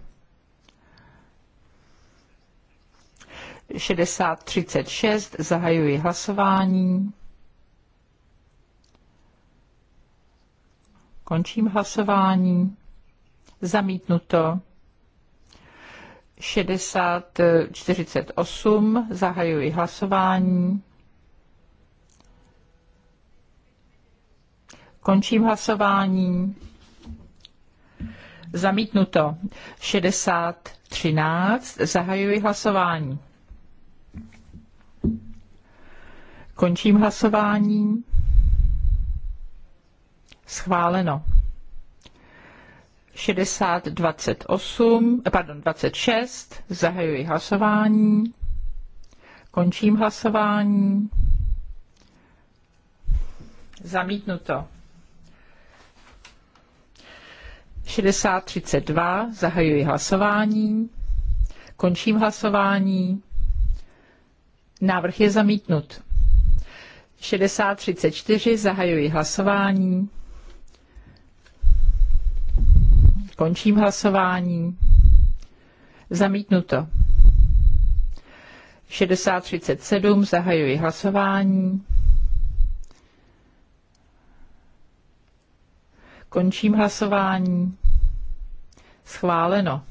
6036 zahajuji hlasování. Končím hlasování. Zamítnuto. 6048 zahajuji hlasování. Končím hlasování. Zamítnuto. 60, 13. Zahajuji hlasování. Končím hlasování. Schváleno. 60, 28, pardon, 26. Zahajuji hlasování. Končím hlasování. Zamítnuto. 6032, zahajuji hlasování, končím hlasování, návrh je zamítnut. 6034, zahajuji hlasování, končím hlasování, zamítnuto. 6037, zahajuji hlasování, Končím hlasování. Schváleno.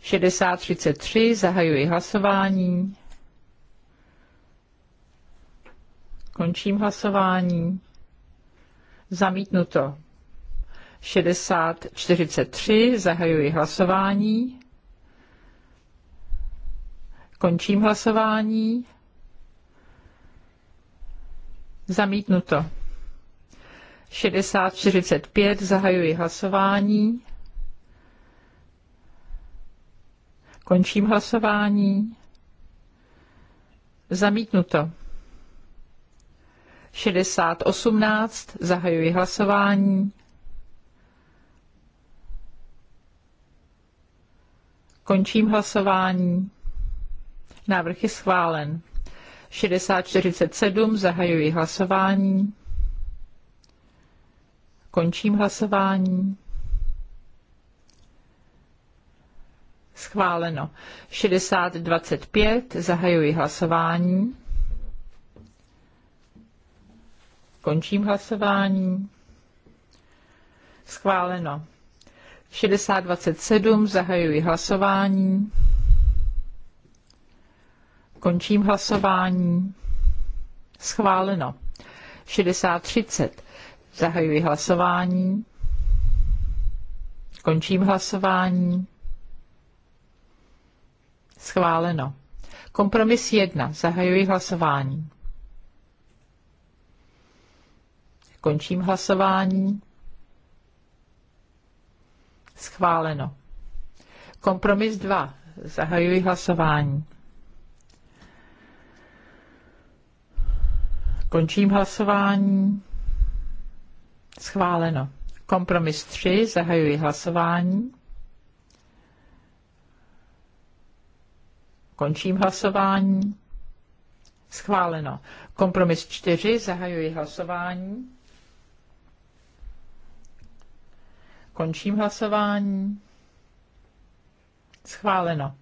6033, zahajuji hlasování. Končím hlasování. Zamítnuto. 6043, zahajuji hlasování. Končím hlasování. Zamítnuto. 6045 zahajuji hlasování. Končím hlasování. Zamítnuto. 6018 zahajuji hlasování. Končím hlasování. Návrh je schválen. 6047 zahajuji hlasování. Končím hlasování. Schváleno. 6025. Zahajuji hlasování. Končím hlasování. Schváleno. 6027. Zahajuji hlasování. Končím hlasování. Schváleno. 6030. Zahajuji hlasování. Končím hlasování. Schváleno. Kompromis 1. Zahajuji hlasování. Končím hlasování. Schváleno. Kompromis 2. Zahajuji hlasování. Končím hlasování. Schváleno. Kompromis 3. Zahajuji hlasování. Končím hlasování. Schváleno. Kompromis 4. Zahajuji hlasování. Končím hlasování. Schváleno.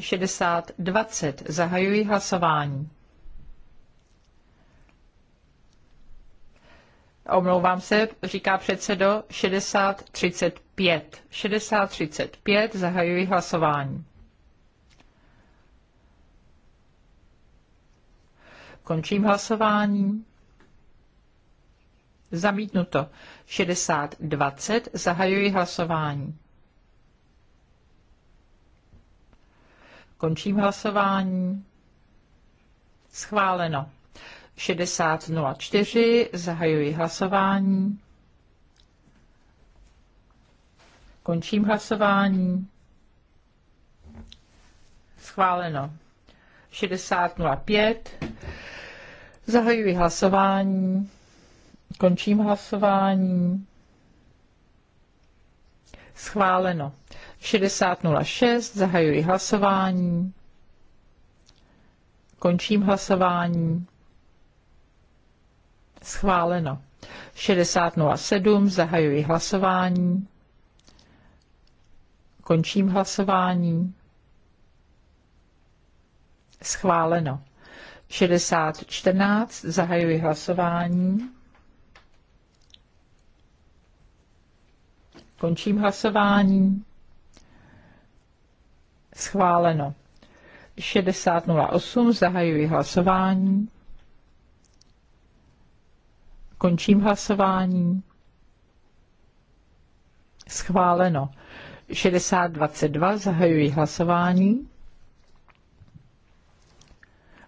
60 20. Zahajuji hlasování. omlouvám se, říká předsedo, 6035. 6035, zahajuji hlasování. Končím hlasování. Zamítnuto. 6020, zahajuji hlasování. Končím hlasování. Schváleno. 6004. Zahajuji hlasování. Končím hlasování. Schváleno. 6005. Zahajuji hlasování. Končím hlasování. Schváleno. 6006. Zahajuji hlasování. Končím hlasování. Schváleno. 60.07. Zahajuji hlasování. Končím hlasování. Schváleno. 60.14. Zahajuji hlasování. Končím hlasování. Schváleno. 60.08. Zahajuji hlasování. Končím hlasování. Schváleno. 6022 zahajuji hlasování.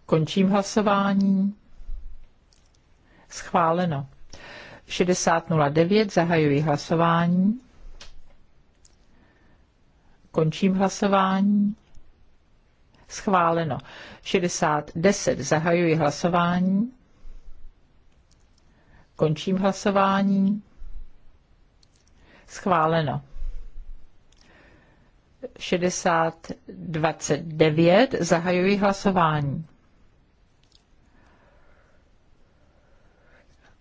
Končím hlasování. Schváleno. 6009 zahajuji hlasování. Končím hlasování. Schváleno. 6010 zahajuji hlasování. Končím hlasování. Schváleno. 6029. Zahajuji hlasování.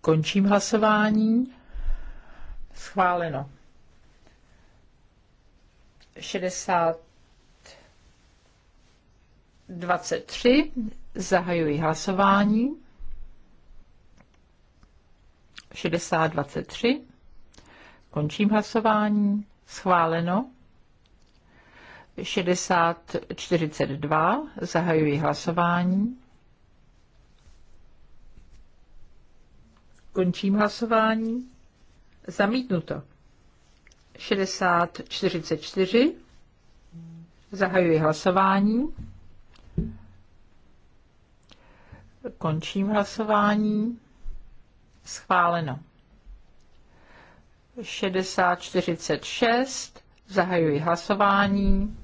Končím hlasování. Schváleno. 60 23. Zahajuji hlasování. 6023. Končím hlasování. Schváleno. 6042. Zahajuji hlasování. Končím hlasování. Zamítnuto. 6044. Zahajuji hlasování. Končím hlasování. Schváleno. 6046. Zahajuji hlasování.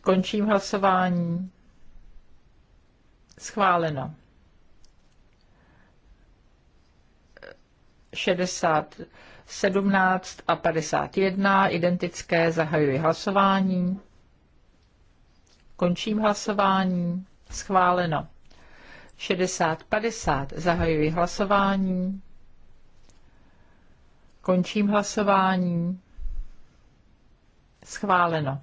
Končím hlasování. Schváleno. 60, 17 a 51 identické. Zahajuji hlasování. Končím hlasování. Schváleno. 60-50. Zahajuji hlasování. Končím hlasování. Schváleno.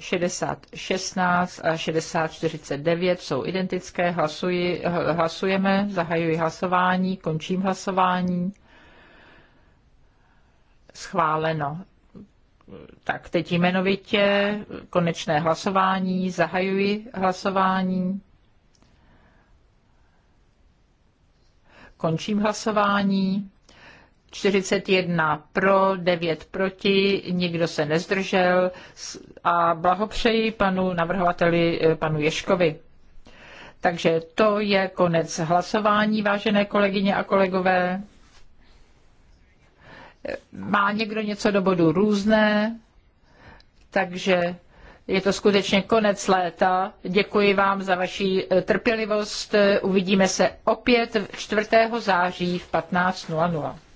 6016 a 6049 jsou identické. Hlasuji, hlasujeme, zahajuji hlasování, končím hlasování. Schváleno. Tak teď jmenovitě konečné hlasování, zahajuji hlasování. Končím hlasování. 41 pro, 9 proti, nikdo se nezdržel a blahopřeji panu navrhovateli, eh, panu Ješkovi. Takže to je konec hlasování, vážené kolegyně a kolegové. Eh, Má někdo něco do bodu různé? Takže je to skutečně konec léta. Děkuji vám za vaši eh, trpělivost. Uvidíme se opět 4. září v 15.00.